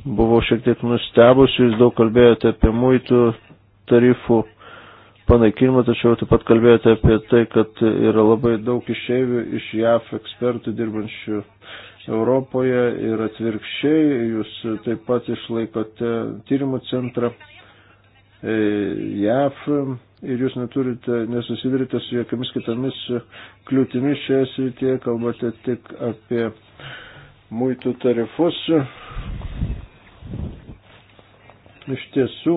buvau šiek tiek nustebusi, jūs daug kalbėjote apie muitų tarifų panaikinimą, tačiau taip pat kalbėjote apie tai, kad yra labai daug išeivių iš JAF ekspertų dirbančių Europoje ir atvirkščiai. Jūs taip pat išlaikote tyrimų centrą e, JAF ir jūs neturite, nesusidurite su jokiamis kitomis kliūtimis šioje srityje, kalbate tik apie muitų tarifus. Iš tiesų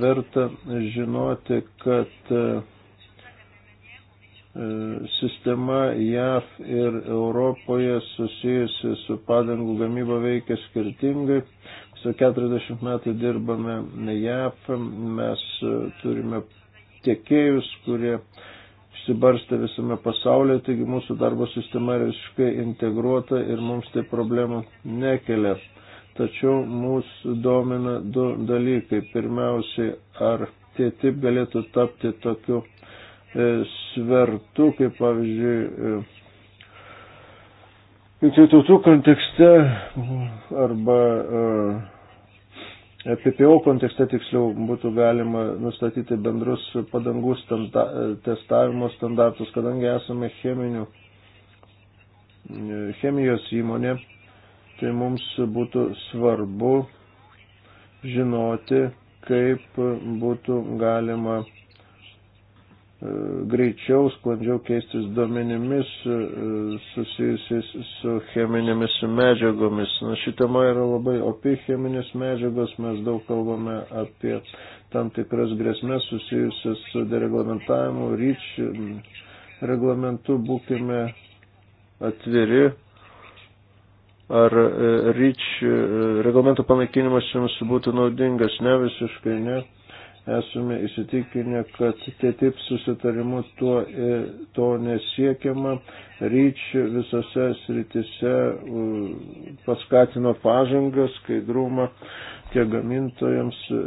verta žinoti, kad E, sistema JAV ir Europoje susijusi su padangų gamyba veikia skirtingai. Su 40 metų dirbame JAV, mes turime tiekėjus, kurie išsibarstę visame pasaulyje, taigi mūsų darbo sistema yra visiškai integruota ir mums tai problemų nekelia. Tačiau mūsų domina du dalykai. Pirmiausiai, ar tie taip galėtų tapti tokiu E, svertų, kaip pavyzdžiui, e, jungtinių tautų kontekste arba e, PPO kontekste tiksliau būtų galima nustatyti bendrus padangų standa, testavimo standartus, kadangi esame cheminių, chemijos įmonė, tai mums būtų svarbu žinoti, kaip būtų galima greičiau, sklandžiau keistis duomenimis e, susijusiais su cheminėmis medžiagomis. Na, ši tema yra labai opi cheminės medžiagos, mes daug kalbame apie tam tikras grėsmės susijusias su dereglamentavimu, ryč reglamentu būkime atviri. Ar e, ryč e, reglamento panaikinimas jums būtų naudingas? Ne visiškai, ne. Esame įsitikinę, kad TTIP susitarimu tuo, e, to nesiekiama. Ryč visose sritise paskatino pažangą, skaidrumą tiek gamintojams, e,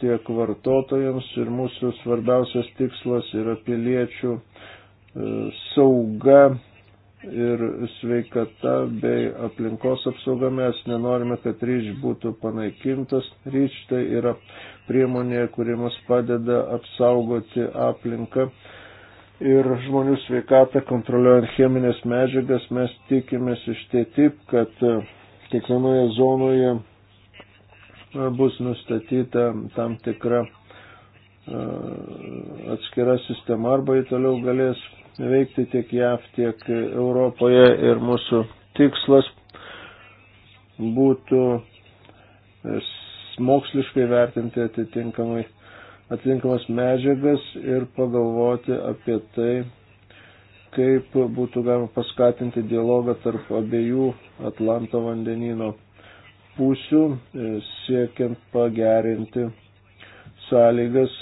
tiek vartotojams ir mūsų svarbiausias tikslas yra piliečių e, sauga ir sveikata bei aplinkos apsauga. Mes nenorime, kad ryč būtų panaikintas. Ryč tai yra priemonėje, kuri mus padeda apsaugoti aplinką ir žmonių sveikatą kontroliuojant cheminės medžiagas, mes tikimės iš TTIP, tai kad e, kiekvienoje zonoje e, bus nustatyta tam tikra e, atskira sistema arba jį toliau galės veikti tiek JAV, tiek Europoje ir mūsų tikslas būtų moksliškai vertinti atitinkamai atitinkamas medžiagas ir pagalvoti apie tai, kaip būtų galima paskatinti dialogą tarp abiejų Atlanto vandenino pusių, e, siekiant pagerinti sąlygas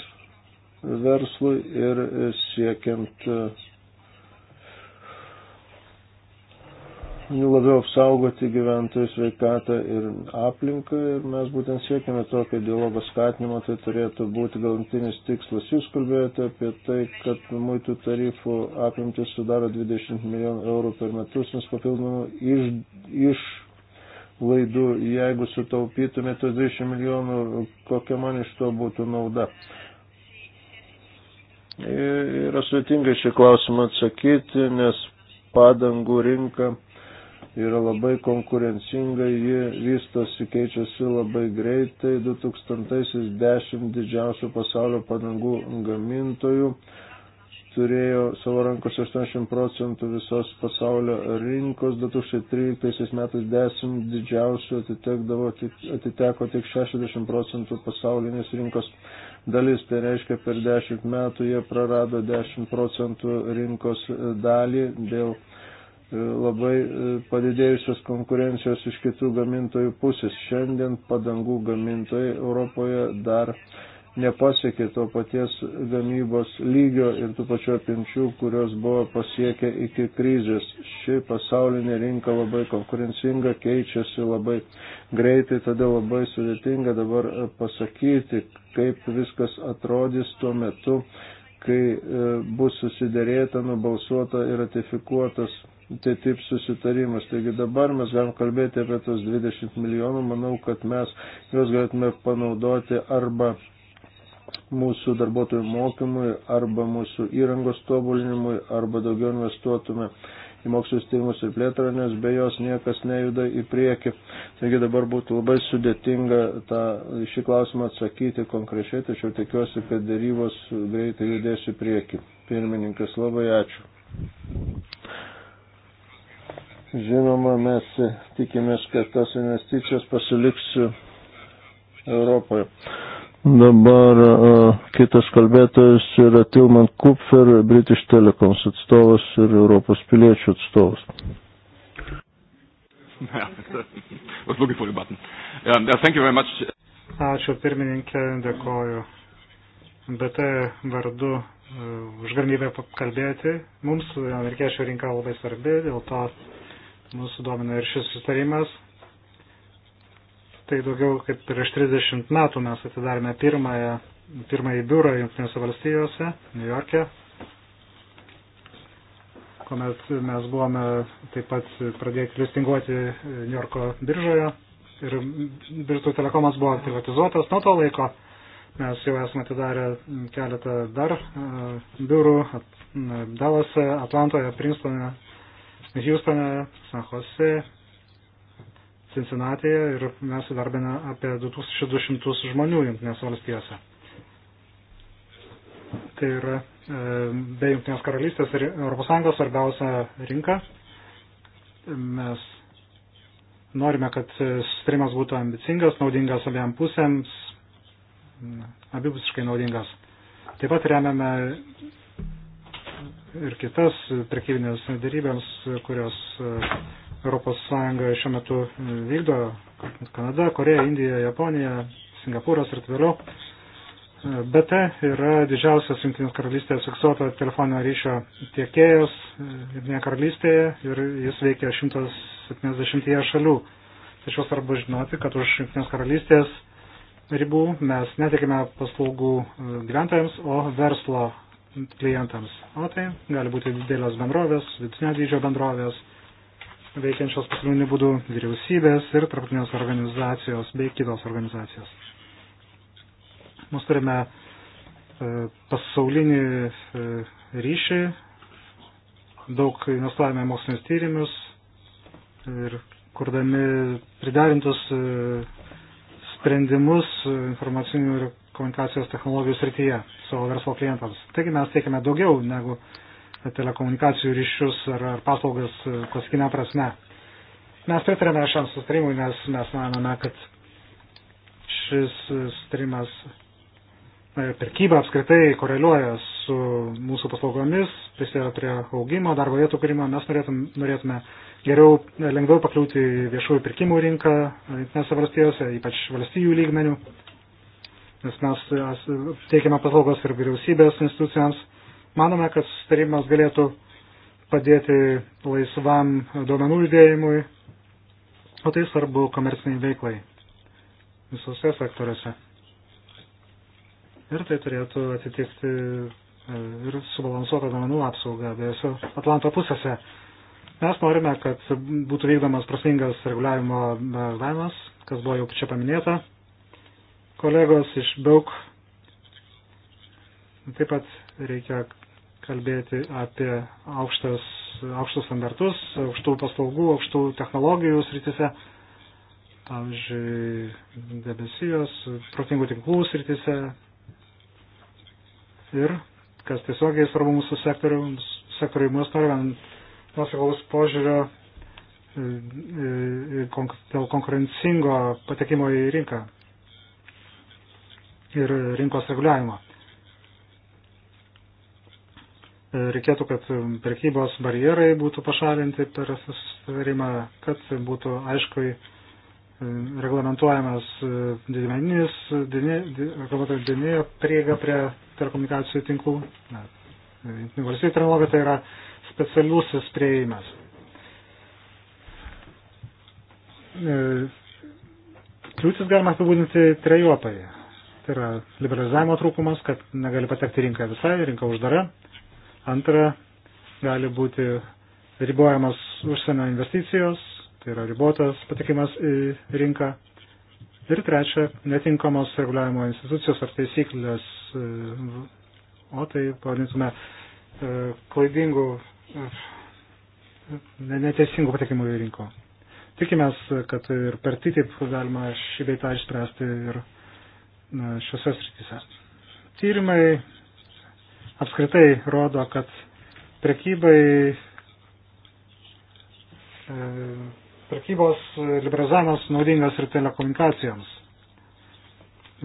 verslui ir e, siekiant e, labiau apsaugoti gyventojų sveikatą ir aplinką ir mes būtent siekiame tokio dialogo skatinimo, tai turėtų būti galantinis tikslas. Jūs kalbėjote apie tai, kad muitų tarifų apimtis sudaro 20 milijonų eurų per metus, nes papildomų iš, iš laidų, jeigu sutaupytumėte 20 milijonų, kokia man iš to būtų nauda. Yra sudėtinga šį klausimą atsakyti, nes padangų rinka yra labai konkurencinga, ji vystosi, keičiasi labai greitai. 2010 didžiausių pasaulio padangų gamintojų turėjo savo rankose 80 procentų visos pasaulio rinkos, 2013 metais 10 didžiausių atiteko tik 60 procentų pasaulinės rinkos dalis, tai reiškia per 10 metų jie prarado 10 procentų rinkos dalį dėl labai e, padidėjusios konkurencijos iš kitų gamintojų pusės. Šiandien padangų gamintojai Europoje dar nepasiekė to paties gamybos lygio ir tų pačių apimčių, kurios buvo pasiekę iki krizės. Ši pasaulinė rinka labai konkurencinga, keičiasi labai greitai, todėl labai sudėtinga dabar e, pasakyti, kaip viskas atrodys tuo metu, kai e, bus susiderėta, nubalsuota ir ratifikuotas tai taip susitarimas. Taigi dabar mes galim kalbėti apie tos 20 milijonų, manau, kad mes juos galėtume panaudoti arba mūsų darbuotojų mokymui, arba mūsų įrangos tobulinimui, arba daugiau investuotume į mokslus tyrimus ir plėtrą, nes be jos niekas nejuda į priekį. Taigi dabar būtų labai sudėtinga tą, šį klausimą atsakyti konkrečiai, tačiau tikiuosi, kad dėrybos greitai judės į priekį. Pirmininkas, labai ačiū. Žinoma, mes tikimės, kad tos investicijos pasiliks Europoje. Dabar uh, kitas kalbėtojas yra Tilman Kupfer, British Telecoms atstovas ir Europos piliečių atstovas. *laughs* Ačiū pirmininkė, dėkoju BT vardu uh, už galimybę kalbėti. Mums amerikiečių rinka labai svarbi, dėl to mūsų domina ir šis sustarimas. Tai daugiau kaip prieš 30 metų mes atidarėme pirmąją, pirmąjį biurą Junktinėse valstijose, New York'e, kuomet mes buvome taip pat pradėti listinguoti New Yorko biržoje ir Britų telekomas buvo privatizuotas. Nuo to laiko mes jau esame atidarę keletą dar e, biurų Dalase, Atlantoje, Princetone, Hjustone, San Jose, Cincinnatėje ir mes įdarbinę apie 2200 žmonių Junktinės valstijose. Tai yra e, be Junktinės karalystės ir ES svarbiausia rinka. Mes norime, kad sustarimas būtų ambicingas, naudingas abiem pusėms, abipusiškai naudingas. Taip pat remiame ir kitas prekybinės darybėms, kurios ES šiuo metu e, vykdo Kanada, Koreja, Indija, Japonija, Singapūras ir toliau. E, BT yra didžiausias Junktinės karalystės fiksuoto telefoninio ryšio tiekėjas e, Junktinėje karalystėje ir jis veikia 170 šalių. Tačiau svarbu žinoti, kad už Junktinės karalystės ribų mes netikime paslaugų gyventojams, o verslo klientams. O tai gali būti didelės bendrovės, vidutinio dydžio bendrovės, veikiančios pasauliniu būdu vyriausybės ir tarptautinės organizacijos bei kitos organizacijos. Mes turime e, pasaulinį e, ryšį, daug investavome mokslinius tyrimus ir kurdami pridarintus e, sprendimus informacinių ir komunikacijos technologijų srityje savo verslo klientams. Taigi mes teikiame daugiau negu telekomunikacijų ryšius ar, ar paslaugas e, klasikinę prasme. Mes pritarėme šiam sustarimui, nes mes manome, kad šis sustarimas e, pirkyba apskritai koreliuoja su mūsų paslaugomis, prisideda prie augimo, darbo vietų kūrimo. Mes norėtum, norėtume geriau, lengviau pakliūti viešųjų pirkimų rinką e, Junktinėse valstijose, ypač valstijų lygmenių nes mes teikiame paslaugos ir vyriausybės institucijams. Manome, kad sustarimas galėtų padėti laisvam duomenų judėjimui, o tai svarbu komerciniai veiklai visose sektoriuose. Ir tai turėtų atitikti e, ir subalansuotą duomenų apsaugą abiejose Atlanto pusėse. Mes norime, kad būtų vykdomas prasmingas reguliavimo bendravimas, kas buvo jau čia paminėta. Kolegos iš daug taip pat reikia kalbėti apie aukštas, aukštus standartus, aukštų paslaugų, aukštų technologijų srityse, pavyzdžiui, debesijos, protingų tinklų srityse ir, kas tiesiogiai svarbu mūsų sektoriui, mes norime nuoseklaus požiūrio e, e, dėl konkurencingo patekimo į rinką ir rinkos reguliavimo. Reikėtų, kad prekybos barjerai būtų pašalinti per susitarimą, kad būtų aiškui e, reglamentuojamas e, didmeninis, didmeninė prieiga prie telekomunikacijų tinklų. Jungtinių valstybių technologija tai yra specialiusis prieimas. E, kliūtis galima apibūdinti trejopai. Tai yra liberalizavimo trūkumas, kad negali patekti rinką visai, rinka uždara. Antra, gali būti ribojamas užsienio investicijos, tai yra ribotas patikimas į rinką. Ir trečia, netinkamos reguliavimo institucijos ar taisyklės, e, o tai pavadintume e, klaidingų, e, neteisingų patekimų į rinką. Tikimės, kad ir per TTIP galima šį beitą išspręsti ir šiuose srityse. Tyrimai apskritai rodo, kad prekybai, e, prekybos liberalizavimas naudingas ir telekomunikacijoms.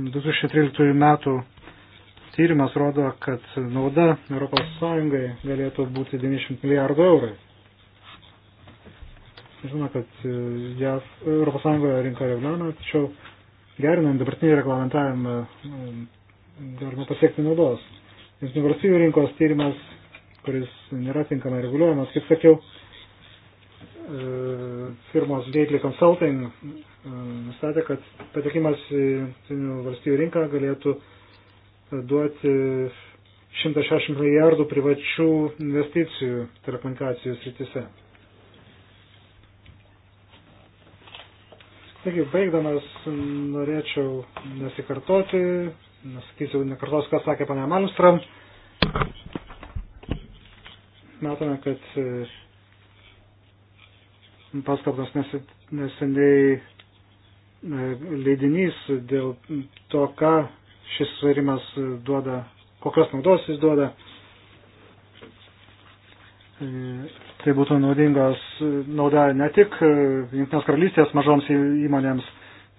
2013 metų tyrimas rodo, kad nauda ES galėtų būti 90 milijardų eurų. Žinoma, kad e, JAV, ES rinka reguliuojama, tačiau Gerinant dabartinį reglamentavimą mm, galima pasiekti naudos. Jungtinių valstybių rinkos tyrimas, kuris nėra tinkamai reguliuojamas, kaip sakiau, e, firmos Gately Consulting e, nustatė, kad patekimas į Junktinių valstybių rinką galėtų e, duoti 160 milijardų privačių investicijų telekomunikacijų srityse. Taigi, baigdamas, norėčiau nesikartoti, nesakysiu, nekartosiu, ką sakė pane Malmstram. Matome, kad e, paskalbtas neseniai e, leidinys dėl to, ką šis svarimas duoda, kokios naudos jis duoda. E, Tai būtų naudingos e, nauda ne tik e, Junktinės karalystės mažoms įmonėms,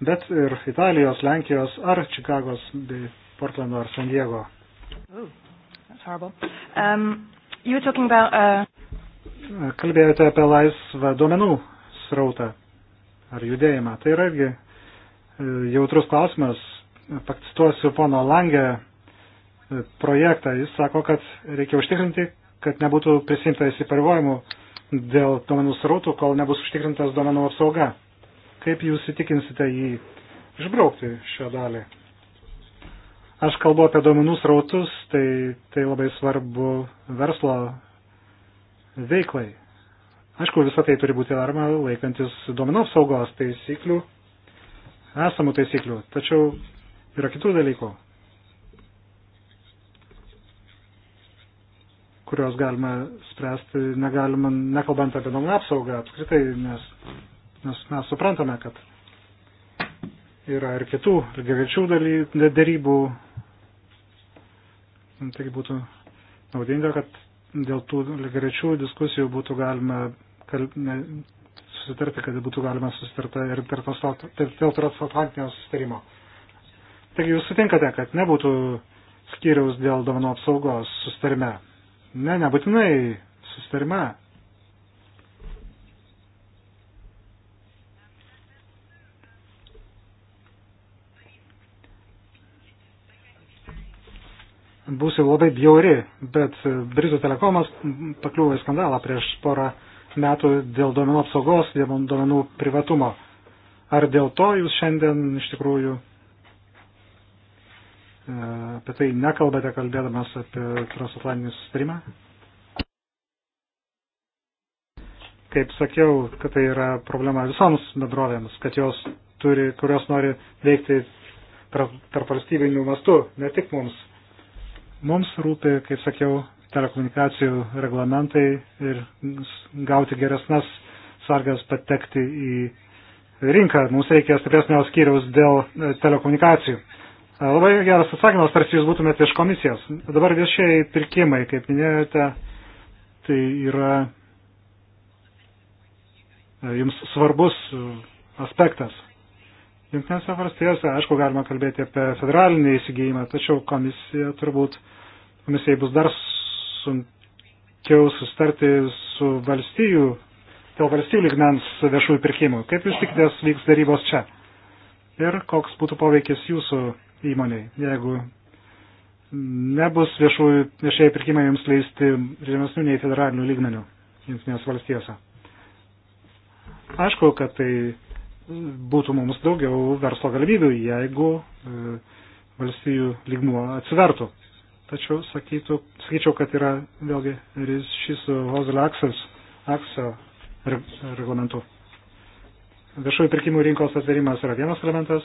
bet ir Italijos, Lenkijos ar Čikagos bei Portlando ar San Diego. Ooh, um, about, uh... E, kalbėjote apie laisvą duomenų srautą ar judėjimą. Tai yra irgi jautrus klausimas. Pakcituosiu pono Langę projektą. Jis sako, kad reikia užtikrinti, kad nebūtų prisimta įsipareigojimų dėl duomenų srautų, kol nebus užtikrintas duomenų apsauga. Kaip jūs įtikinsite jį išbraukti šią dalį? Aš kalbu apie duomenų srautus, tai, tai labai svarbu verslo veiklai. Aišku, visą tai turi būti daroma laikantis duomenų apsaugos taisyklių, esamų taisyklių, tačiau yra kitų dalykų. kurios galima spręsti, negalima, nekalbant apie duomenų apsaugą apskritai, nes, nes mes suprantame, kad yra ir kitų lygiavečių darybų. Taigi būtų naudinga, kad dėl tų lygiavečių diskusijų būtų galima kalb, ne, susitarti, kad būtų galima susitarti ir dėl transatlantinio susitarimo. Taigi jūs sutinkate, kad nebūtų skyriaus dėl duomenų apsaugos sustarime. Ne, nebūtinai sustarime. Būsiu labai bjauri, bet Britų telekomas pakliuvo į skandalą prieš porą metų dėl duomenų apsaugos, dėl duomenų privatumo. Ar dėl to jūs šiandien iš tikrųjų E, apie tai nekalbate kalbėdamas apie transatlantinį sustarimą? Kaip sakiau, kad tai yra problema visoms bendrovėms, kad jos turi, kurios nori veikti tarp, tarp valstybinių mastų, ne tik mums. Mums rūpi, kaip sakiau, telekomunikacijų reglamentai ir gauti geresnas sargas patekti į rinką. Mums reikia stipresnio skyriaus dėl e, telekomunikacijų. Labai geras atsakymas, tarsi jūs būtumėte iš komisijos. Dabar viešieji pirkimai, kaip minėjote, tai yra jums svarbus aspektas. Junktinėse valstijose, aišku, galima kalbėti apie federalinį įsigijimą, tačiau komisija turbūt, komisijai bus dar sunkiau sustarti su valstijų, dėl valstijų ligmens viešųjų pirkimų. Kaip jūs tikitės vyks darybos čia? Ir koks būtų poveikis jūsų įmoniai. Jeigu nebus viešųjų, viešieji pirkimai jums leisti žemesnių nei federalinių lygmenių jungtinės valstijose. Aišku, kad tai būtų mums daugiau verslo galimybių, jeigu e, valstijų lygmuo atsivertų. Tačiau sakytų, sakyčiau, kad yra vėlgi ryšys su Hozelio akso reglamentu. Viešųjų pirkimų rinkos atverimas yra vienas elementas,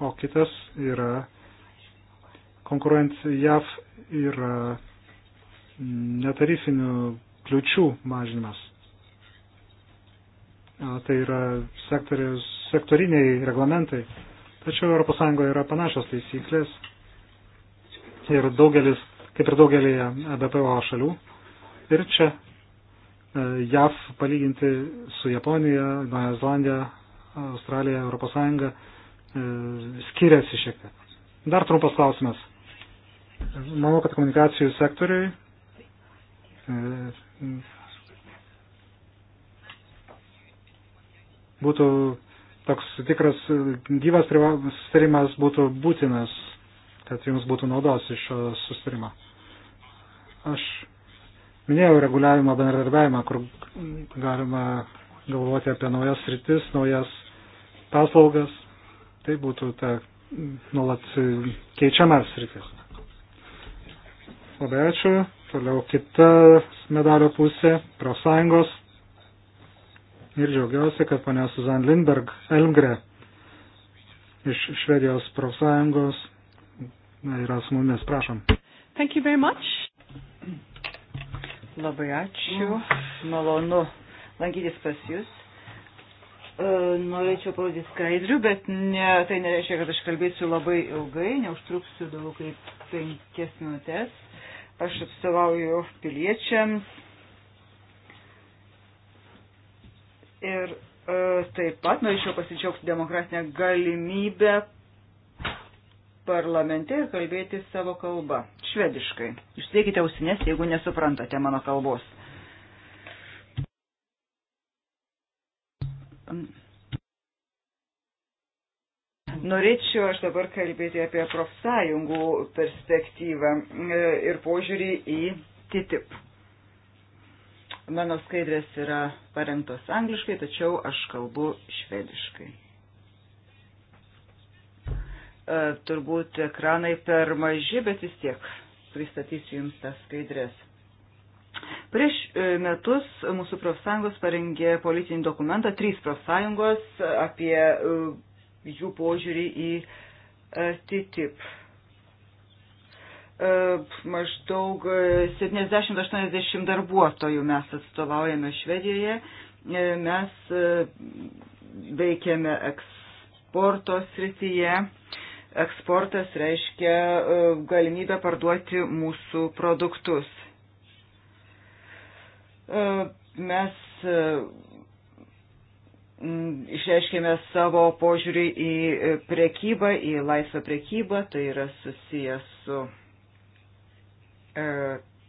o kitas yra konkuruojant JAV yra mm, netarifinių kliučių mažinimas. Tai yra sektoriniai reglamentai. Tačiau ES yra panašios taisyklės ir daugelis, kaip ir daugelėje BPO šalių. Ir čia e, JAV palyginti su Japonija, Nuoja Zelandija, Australija, ES E, skiriasi šiek tiek. Dar trumpas klausimas. Manau, kad komunikacijų sektoriui e, būtų toks tikras gyvas sustarimas būtų būtinas, kad jums būtų naudos iš šio sustarimo. Aš minėjau reguliavimo bendradarbiavimą, kur galima galvoti apie naujas rytis, naujas paslaugas, Tai būtų ta nuolat keičiama sritis. Labai ačiū. Toliau kita medalio pusė - profsąjungos. Ir džiaugiausi, kad ponia Suzanne Lindberg Elmgre iš Švedijos profsąjungos yra su mumis. Prašom. Thank you very much. Labai ačiū. Malonu lankytis pas jūs. E, norėčiau parodyti skaidrių, bet ne, tai nereiškia, kad aš kalbėsiu labai ilgai, neužtruksiu daugiau kaip penkias minutės. Aš atstovauju piliečiams ir e, taip pat norėčiau pasidžiaugti demokratinę galimybę parlamente ir kalbėti savo kalbą. Švediškai. Išsiekite ausinės, jeigu nesuprantate mano kalbos. Norėčiau aš dabar kalbėti apie profsąjungų perspektyvą e, ir požiūrį į TTIP. Mano skaidrės yra parengtos angliškai, tačiau aš kalbu švediškai. E, turbūt ekranai per maži, bet vis tiek pristatysiu Jums tas skaidrės. Prieš e, metus mūsų profsąjungos parengė politinį dokumentą, trys profsąjungos apie jų požiūrį į e, TTIP. E, maždaug 70-80 e, darbuotojų mes atstovaujame Švedijoje. Mes veikiame eksporto srityje. Eksportas reiškia galimybę parduoti mūsų produktus. Mes Mm, išreiškėme savo požiūrį į e, prekybą, į laisvą prekybą, tai yra susijęs su e,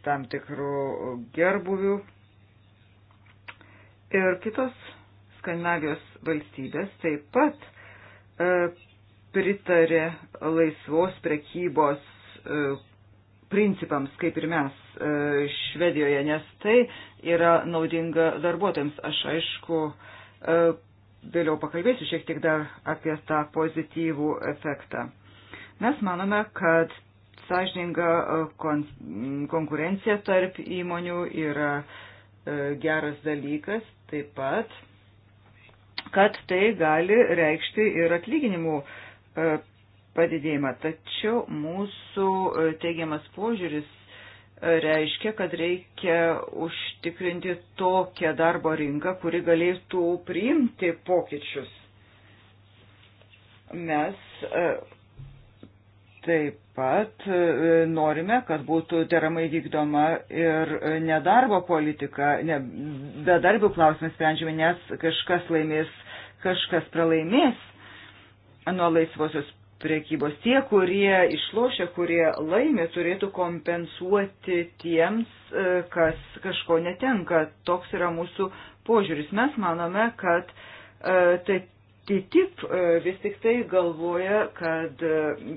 tam tikrų gerbuvių. Ir kitos Skandinavijos valstybės taip pat e, pritarė laisvos prekybos e, principams, kaip ir mes e, Švedijoje, nes tai yra naudinga darbuotojams. Aš aišku, e, E, vėliau pakalbėsiu šiek tiek dar apie tą pozityvų efektą. Mes manome, kad sąžininga e, kon konkurencija tarp įmonių yra e, geras dalykas, taip pat, kad tai gali reikšti ir atlyginimų padidėjimą. Tačiau mūsų teigiamas požiūris reiškia, kad reikia užtikrinti tokią darbo rinką, kuri galėtų priimti pokyčius. Mes e, taip pat e, norime, kad būtų deramai vykdoma ir nedarbo politika, ne, bedarbių klausimai sprendžiami, nes kažkas laimės, kažkas pralaimės nuo laisvosios priekybos. Tie, kurie išlošia, kurie laimė, turėtų kompensuoti tiems, e, kas kažko netenka. Toks yra mūsų požiūris. Mes manome, kad e, tai TTIP e, vis tik tai galvoja, kad,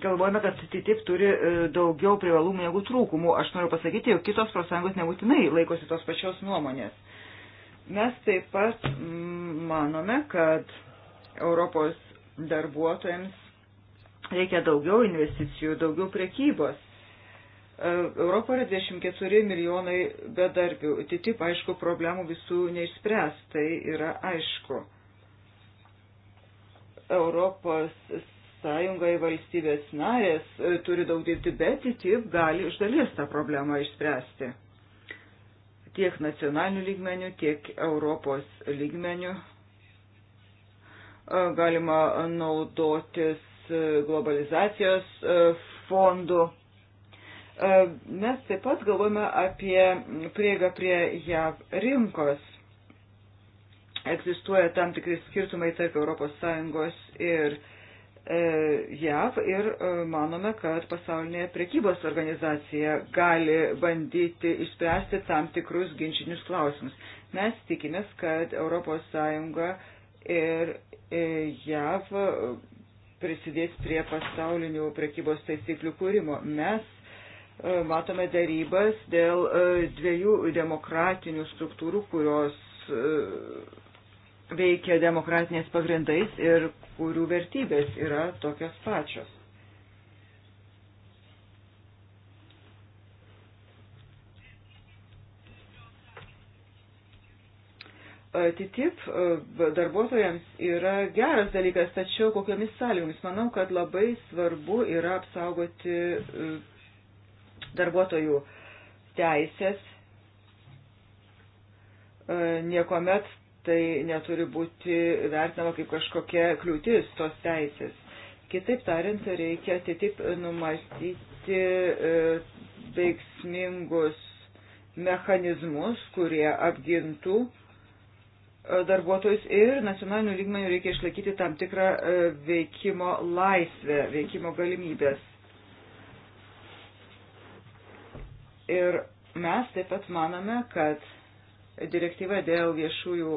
galvojame, kad TTIP turi daugiau privalumų negu trūkumų. Aš noriu pasakyti, jog kitos profsąjungos nebūtinai laikosi tos pačios nuomonės. Mes taip pat manome, kad Europos darbuotojams Reikia daugiau investicijų, daugiau prekybos. E, Europoje yra 24 milijonai bedarbių. TTIP, aišku, problemų visų neišspręs, tai yra aišku. Europos sąjungai valstybės narės e, turi daug dirbti, bet TTIP gali iš dalies tą problemą išspręsti. Tiek nacionalinių lygmenių, tiek Europos lygmenių e, galima naudotis E, globalizacijos e, fondų. E, mes taip pat galvojame apie prieigą prie JAV rinkos. Egzistuoja tam tikri skirtumai tarp ES ir JAV ir manome, kad pasaulinė prekybos organizacija gali bandyti išspręsti tam tikrus ginčinius klausimus. Mes tikimės, kad ES ir JAV prisidės prie pasaulinių prekybos taisyklių kūrimo. Mes e, matome darybas dėl e, dviejų demokratinių struktūrų, kurios e, veikia demokratinės pagrindais ir kurių vertybės yra tokios pačios. TTIP e, darbuotojams yra geras dalykas, tačiau kokiamis sąlygomis. Manau, kad labai svarbu yra apsaugoti e, darbuotojų teisės. E, niekuomet tai neturi būti vertinama kaip kažkokia kliūtis tos teisės. Kitaip tariant, reikia TTIP numatyti veiksmingus mechanizmus, kurie apgintų E, darbuotojus ir nacionalinių lygmenių reikia išlaikyti tam tikrą e, veikimo laisvę, veikimo galimybės. Ir mes taip pat manome, kad direktyva dėl viešųjų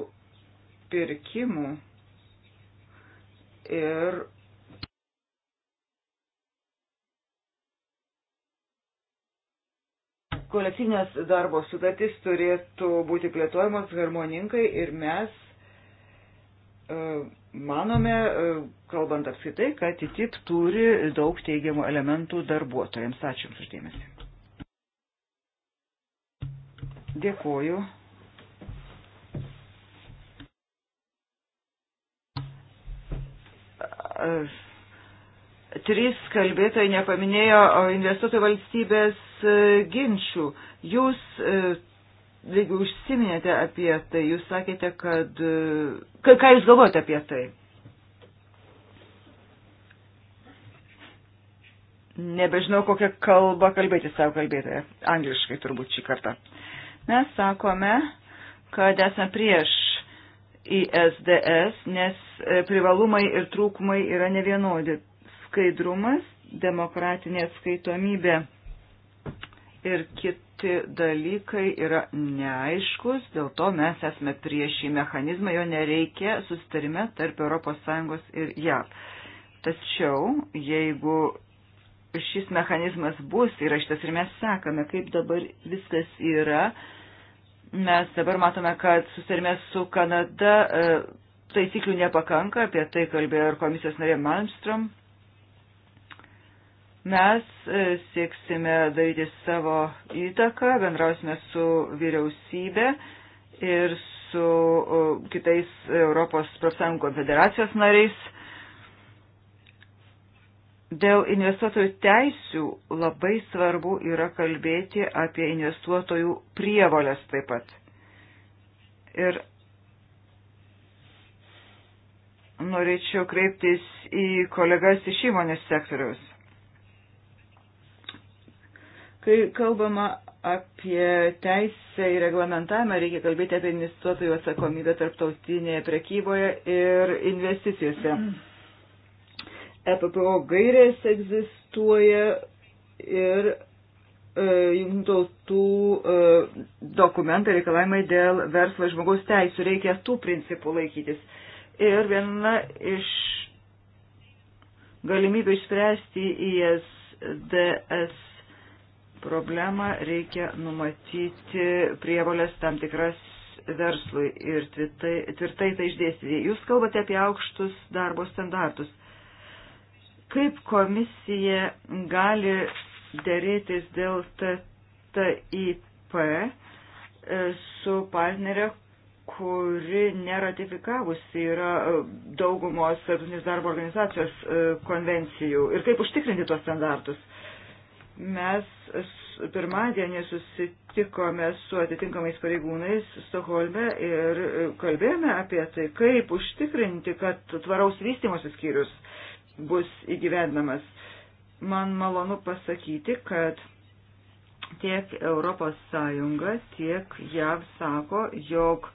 pirkimų ir kolektyvinės darbo sutartys turėtų būti plėtojamos harmoninkai ir mes e, manome, e, kalbant apskaitai, kad ITIP turi daug teigiamų elementų darbuotojams. Ačiū Jums uždėmesi. Dėkuoju. Uh Trys kalbėtojai nepaminėjo investuotojų valstybės e, ginčių. Jūs, e, jeigu užsiminėte apie tai, jūs sakėte, kad... E, ką, ką jūs galvojate apie tai? Nebežinau, kokią kalbą kalbėti savo kalbėtoje. Angliškai turbūt šį kartą. Mes sakome, kad esame prieš ISDS, nes privalumai ir trūkumai yra nevienodi. Skaidrumas, demokratinė atskaitomybė ir kiti dalykai yra neaiškus, dėl to mes esame prieš šį mechanizmą, jo nereikia sustarime tarp ES ir JAV. Tačiau, jeigu šis mechanizmas bus įraštas ir mes sekame, kaip dabar viskas yra, mes dabar matome, kad susitarime su Kanada e, taisyklių nepakanka, apie tai kalbėjo ir komisijos narė Malmström, Mes e, sieksime daryti savo įtaką, bendrausime su vyriausybė ir su e, kitais Europos profsąjungų konfederacijos nariais. Dėl investuotojų teisių labai svarbu yra kalbėti apie investuotojų prievolės taip pat. Ir norėčiau kreiptis į kolegas iš įmonės sektoriaus. Kai kalbama apie teisę ir reglamentavimą, reikia kalbėti apie investuotojų atsakomybę tarptautinėje prekyboje ir investicijose. EPPO gairės egzistuoja ir e, jungtinių tautų e, dokumentai reikalavimai dėl verslo ir žmogaus teisų. Reikia tų principų laikytis. Ir viena iš galimybių išspręsti ISDS problemą reikia numatyti prievolės tam tikras verslui ir tvirtai, tvirtai tai išdėstyti. Jūs kalbate apie aukštus darbo standartus. Kaip komisija gali dėrėtis dėl TIP e, su partnerė, kuri neratifikavusi yra e, daugumos tarptautinės darbo organizacijos e, konvencijų ir kaip užtikrinti tuos standartus? Mes pirmadienį susitikome su atitinkamais pareigūnais Stokholme ir e, kalbėjome apie tai, kaip užtikrinti, kad tvaraus vystimosi skyrius bus įgyvendinamas. Man malonu pasakyti, kad tiek Europos Sąjunga, tiek JAV sako, jog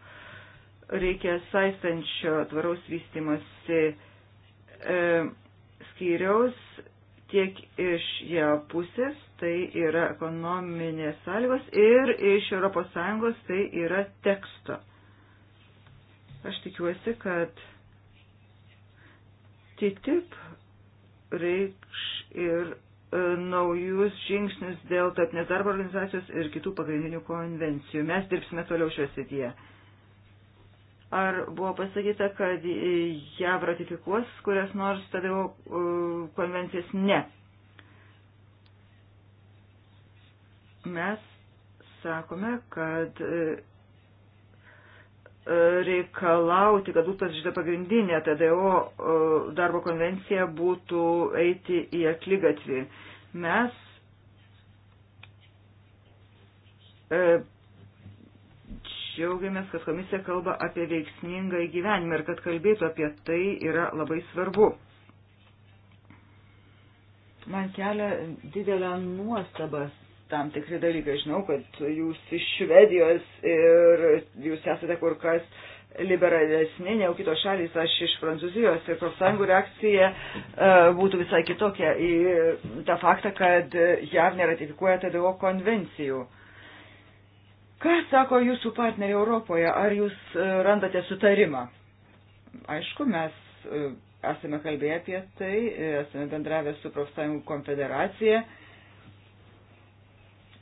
reikia saistančio tvaraus vystimosi e, skyriaus tiek iš JAV pusės, tai yra ekonominės sąlygos, ir iš ES tai yra teksto. Aš tikiuosi, kad TTIP reikš ir e, naujus žingsnius dėl tarpinės darbo organizacijos ir kitų pagrindinių konvencijų. Mes dirbsime toliau šioje srityje. Ar buvo pasakyta, kad JAV ratifikuos kurias nors TDO e, konvencijas? Ne. Mes sakome, kad e, e, reikalauti, kad būtų pasižiūrėta pagrindinė TDO darbo konvencija būtų eiti į aklygatvį. Mes džiaugiamės, kad komisija kalba apie veiksmingą įgyvenimą ir kad kalbėtų apie tai yra labai svarbu. Man kelia didelę nuostabą tam tikri dalykai. Žinau, kad jūs iš Švedijos ir jūs esate kur kas liberalesni, ne jau kitos šalys, aš iš Prancūzijos ir profsąjungų reakcija e, būtų visai kitokia į tą faktą, kad JAV neratifikuoja TDO konvencijų. Uh, Ką sako jūsų partneriai Europoje? Ar jūs e, randate sutarimą? Aišku, mes e, esame kalbėję apie tai, e, esame bendravę su profsąjungų konfederacija,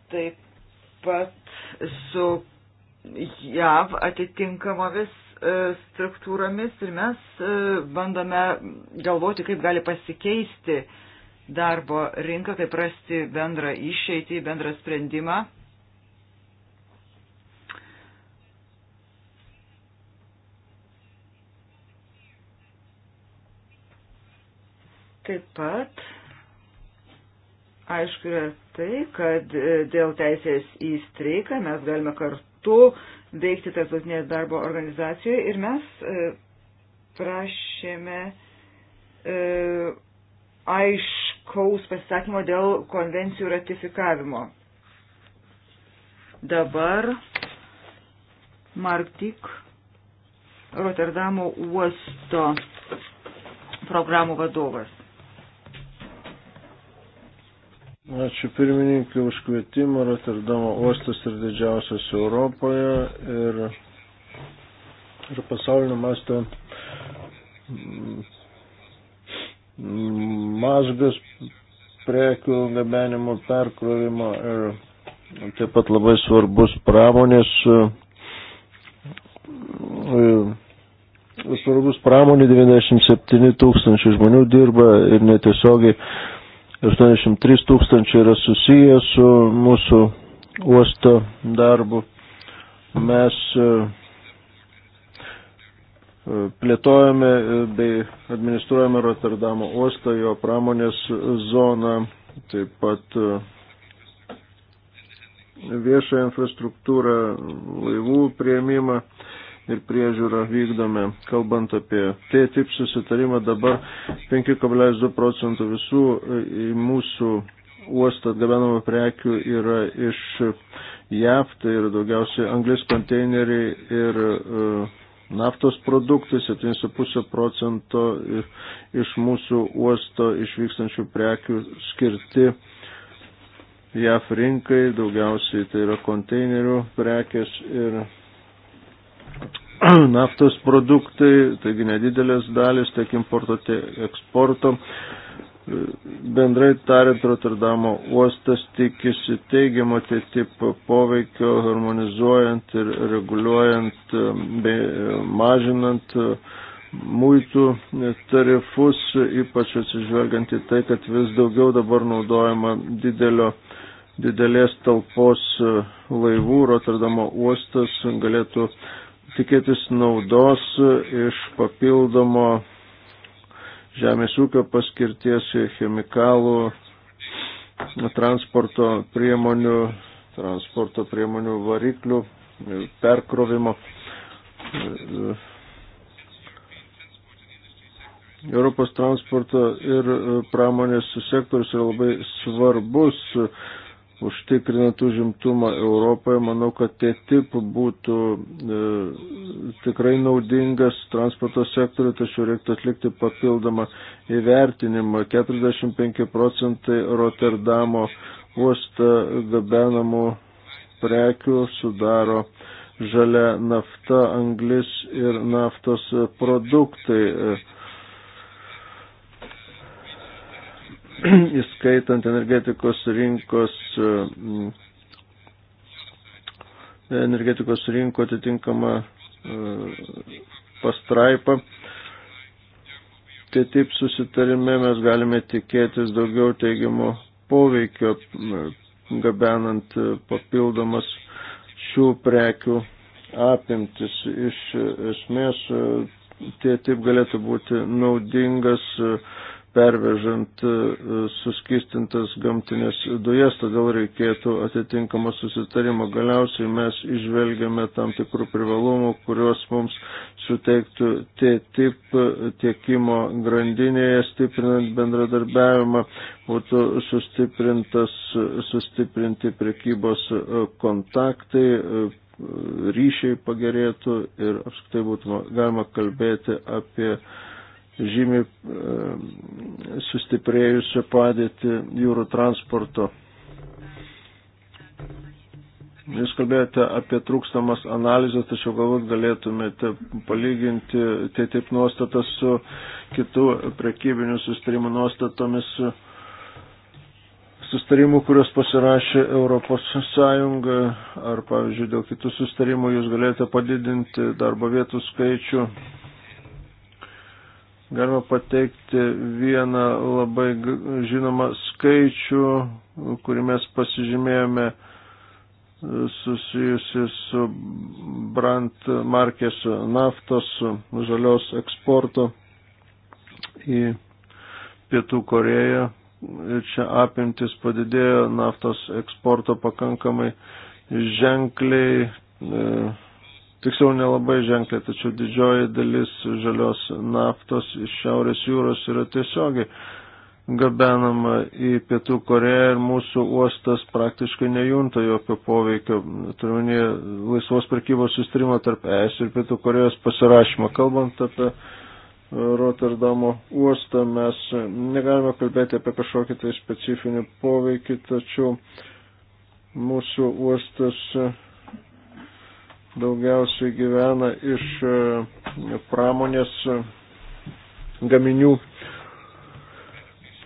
taip pat su JAV atitinkamomis struktūromis ir mes bandome galvoti, kaip gali pasikeisti darbo rinka, kaip rasti bendrą išeitį, bendrą sprendimą Taip pat, aišku, yra tai, kad e, dėl teisės į streiką mes galime kartu veikti tarptautinėje darbo organizacijoje ir mes e, prašėme e, aiškaus pasisakymo dėl konvencijų ratifikavimo. Dabar Marktik Rotterdamo uosto programų vadovas. Ačiū pirmininkai už kvietimą. Rotterdamo uostas ir didžiausias Europoje ir, ir pasaulinio masto mm, mazgas prekių gabenimo perkrovimo ir taip pat labai svarbus pramonės e, svarbus pramonė 97 tūkstančių žmonių dirba ir netiesiogiai 83 tūkstančiai yra susiję su mūsų uosto darbu. Mes e, e, plėtojame e, bei administruojame Rotterdamo uostą, jo pramonės zoną, taip pat viešą infrastruktūrą, laivų prieimimą ir priežiūrą vykdome. Kalbant apie T-tip susitarimą, dabar 5,2 procentų visų e, į mūsų uostą atgabenamų prekių yra iš JAV, tai yra daugiausiai anglis konteineriai ir e, naftos produktai, 7,5 procento iš mūsų uosto išvykstančių prekių skirti JAF rinkai, daugiausiai tai yra konteinerių prekės ir *clears throat* naftos produktai, taigi nedidelės dalis tiek importo, tiek eksporto. Bendrai tariant, Rotterdamo uostas tikisi teigiamo TTIP poveikio, harmonizuojant ir reguliuojant bei mažinant muitų tarifus, ypač atsižvelgiant į tai, kad vis daugiau dabar naudojama didelio didelės talpos laivų Rotterdamo uostas galėtų tikėtis naudos iš papildomo žemės ūkio paskirties chemikalų transporto priemonių, transporto priemonių variklių perkrovimo. Europos transporto ir pramonės sektorius yra labai svarbus užtikrinant užimtumą Europoje. Manau, kad tie tip būtų e, tikrai naudingas transporto sektoriu, tačiau reiktų atlikti papildomą įvertinimą. 45 procentai Rotterdamo uostą gabenamų prekių sudaro žalia nafta, anglis ir naftos produktai. E, *clears throat* įskaitant energetikos rinkos e, energetikos rinko atitinkamą e, pastraipą. Tai taip susitarime mes galime tikėtis daugiau teigiamo poveikio gabenant e, papildomas šių prekių apimtis. Iš esmės tie taip galėtų būti naudingas uh, pervežant e, suskistintas gamtinės dujas, todėl reikėtų atitinkamo susitarimo. Galiausiai mes išvelgiame tam tikrų privalumų, kuriuos mums suteiktų TTIP tiekimo grandinėje, stiprinant bendradarbiavimą, būtų sustiprinti prekybos kontaktai, ryšiai pagerėtų ir apskritai būtų galima kalbėti apie žymiai e, sustiprėjusią padėtį jūrų transporto. Jūs kalbėjote apie trūkstamas analizės, tačiau galbūt galėtumėte palyginti tai taip nuostatas su kitų prekybinių sustarimų nuostatomis, sustarimų, kurios pasirašė Europos Sąjunga, ar pavyzdžiui dėl kitų sustarimų jūs galėjote padidinti darbo vietų skaičių Galima pateikti vieną labai žinomą skaičių, kurį mes pasižymėjome e, susijusi su brand markės naftos žalios eksporto į Pietų Koreją. Ir čia apimtis padidėjo naftos eksporto pakankamai ženkliai. E, tiksliau nelabai ženkliai, tačiau didžioji dalis žalios naftos iš Šiaurės jūros yra tiesiogiai gabenama į Pietų Koreją ir mūsų uostas praktiškai nejunta jokio poveikio. Turiuomenį laisvos prekybos sustrimo tarp ES ir Pietų Korejos pasirašymą. Kalbant apie Rotterdamo uostą, mes negalime kalbėti apie kažkokį tai specifinį poveikį, tačiau mūsų uostas daugiausiai gyvena iš e, pramonės e, gaminių,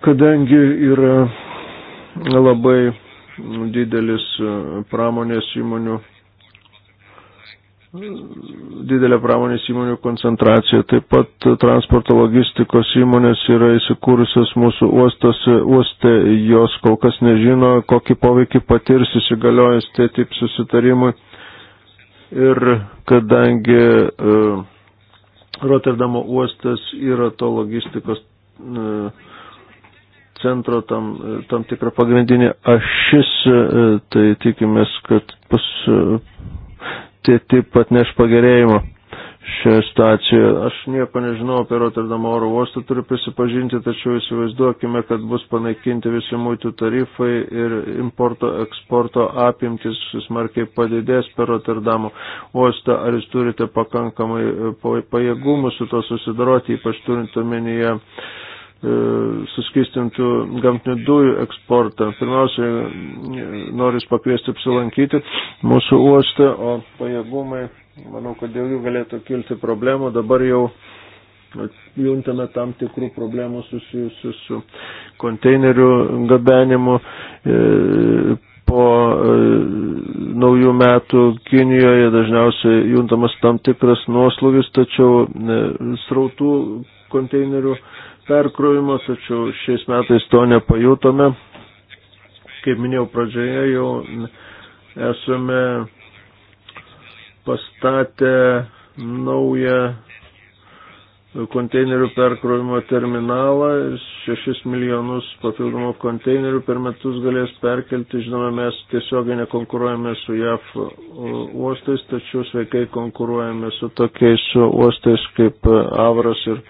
kadangi yra labai didelis e, pramonės įmonių, didelė pramonės įmonių koncentracija. Taip pat transporto logistikos įmonės yra įsikūrusios mūsų uostose, uoste, jos kol kas nežino, kokį poveikį patirs įsigaliojus tie taip susitarimui ir kadangi e, Rotterdamo uostas yra to logistikos e, centro tam, e, tam tikra pagrindinė ašis, tai tikimės, kad pas tie taip pat neš pagerėjimo šioje stacijoje. Aš nieko nežinau apie Rotterdamo oro uostą, turiu prisipažinti, tačiau įsivaizduokime, kad bus panaikinti visi muitų tarifai ir importo eksporto apimtis smarkiai padidės per Rotterdamo uostą. Ar jūs turite pakankamai e, pajėgumų su to susidaroti, ypač turint omenyje e, suskistintų gamtinių dujų eksportą. Pirmiausia, e, noriu pakviesti apsilankyti mūsų uostą, o pajėgumai Manau, kad dėl jų galėtų kilti problemų. Dabar jau juntame tam tikrų problemų susijusių su konteinerių gabenimu. E, po e, naujų metų Kinijoje dažniausiai juntamas tam tikras nuoslogis, tačiau e, srautų konteinerių perkrovimo, tačiau šiais metais to nepajutome. Kaip minėjau pradžioje, jau esame pastatė naują konteinerių perkrovimo terminalą ir 6 milijonus papildomų konteinerių per metus galės perkelti. Žinoma, mes tiesiogiai nekonkuruojame su JAF uostais, tačiau sveikai konkuruojame su tokiais uostais kaip Avras ir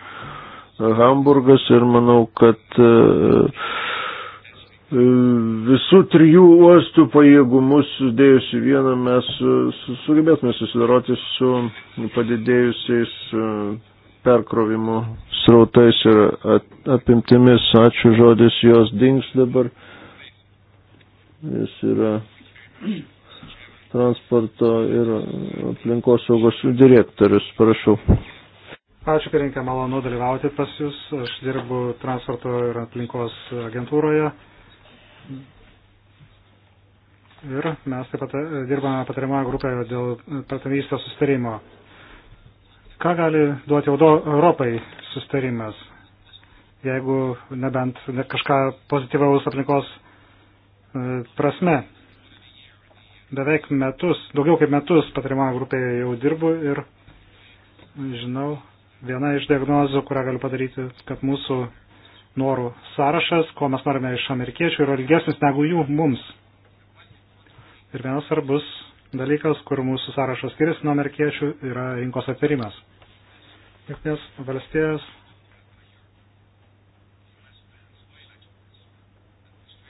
Hamburgas ir manau, kad uh, E, visų trijų uostų pajėgumus sudėjus į vieną mes e, sugebėtume susidaroti su padidėjusiais e, perkrovimu srautais ir apimtimis. Ačiū žodis jos dings dabar. Jis yra transporto ir aplinkosaugos direktorius. Prašau. Ačiū, pirmininkė, malonu dalyvauti pas Jūs. Aš dirbu transporto ir aplinkos agentūroje. Ir mes taip pat e, dirbame patariamoje grupėje dėl partnerystės sustarimo. Ką gali duoti Europai sustarimas, jeigu nebent ne kažką pozityvaus aplinkos e, prasme? Beveik metus, daugiau kaip metus patariamoje grupėje jau dirbu ir žinau, viena iš diagnozių, kurią galiu padaryti, kad mūsų norų sąrašas, ko mes norime iš amerikiečių, yra ilgesnis negu jų mums. Ir vienas svarbus dalykas, kur mūsų sąrašas skiriasi nuo amerikiečių, yra rinkos atverimas. Jungtinės valstijos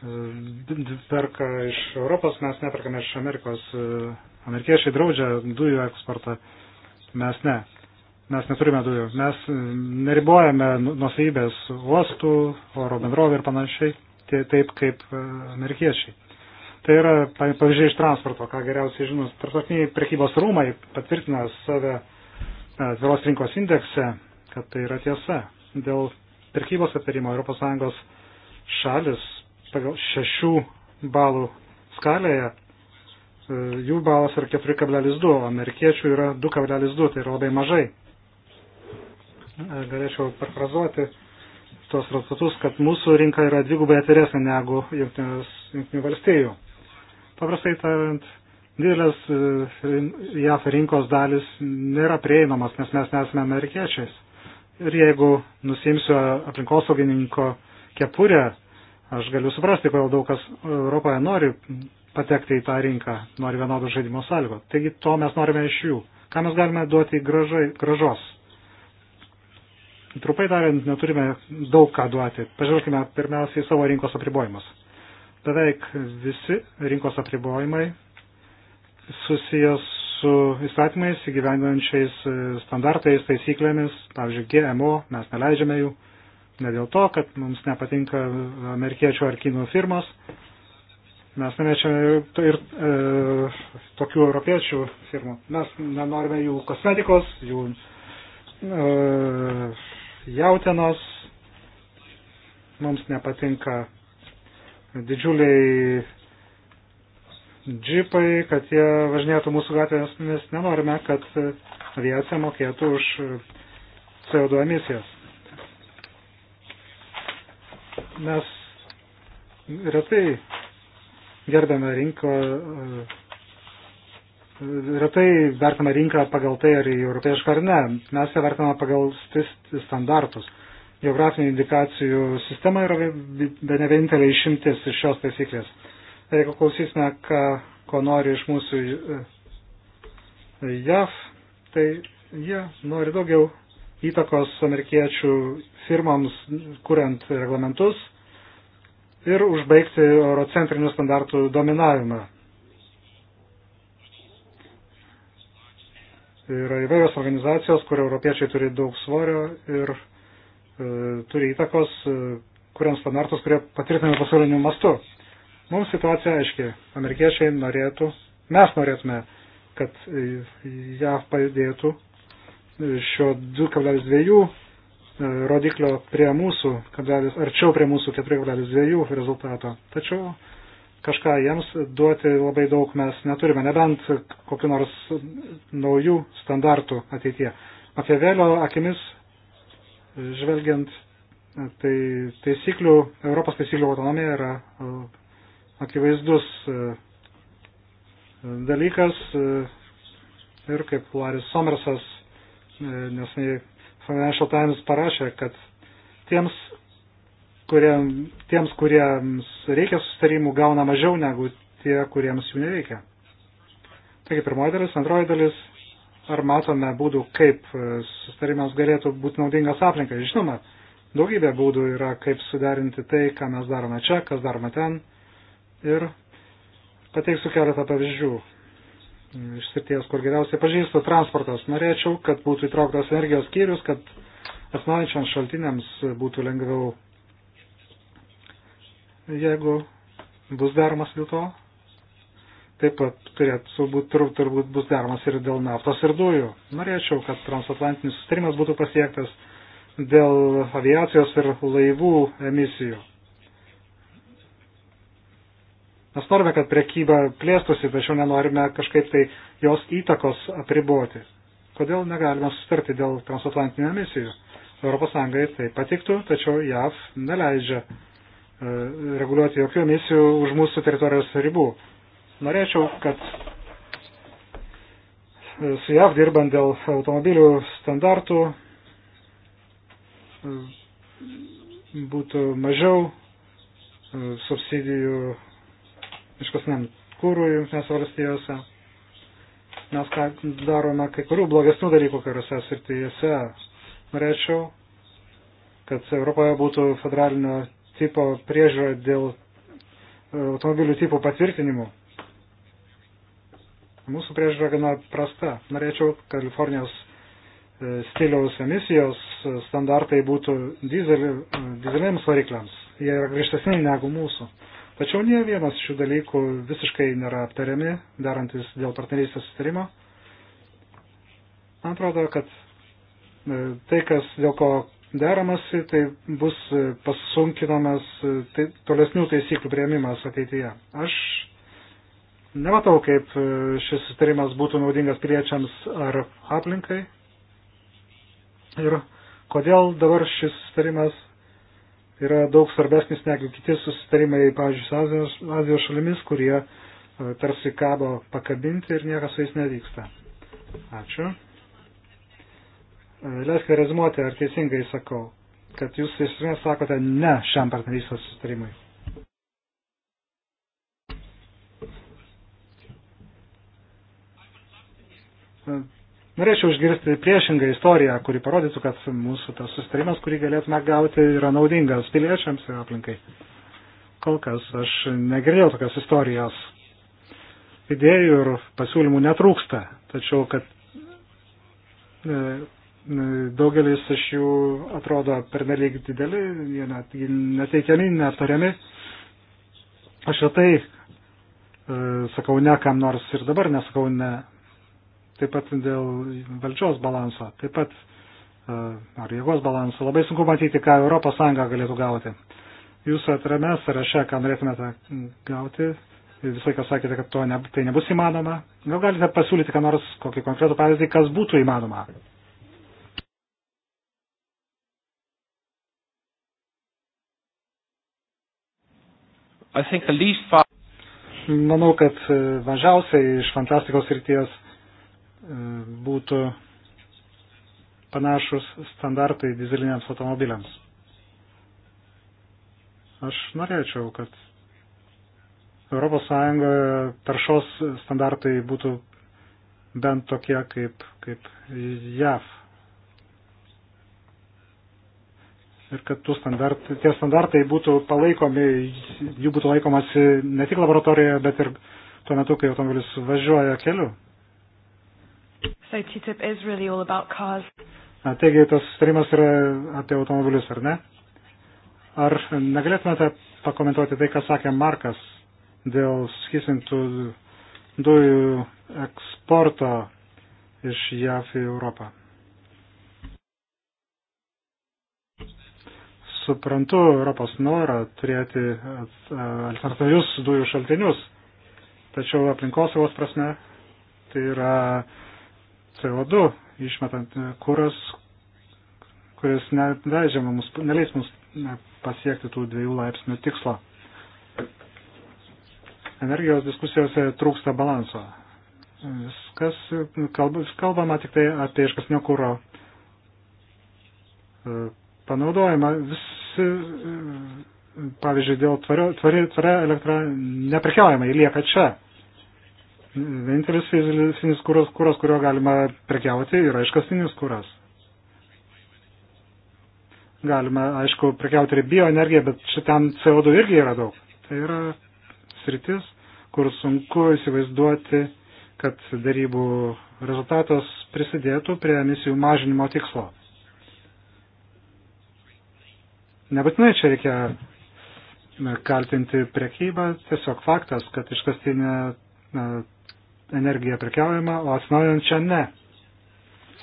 e, perka iš Europos, mes neperkame iš Amerikos. E, amerikiečiai draudžia dujų eksportą, mes ne. Mes neturime dujų. Mes e, neribojame nusavybės uostų, oro bendrovė ir panašiai, taip kaip e, amerikiečiai. Tai yra pavyzdžiai iš transporto, ką geriausiai žinot. Tarptautiniai prekybos rūmai patvirtina save atviros e, rinkos indekse, kad tai yra tiesa. Dėl prekybos aptarimo ES šalis pagal šešių balų skalėje, jų balas yra 4,2, amerikiečių yra 2,2, tai yra labai mažai galėčiau perfrazuoti tuos rezultatus, kad mūsų rinka yra dvigubai atviresnė negu jungtinių valstijų. Paprastai tariant, didelės e, JAF rinkos dalis nėra prieinamas, nes mes nesame amerikiečiais. Ir jeigu nusimsiu aplinkosaugininko kepurę, aš galiu suprasti, kodėl daug kas Europoje nori patekti į tą rinką, nori vienodų žaidimo sąlygų. Taigi to mes norime iš jų. Ką mes galime duoti gražai, gražos? Trupai tariant, neturime daug ką duoti. Pažvelkime pirmiausiai į savo rinkos apribojimus. Beveik visi rinkos apribojimai susijęs su įstatymais įgyvendinančiais e, standartais, taisyklėmis, pavyzdžiui, GMO, mes neleidžiame jų, ne dėl to, kad mums nepatinka amerikiečių ar kinų firmos, mes nemečiame ir e, tokių europiečių firmų, mes nenorime jų kosmetikos, jų e, jautienos, mums nepatinka didžiuliai džipai, kad jie važinėtų mūsų gatvės, nes nenorime, kad aviacija mokėtų už CO2 emisijas. Mes retai gerbėme rinko retai vertama rinka pagal tai, ar ji europieška ar ne. Mes ją vertiname pagal standartus. Geografinių indikacijų sistema yra be ne vienintelė išimtis iš šios taisyklės. Jeigu klausysime, ką, ko nori iš mūsų e, JAV, tai jie nori daugiau įtakos amerikiečių firmoms, kuriant reglamentus ir užbaigti eurocentrinių standartų dominavimą Tai yra įvairios organizacijos, kur europiečiai turi daug svorio ir e, turi įtakos, e, kuriant standartus, kurie patvirtinami pasauliniu mastu. Mums situacija aiški. Amerikiečiai norėtų, mes norėtume, kad e, JAV pajudėtų e, šio 2,2 e, rodiklio prie mūsų, arčiau prie mūsų 4,2 rezultato. Tačiau kažką jiems duoti labai daug mes neturime, nebent kokiu nors naujų standartų ateitie. Makiavelio akimis žvelgiant, tai taisyklių, Europos taisyklių autonomija yra e, akivaizdus e, dalykas e, ir kaip Laris Somersas nesnei Financial Times parašė, kad tiems, kuriam, tiems, kuriems reikia sustarimų, gauna mažiau negu tie, kuriems jų nereikia. Taigi pirmoji dalis, antroji dalis, ar matome būdų, kaip e, sustarimas galėtų būti naudingas aplinkai. Žinoma, daugybė būdų yra, kaip suderinti tai, ką mes darome čia, kas darome ten. Ir pateiksiu keletą pavyzdžių iš srities, kur geriausiai pažįstu transportas. Norėčiau, kad būtų įtrauktas energijos skyrius, kad atsinaujančiams šaltiniams būtų lengviau jeigu bus daromas dėl to. Taip pat turėtų būti, tur, turbūt bus daromas ir dėl naftos ir dujų. Norėčiau, kad transatlantinis sustarimas būtų pasiektas dėl aviacijos ir laivų emisijų. Mes norime, kad prekyba plėstusi, tačiau nenorime kažkaip tai jos įtakos apriboti. Kodėl negalime sustarti dėl transatlantinių emisijų? ES tai patiktų, tačiau JAV neleidžia E, reguliuoti jokių emisijų už mūsų teritorijos ribų. Norėčiau, kad su JAV dirbant dėl automobilių standartų e, būtų mažiau e, subsidijų iškasniam kūrui jungtinės valstijose. Mes ką darome kai kurių blogesnių dalykų kuriuose srityse. Norėčiau, kad Europoje būtų federalinio tipo priežiūrą dėl e, automobilių tipų patvirtinimų. Mūsų priežiūra gana prasta. Norėčiau, kad Kalifornijos e, stiliaus emisijos e, standartai būtų dizeli, dizelėms varikliams. Jie yra grįžtesni negu mūsų. Tačiau nie vienas šių dalykų visiškai nėra aptariami, darantis dėl partnerystės sustarimo. Man atrodo, kad tai, kas dėl ko deramasi, tai bus pasunkinamas e, tai, tolesnių taisyklių prieimimas ateityje. Aš nematau, kaip e, šis sustarimas būtų naudingas piliečiams ar aplinkai. Ir kodėl dabar šis sustarimas yra daug svarbesnis negu kiti sustarimai, pavyzdžiui, su Azijos, Azijos šalimis, kurie e, tarsi kabo pakabinti ir niekas su jais nevyksta. Ačiū. E, Leiskite rezumuoti, ar teisingai sakau, kad jūs iš esmės sakote ne šiam partnerystės sustarimui. E, norėčiau išgirsti priešingą istoriją, kuri parodytų, kad mūsų tas sustarimas, kurį galėtume gauti, yra naudingas piliečiams ir aplinkai. Kol kas aš negirdėjau tokios istorijos. Idėjų ir pasiūlymų netrūksta, tačiau kad e, Daugelis iš jų atrodo pernelyg dideli, jie net neteikiami, neaptariami. Aš ir tai e, sakau ne kam nors ir dabar nesakau ne. Taip pat dėl valdžios balanso, taip pat e, ar jėgos balanso. Labai sunku matyti, ką ES galėtų gauti. Jūsų atrame sąraše, ką norėtumėte gauti, visą laiką sakėte, kad to ne, tai nebus įmanoma. Gal galite pasiūlyti, ką nors, kokį konkretų pavyzdį, kas būtų įmanoma. Manau, kad e, mažiausiai iš fantastikos ryties e, būtų panašus standartai dizeliniams automobiliams. Aš norėčiau, kad ES taršos standartai būtų bent tokie kaip, kaip JAV ir kad standart, tie standartai būtų palaikomi, jų būtų laikomasi ne tik laboratorijoje, bet ir tuo metu, kai automobilis važiuoja keliu. So TTIP is really all about cars. Na, taigi, tas sutarimas yra apie automobilius, ar ne? Ar negalėtumėte pakomentuoti tai, ką sakė Markas dėl skisintų dujų eksporto iš JAF į Europą? suprantu Europos norą turėti e, alternatyvius dujų šaltinius, tačiau aplinkosaugos prasme tai yra CO2 išmetant e, kuras, kuris neleidžia mums, neleis mums e, pasiekti tų dviejų laipsnių tikslo. Energijos diskusijose trūksta balanso. Viskas kalbama tik tai apie iškasnio kūro panaudojimą. Visi, pavyzdžiui, dėl tvario, tvari, tvaria elektra neprekiaujama, jį lieka čia. Vienintelis fizinis kūros, kūros, kurio galima prekiauti, yra iškastinis kūras. Galima, aišku, prekiauti ir bioenergiją, bet šitam CO2 irgi yra daug. Tai yra sritis, kur sunku įsivaizduoti, kad darybų rezultatas prisidėtų prie emisijų mažinimo tikslo. Nebūtinai čia reikia kaltinti prekybą, tiesiog faktas, kad iškastinė energija prekiaujama, o atsinaujančia ne.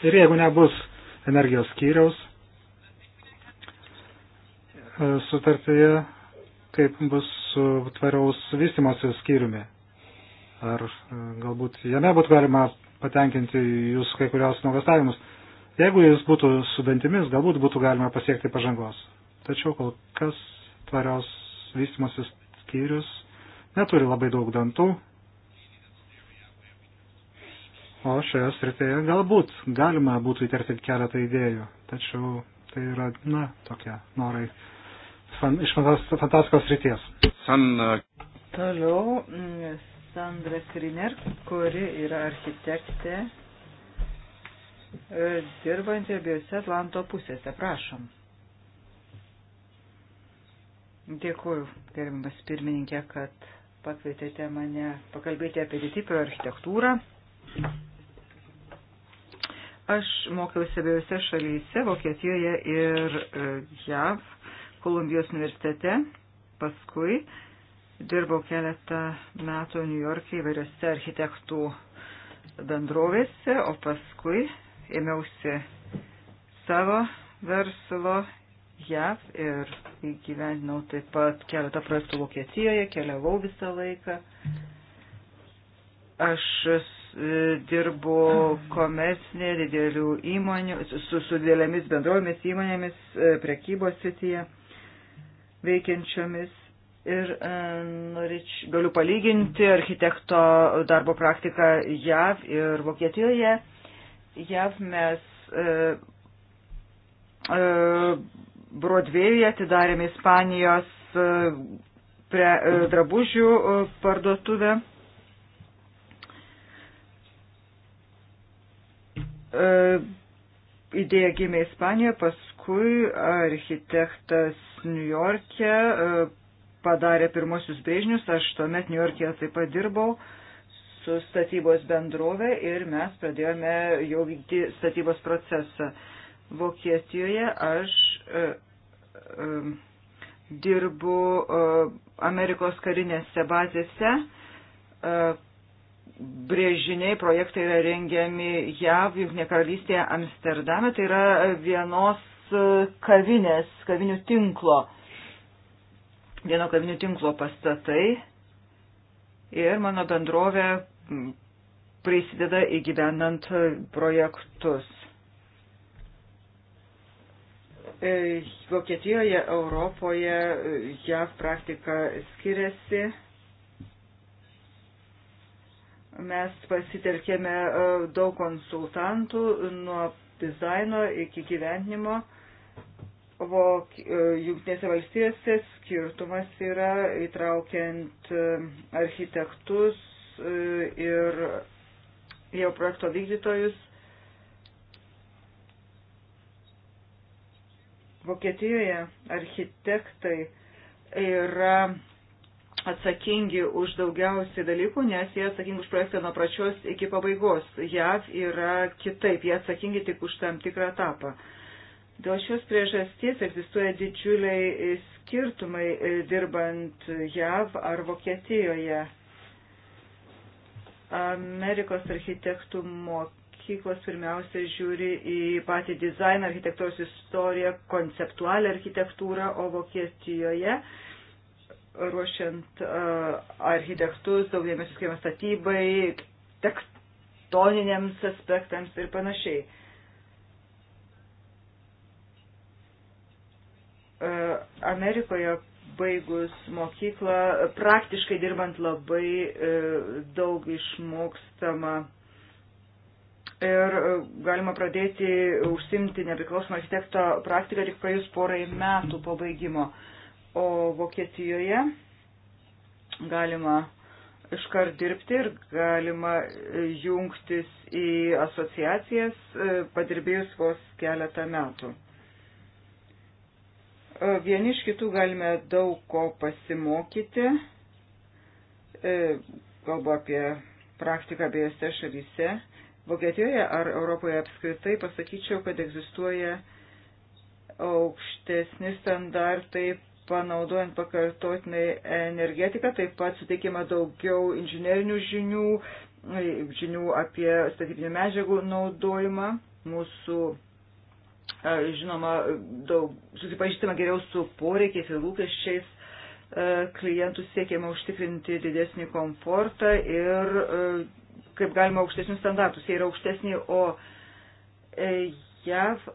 Ir jeigu nebus energijos skyriaus e, sutartyje, kaip bus su tvariaus vystimosi skyriumi. Ar e, galbūt jame būtų galima patenkinti jūs kai kurios nuogastavimus. Jeigu jis būtų su dantimis, galbūt būtų galima pasiekti pažangos. Tačiau kol kas tvarios vystimosis skyrius neturi labai daug dantų, o šioje srityje galbūt galima būtų įterti keletą idėjų, tačiau tai yra, na, tokie norai fan, iš fantastikos srities. San, uh... Toliau mm, Sandra Kriner, kuri yra architektė e, dirbanti abiejose Atlanto pusėse. Prašom. Dėkuoju, gerbimas pirmininkė, kad pakvietėte mane pakalbėti apie DTIP architektūrą. Aš mokiausi abiejose šalyse, Vokietijoje ir e, JAV, Kolumbijos universitete. Paskui dirbau keletą metų New York'e įvairiose architektų bendrovėse, o paskui ėmiausi savo verslo JAV ir įgyvendinau taip pat keletą projektų Vokietijoje, keliavau visą laiką. Aš e, dirbu komercinė didelių įmonių, su, su didelėmis bendrovėmis įmonėmis, e, prekybos sityje veikiančiomis. Ir e, norėč, galiu palyginti architekto darbo praktiką JAV ir Vokietijoje. JAV mes e, e, Brodvėjuje atidarėme Ispanijos e, pre, e, drabužių e, parduotuvę. Idėja gimė Ispanijoje, paskui architektas New York'e padarė pirmosius brėžinius, aš tuomet New York'e taip pat dirbau su statybos bendrovė ir mes pradėjome jau vykti statybos procesą. Vokietijoje aš E, e, dirbu e, Amerikos karinėse bazėse. Brėžiniai projektai yra rengiami JAV, Junktinė karalystėje, Amsterdame. Tai yra vienos kavinės, kavinių tinklo, vieno kavinių tinklo pastatai. Ir mano bendrovė prisideda įgyvenant projektus. E, Vokietijoje, Europoje JAV praktika skiriasi. Mes pasitelkėme e, daug konsultantų nuo dizaino iki gyvenimo. E, Junktinėse valstijose skirtumas yra įtraukiant architektus ir jau projekto vykdytojus Vokietijoje architektai yra atsakingi už daugiausiai dalykų, nes jie atsakingi už projektą nuo pračios iki pabaigos. JAV yra kitaip, jie atsakingi tik už tam tikrą etapą. Dėl šios priežasties egzistuoja didžiuliai skirtumai e, dirbant JAV ar Vokietijoje. Amerikos architektų mokymas mokyklos pirmiausia žiūri į patį dizainą, architektūros istoriją, konceptualią architektūrą, o Vokietijoje ruošiant uh, architektus daug dėmesio skiriama statybai, tektoniniams aspektams ir panašiai. Uh, Amerikoje baigus mokyklą, praktiškai dirbant labai e, daug išmokstama ir e, galima pradėti užsimti nepriklausomą architekto praktiką tik praėjus porai metų po baigimo. O Vokietijoje galima iškart dirbti ir galima jungtis į asociacijas, e, padirbėjus vos keletą metų. E, vieni iš kitų galime daug ko pasimokyti, kalbu apie praktiką abiejose šalyse Vokietijoje ar Europoje apskritai pasakyčiau, kad egzistuoja aukštesni standartai panaudojant pakartotinai energetiką, taip pat suteikima daugiau inžinerinių žinių, žinių apie statybinių medžiagų naudojimą. Mūsų, e, žinoma, daug, susipažįstama geriau su poreikiais ir lūkesčiais e, klientų siekiama užtikrinti didesnį komfortą ir e, kaip galima aukštesnius standartus. Jie yra aukštesni, o e, JAV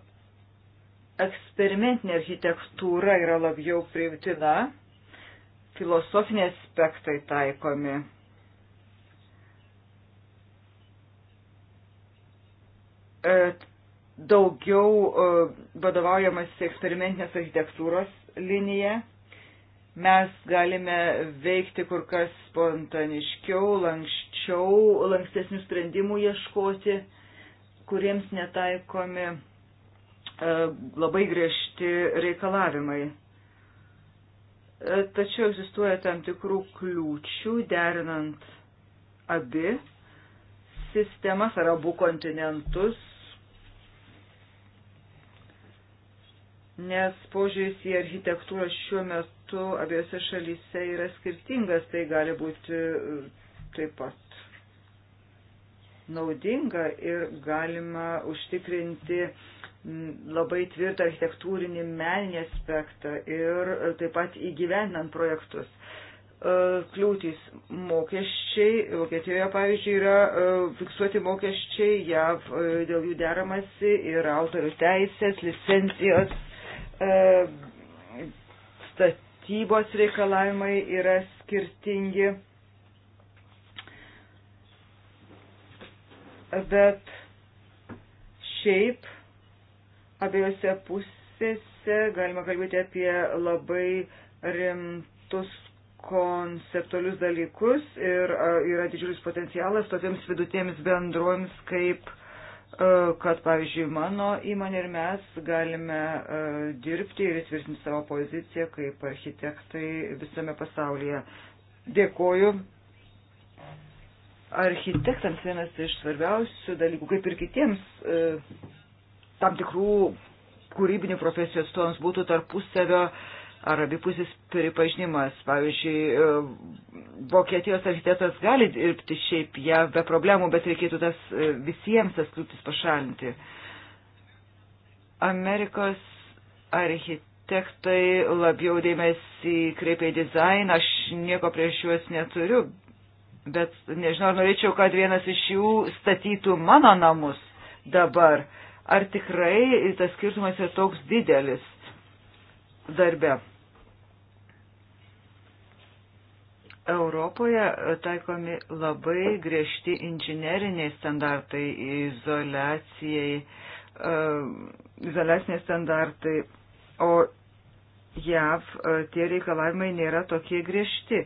eksperimentinė architektūra yra labiau priimtina, filosofiniai aspektai taikomi. E, daugiau e, vadovaujamas eksperimentinės architektūros linija mes galime veikti kur kas spontaniškiau, lankščiau greičiau lankstesnių sprendimų ieškoti, kuriems netaikomi e, labai griežti reikalavimai. E, tačiau egzistuoja tam tikrų kliūčių derinant abi sistemas ar abu kontinentus, nes požiūris į architektūrą šiuo metu abiejose šalyse yra skirtingas, tai gali būti e, taip pat naudinga ir galima užtikrinti labai tvirtą architektūrinį meninį aspektą ir taip pat įgyvendant projektus. E, Kliūtis mokesčiai, Vokietijoje pavyzdžiui yra e, fiksuoti mokesčiai, JAV e, dėl jų deramasi, yra autorių teisės, licencijos, statybos reikalavimai yra skirtingi bet šiaip abiejose pusėse galima kalbėti apie labai rimtus konceptualius dalykus ir yra didžiulis potencialas tokiams vidutinėms bendruoms kaip kad, pavyzdžiui, mano įmonė ir mes galime dirbti ir įtvirtinti savo poziciją kaip architektai visame pasaulyje. Dėkoju architektams vienas iš svarbiausių dalykų, kaip ir kitiems e, tam tikrų kūrybinių profesijų atstovams būtų tarpusavio ar abipusis pripažinimas. Pavyzdžiui, e, Vokietijos architektas gali dirbti šiaip ją be problemų, bet reikėtų tas e, visiems tas kliūtis pašalinti. Amerikos architektas architektai labiau dėmesį kreipia į dizainą, aš nieko prieš juos neturiu, bet nežinau, ar norėčiau, kad vienas iš jų statytų mano namus dabar. Ar tikrai tas skirtumas yra toks didelis darbe? Europoje taikomi labai griežti inžineriniai standartai izolacijai, um, izolaciniai standartai, o JAV uh, tie reikalavimai nėra tokie griežti.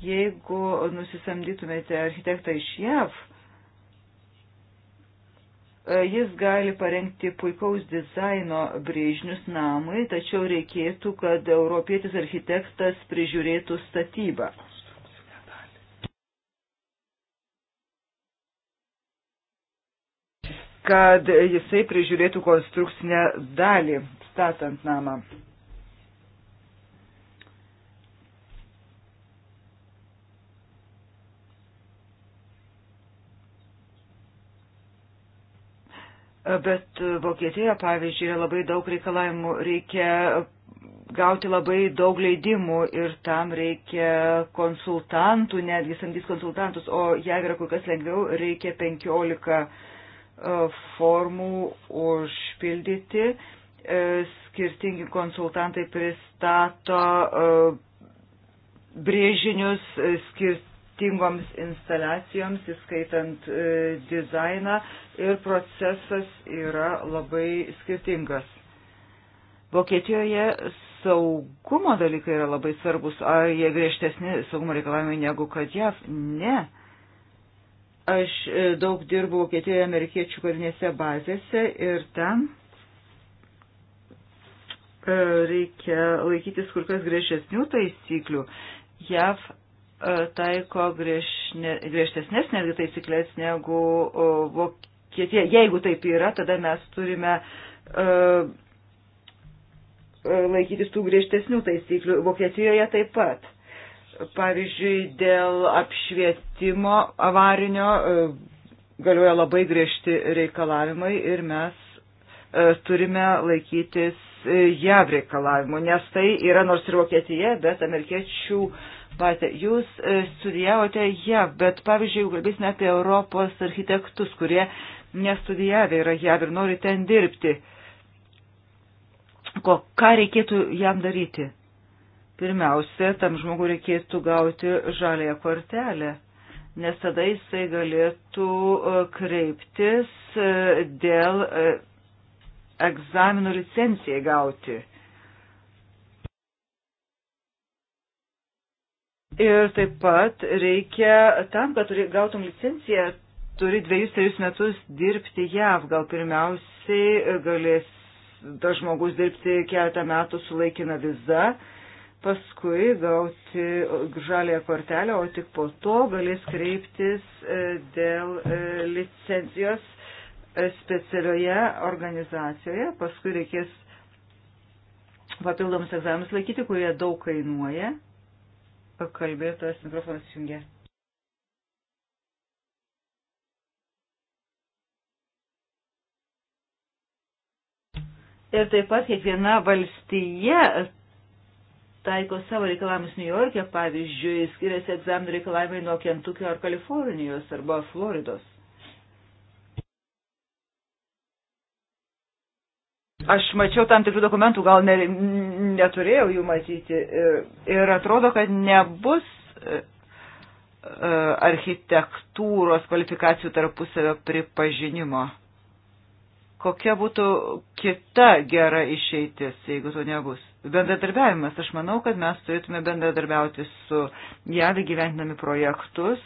Jeigu nusisamdytumėte architektą iš JAV, e, jis gali parengti puikaus dizaino brėžinius namui, tačiau reikėtų, kad europietis architektas prižiūrėtų statybą. kad jisai prižiūrėtų konstrukcinę dalį statant namą. Bet Vokietijoje, pavyzdžiui, yra labai daug reikalavimų, reikia gauti labai daug leidimų ir tam reikia konsultantų, netgi samdys konsultantus, o jeigu yra kur kas lengviau, reikia 15 e, formų užpildyti. E, skirtingi konsultantai pristato e, brėžinius, skirt skirtingoms instaliacijoms, įskaitant e, dizainą ir procesas yra labai skirtingas. Vokietijoje saugumo dalykai yra labai svarbus, ar jie griežtesni saugumo reikalavimai negu kad JAV? Ne. Aš e, daug dirbu Vokietijoje amerikiečių karinėse bazėse ir ten e, reikia laikytis kur kas griežtesnių taisyklių. JAV E, taiko griežne, griežtesnės netgi taisyklės negu e, Vokietija. Jeigu taip yra, tada mes turime uh, laikytis tų griežtesnių taisyklių. Vokietijoje taip pat. Pavyzdžiui, dėl apšvietimo avarinio uh, galioja labai griežti reikalavimai ir mes uh, turime laikytis jav reikalavimų, nes tai yra nors ir Vokietija, bet amerikiečių uh, bazę. Jūs e, studijavote JAV, e bet pavyzdžiui, jeigu kalbėsime apie Europos architektus, kurie nestudijavę yra JAV e ir nori ten dirbti, ko, ką reikėtų jam daryti? Pirmiausia, tam žmogui reikėtų gauti žalėją kortelę, nes tada jisai galėtų kreiptis dėl egzaminų licencijai gauti. Ir taip pat reikia tam, kad turi, gautum licenciją, turi dviejus, trejus metus dirbti JAV. Gal pirmiausiai e, galės tas žmogus dirbti keletą metų su laikina viza, paskui gauti e, žalėją kortelę, o tik po to galės kreiptis e, dėl licencijos specialioje organizacijoje, paskui reikės papildomus egzaminus laikyti, kurie daug kainuoja. Kalbėtojas mikrofonas jungia. Ir taip pat kiekviena valstija taiko savo reikalavimus New York'e, pavyzdžiui, skiriasi egzaminų reikalavimai nuo Kentukio ar Kalifornijos arba Floridos. Aš mačiau tam tikrų dokumentų, gal ne, neturėjau jų matyti. Ir, ir atrodo, kad nebus e, e, architektūros kvalifikacijų tarpusavio pripažinimo. Kokia būtų kita gera išeitis, jeigu to nebus? Bendradarbiavimas. Aš manau, kad mes turėtume bendradarbiauti su JAV gyventinami projektus.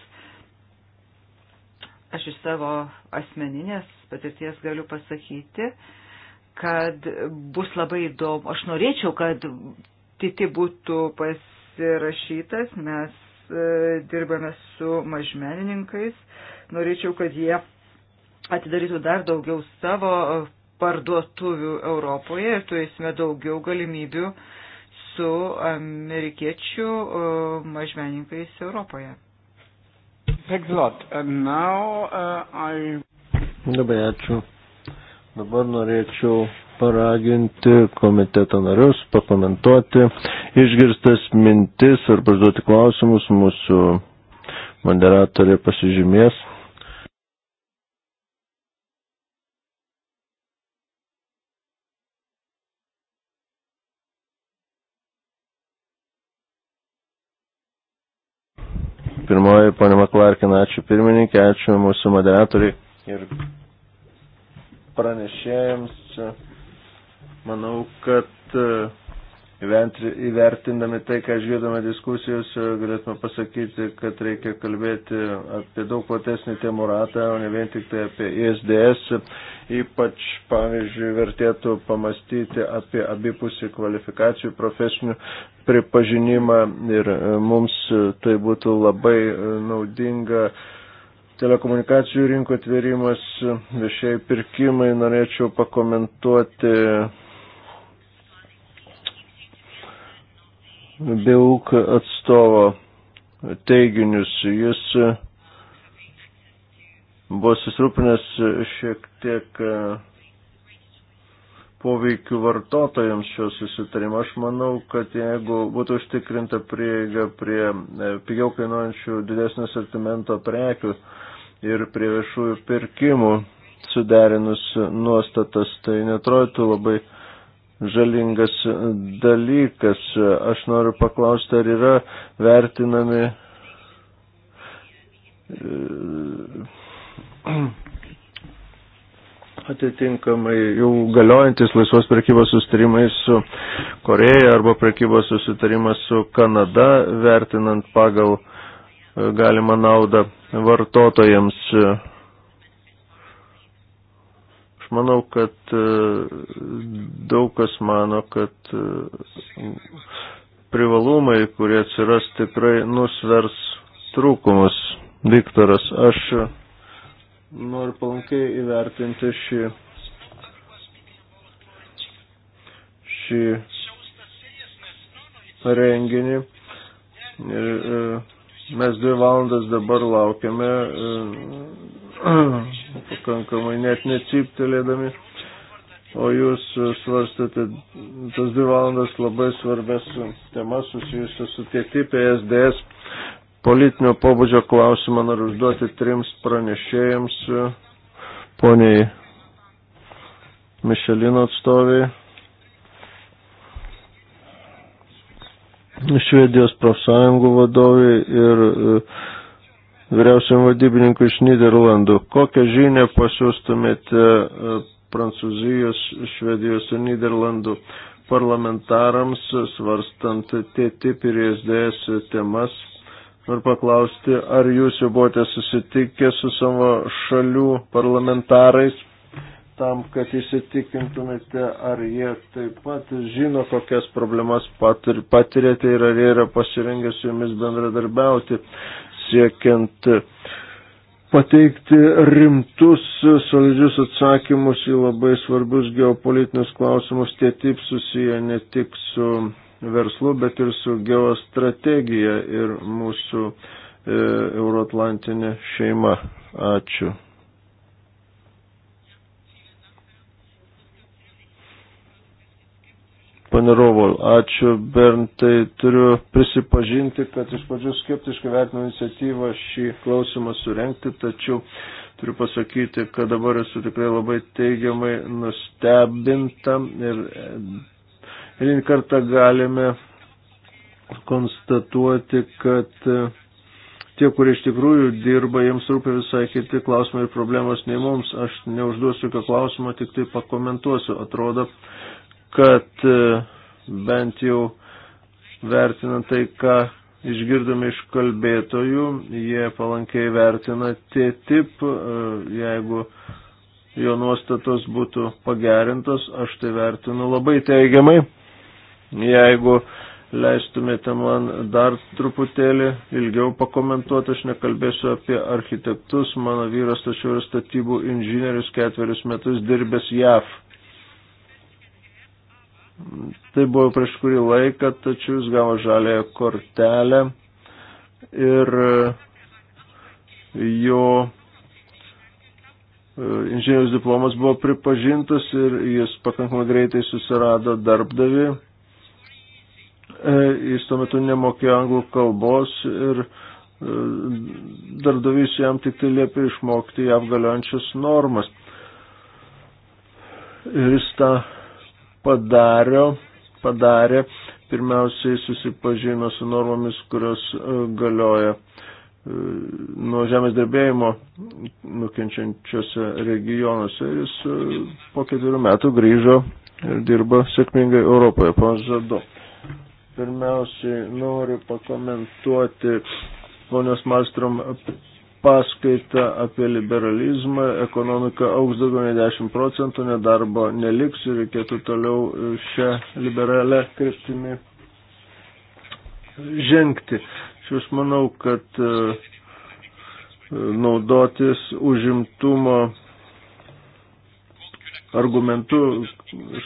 Aš iš savo asmeninės patirties galiu pasakyti, uh, kad bus labai įdomu. Aš norėčiau, kad titi būtų pasirašytas, mes e, dirbame su mažmenininkais. Norėčiau, kad jie atidarytų dar daugiau savo parduotuvių Europoje ir turėsime daugiau galimybių su amerikiečių e, mažmeninkais Europoje. Thanks a lot. And now uh, I... Labai ačiū. Dabar norėčiau paraginti komiteto narius, pakomentuoti išgirstas mintis ar užduoti klausimus mūsų moderatorė pasižymės. Pirmoji, ponė Maklarkina, ačiū pirmininkė, ačiū mūsų moderatoriai ir pranešėjams. Manau, kad e, įvertindami tai, ką žiūrėdame diskusijose, galėtume pasakyti, kad reikia kalbėti apie daug platesnį temų ratą, o ne vien tik tai apie ISDS. Ypač, pavyzdžiui, vertėtų pamastyti apie abipusį kvalifikacijų profesinių pripažinimą ir e, mums tai būtų labai e, naudinga telekomunikacijų rinkų atvėrimas, viešiai pirkimai, norėčiau pakomentuoti BEUK atstovo teiginius. Jis buvo susirūpinęs šiek tiek poveikiu vartotojams šio susitarimo. Aš manau, kad jeigu būtų užtikrinta prieiga prie pigiau kainuojančių didesnio sortimento prekių, ir prie viešųjų pirkimų suderinus nuostatas, tai netrodytų labai žalingas dalykas. Aš noriu paklausti, ar yra vertinami e, atitinkamai jau galiojantis laisvos prekybos sustarimai su Koreja arba prekybos susitarimas su Kanada, vertinant pagal galima naudą vartotojams. Aš manau, kad e, daug kas mano, kad e, privalumai, kurie atsiras, tikrai nusvers trūkumus. Viktoras, aš noriu palankiai įvertinti šį, šį renginį. Ir, e, Mes dvi valandas dabar laukiame, e, *clears throat* pakankamai net necyptelėdami, o jūs svarstate tas dvi valandas labai svarbės temas susijusios su TTIP, SDS, politinio pobūdžio klausimą noriu užduoti trims pranešėjams, e, poniai Mišelino atstoviai. Švedijos profsąjungų vadovai ir e, vyriausiam vadybininkui iš Niderlandų. Kokią žinę pasiūstumėte e, Prancūzijos, Švedijos ir Niderlandų parlamentarams, svarstant TTIP ir SDS e temas? Noriu paklausti, ar jūs jau buvote susitikę su savo šalių parlamentarais? tam, kad įsitikintumėte, ar jie taip pat žino, kokias problemas patirėte ir ar jie yra pasirengę su jumis bendradarbiauti, siekiant pateikti rimtus, solidžius atsakymus į labai svarbius geopolitinius klausimus, tie taip susiję ne tik su verslu, bet ir su geostrategija ir mūsų e, euroatlantinė šeima. Ačiū. Panerovol, ačiū Berntai, turiu prisipažinti, kad iš pradžių skeptiškai vertinu iniciatyvą šį klausimą surenkti, tačiau turiu pasakyti, kad dabar esu tikrai labai teigiamai nustebinta ir vieną kartą galime konstatuoti, kad e, tie, kurie iš tikrųjų dirba, jiems rūpia visai kiti klausimai ir problemos nei mums. Aš neužduosiu jokio klausimo, tik tai pakomentuosiu. Atrodo, kad e, bent jau vertinant tai, ką išgirdome iš kalbėtojų, jie palankiai vertina TTIP, e, jeigu jo nuostatos būtų pagerintos, aš tai vertinu labai teigiamai. Jeigu leistumėte man dar truputėlį ilgiau pakomentuoti, aš nekalbėsiu apie architektus, mano vyras tačiau yra statybų inžinierius ketverius metus dirbęs JAV. Tai buvo prieš kurį laiką, tačiau jis gavo žalėją kortelę ir e, jo e, inžinieriaus diplomas buvo pripažintas ir jis pakankamai greitai susirado darbdavi. E, jis tuo metu nemokėjo anglų kalbos ir darbdavys jam tik tai liepė išmokti jav galiojančias normas. Ir jis tą padario, padarė, pirmiausiai susipažino su normomis, kurios e, galioja e, nuo žemės drebėjimo nukenčiančiose regionuose. Jis e, po keturių metų grįžo ir dirba sėkmingai Europoje. Ponas Žadu, pirmiausiai noriu pakomentuoti ponios Mastrom paskaitą apie liberalizmą, ekonomika auks daugiau nei 10 procentų, nedarbo neliks ir reikėtų toliau šią liberalę kryptimį žengti. Aš manau, kad e, naudotis užimtumo argumentu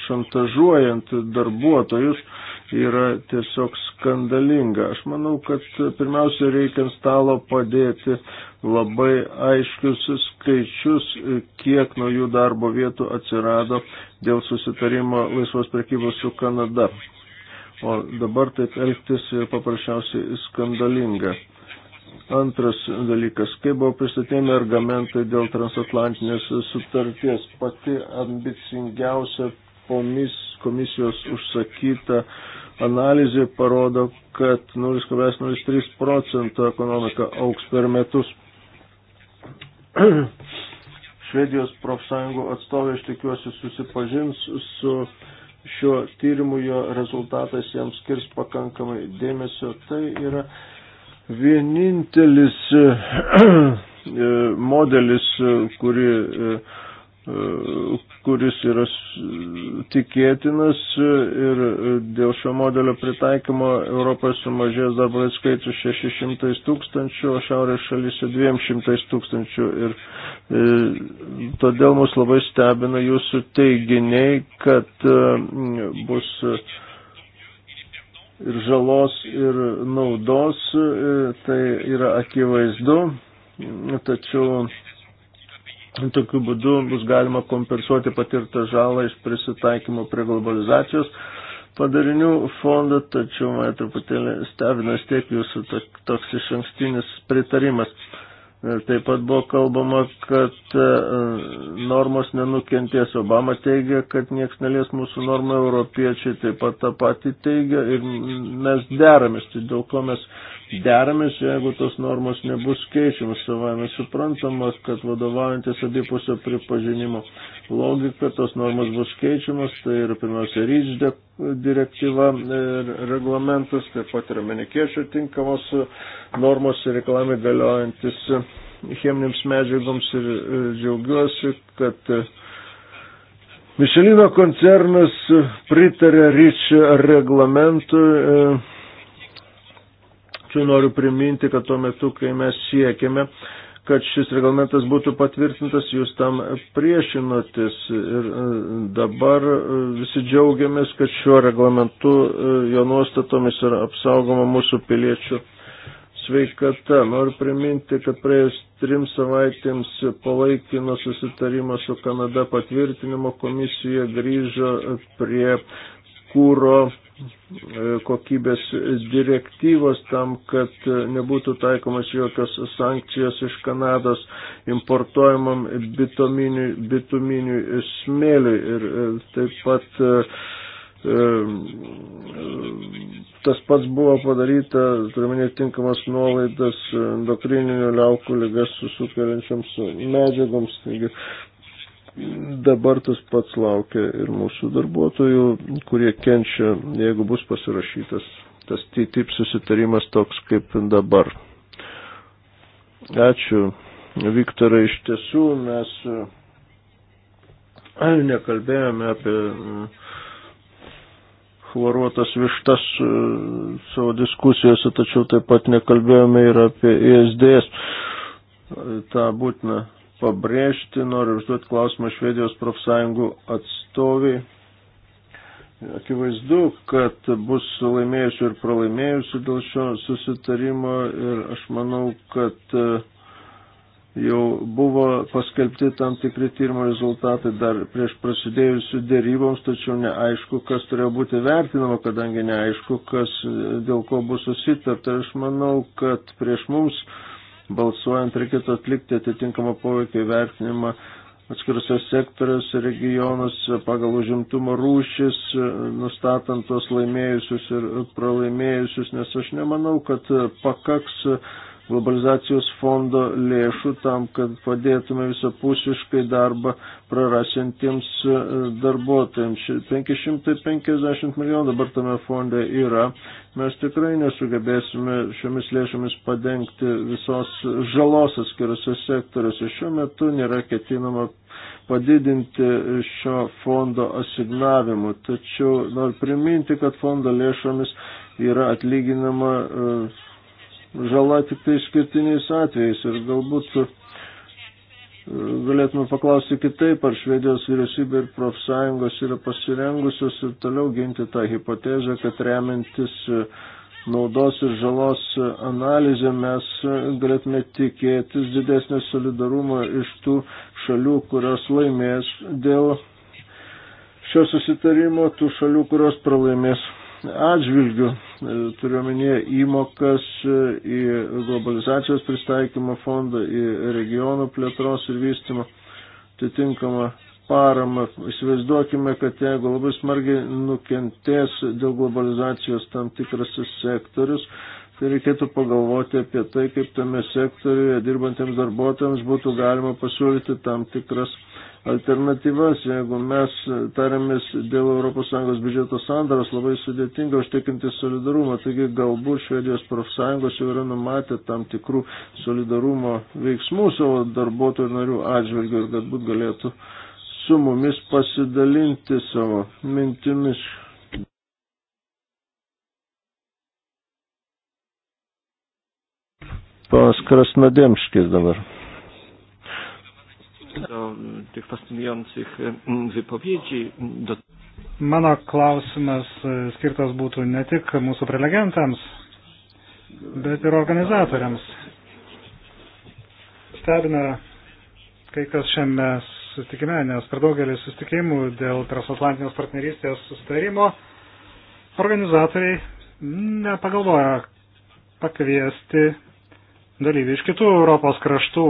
šantažuojant darbuotojus, yra tiesiog skandalinga. Aš manau, kad pirmiausia reikia ant stalo padėti labai aiškius skaičius, kiek naujų darbo vietų atsirado dėl susitarimo laisvos prekybos su Kanada. O dabar taip elgtis paprasčiausiai skandalinga. Antras dalykas, kaip buvo pristatėmi argumentai dėl transatlantinės sutarties, pati ambicingiausia komis, komisijos užsakyta uh, analizė parodo, kad 0,03 procento ekonomika auks per metus. *clears throat* Švedijos profsąjungų atstovai, aš tikiuosi, susipažins su šio tyrimu, jo rezultatais jam skirs pakankamai dėmesio. Tai yra vienintelis *clears throat* e, modelis, kurį e, kuris yra tikėtinas ir dėl šio modelio pritaikymo Europoje sumažės darbo skaičius 600 tūkstančių, o šiaurės šalyse 200 tūkstančių. Ir, ir e, todėl mus labai stebina jūsų teiginiai, kad e, bus e, ir žalos, ir naudos, tai yra akivaizdu, tačiau Tokiu būdu bus galima kompensuoti patirtą žalą iš prisitaikymo prie globalizacijos padarinių fondą, tačiau mane truputėlį stebinas tiek jūsų toks iš ankstinis pritarimas. E, taip pat buvo kalbama, kad e, normos nenukentės. Obama teigia, kad nieks nelies mūsų normų, europiečiai taip pat tą patį teigia ir mes deramės, tai dėl ko mes deramės, jeigu tos normos nebus keičiamas. Savame suprantama, kad vadovaujantis abipusio pripažinimo logika, tos normos bus keičiamas, tai yra pirmiausia ryčdė direktyva ir e, reglamentas, taip pat ir amerikiečių tinkamos normos ir reikalavimai galiojantis cheminėms medžiagoms ir e, džiaugiuosi, kad e, Mišelino koncernas pritarė ryč reglamentui Čia noriu priminti, kad tuo metu, kai mes siekėme, kad šis reglamentas būtų patvirtintas, jūs tam priešinotis. Ir e, dabar e, visi džiaugiamės, kad šiuo reglamentu e, jo nuostatomis yra apsaugoma mūsų piliečių sveikata. Noriu priminti, kad praėjus trim savaitėms palaikino susitarimą su Kanada patvirtinimo komisija grįžo prie kūro E, kokybės direktyvos tam, kad nebūtų taikomas jokios sankcijos iš Kanados importuojamam bituminiui, bituminiui smėliui. Ir e, taip pat e, tas pats buvo padaryta, turime tinkamas nuolaidas endokrininių liaukų lygas sukeliančiams medžiagoms. Taigi dabar tas pats laukia ir mūsų darbuotojų, kurie kenčia, jeigu bus pasirašytas tas TTIP susitarimas toks kaip dabar. Ačiū, Viktorai, iš tiesų mes nekalbėjome apie mm, chloruotas vištas mm, savo diskusijose, tačiau taip pat nekalbėjome ir apie ESDS tą būtiną pabrėžti, noriu užduoti klausimą Švedijos profsąjungų atstoviai. Akivaizdu, kad bus laimėjusių ir pralaimėjusių dėl šio susitarimo ir aš manau, kad e, jau buvo paskelbti tam tikri tyrimo rezultatai dar prieš prasidėjusių dėryboms, tačiau neaišku, kas turėjo būti vertinama, kadangi neaišku, kas dėl ko bus susitarta. Aš manau, kad prieš mums balsuojant reikėtų atlikti atitinkamą poveikį vertinimą atskirose sektoriuose, regionuose, pagal užimtumo rūšis, nustatant tuos laimėjusius ir pralaimėjusius, nes aš nemanau, kad pakaks globalizacijos fondo lėšų tam, kad padėtume visapusiškai darbą prarasintiems e, darbuotojams. 550 milijonų dabar tame fonde yra. Mes tikrai nesugebėsime šiomis lėšomis padengti visos žalos atskirose sektoriuose. Šiuo metu nėra ketinama padidinti šio fondo asignavimu. Tačiau noriu priminti, kad fondo lėšomis yra atlyginama e, žala tik tai išskirtiniais atvejais ir galbūt e, galėtume paklausti kitaip, ar Švedijos vyriausybė ir profsąjungos yra pasirengusios ir toliau ginti tą hipotezę, kad remiantis e, naudos ir žalos e, analizę mes galėtume tikėtis didesnio solidarumo iš tų šalių, kurios laimės dėl šio susitarimo, tų šalių, kurios pralaimės atžvilgių, e, turiuomenėje įmokas e, į globalizacijos pristaikymo fondą, į regionų plėtros ir vystymo atitinkamą paramą. Įsivaizduokime, kad jeigu labai smarkiai nukentės dėl globalizacijos tam tikras sektorius, tai reikėtų pagalvoti apie tai, kaip tame sektoriuje dirbantiems darbuotojams būtų galima pasiūlyti tam tikras alternatyvas. Jeigu mes tariamės dėl ES biudžeto sandaros, labai sudėtinga užtikrinti solidarumą. Taigi galbūt Švedijos profsąjungos jau yra numatę tam tikrų solidarumo veiksmų savo darbuotojų narių atžvilgių ir galbūt galėtų su mumis pasidalinti savo mintimis. Pas Krasnodemškis dabar do mm, tych fascynujących mm, wypowiedzi. Do... Mano klausimas e, skirtas būtų ne tik mūsų prelegentams, bet ir organizatoriams. Stebina kai kas šiame sustikime, nes per daugelį sustikimų dėl transatlantinės partnerystės sustarimo organizatoriai nepagalvoja pakviesti dalyvių iš kitų Europos kraštų,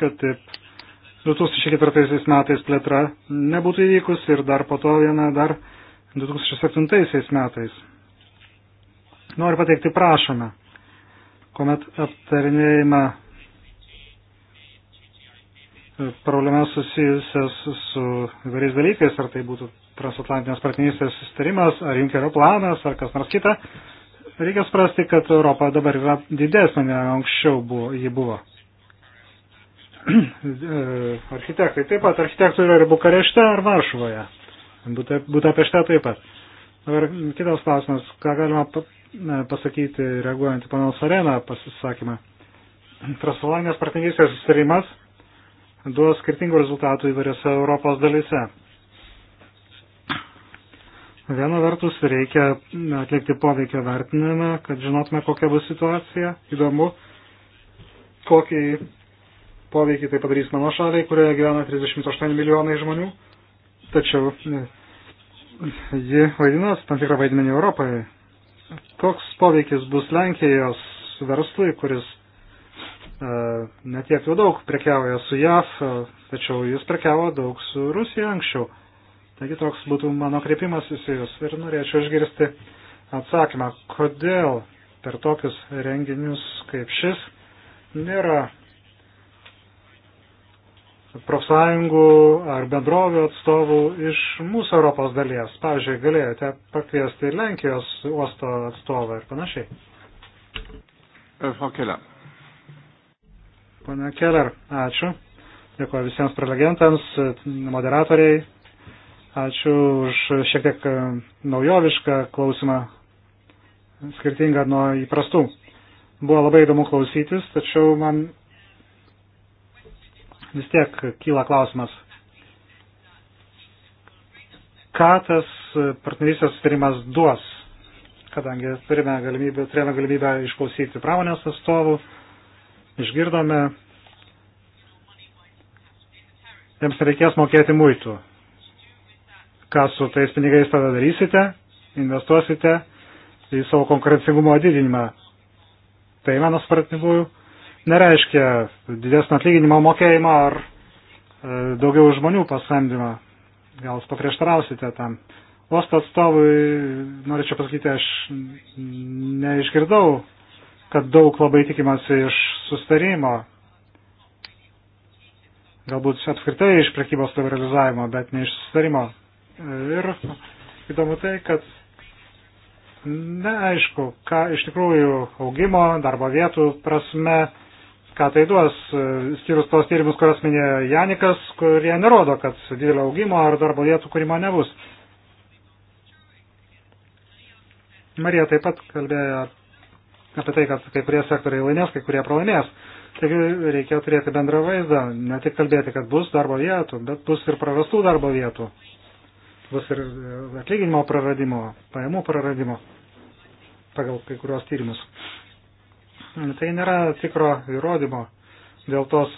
kad taip 2004 metais plėtra nebūtų įvykus ir dar po to viena dar 2007 metais. Noriu pateikti prašomą, kuomet aptarinėjimą problemas susijusias su įvairiais dalykais, ar tai būtų transatlantinės partnerystės sustarimas, ar Junkerio planas, ar kas nors kita. Reikia suprasti, kad Europa dabar yra didesnė, negu anksčiau buvo, ji buvo. *clears throat* architektai. Taip pat architektų yra ir Bukarešte, ar Varšuvoje. Butapešte taip pat. Dabar kitas klausimas, ką galima pasakyti, reaguojant į panos areną pasisakymą. *clears throat* Transatlantinės partnerystės sustarimas duos skirtingų rezultatų įvairiose Europos dalise. *clears throat* Viena vertus reikia atlikti poveikio vertinimą, kad žinotume, kokia bus situacija. Įdomu, kokį poveikį tai padarys mano šaliai, kurioje gyvena 38 milijonai žmonių, tačiau e, ji vaidina tam tikrą vaidmenį Europoje. Koks poveikis bus Lenkijos verslui, kuris e, netiek jau daug prekiauja su JAV, e, tačiau jis prekiavo daug su Rusija anksčiau. Taigi toks būtų mano kreipimas į jūs ir norėčiau išgirsti atsakymą, kodėl per tokius renginius kaip šis nėra profsąjungų ar bendrovių atstovų iš mūsų Europos dalies. Pavyzdžiui, galėjote pakviesti Lenkijos uosto atstovą ir panašiai. Uh, Frau Keller. Pane Keller, ačiū. Dėkuoju visiems prelegentams, moderatoriai. Ačiū už šiek tiek uh, naujovišką klausimą, skirtingą nuo įprastų. Buvo labai įdomu klausytis, tačiau man vis tiek kyla klausimas, ką tas partnerystės sutarimas duos, kadangi turime galimybę, turėjome galimybę išklausyti pramonės atstovų, išgirdome, jiems reikės mokėti muitų. Ką su tais pinigais tada darysite, investuosite į savo konkurencingumo didinimą. Tai mano supratimu nereiškia didesnio atlyginimo mokėjimo ar e, daugiau žmonių pasamdymą. Gal jūs paprieštarausite tam. Uosto atstovui, norėčiau pasakyti, aš neišgirdau, kad daug labai tikimasi iš sustarimo. Galbūt apskritai iš prekybos liberalizavimo, bet ne iš sustarimo. Ir įdomu tai, kad neaišku, ką iš tikrųjų augimo, darbo vietų prasme ką tai duos, e, skirus tos tyrimus, kurias minėjo Janikas, kurie nerodo, kad didelio augimo ar darbo vietų kūrimo nebus. Marija taip pat kalbėjo apie tai, kad kai kurie sektoriai laimės, kai kurie pralaimės. Taigi reikia turėti bendrą vaizdą, ne tik kalbėti, kad bus darbo vietų, bet bus ir prarastų darbo vietų. Bus ir atlyginimo praradimo, pajamų praradimo pagal kai kurios tyrimus. Tai nėra tikro įrodymo dėl tos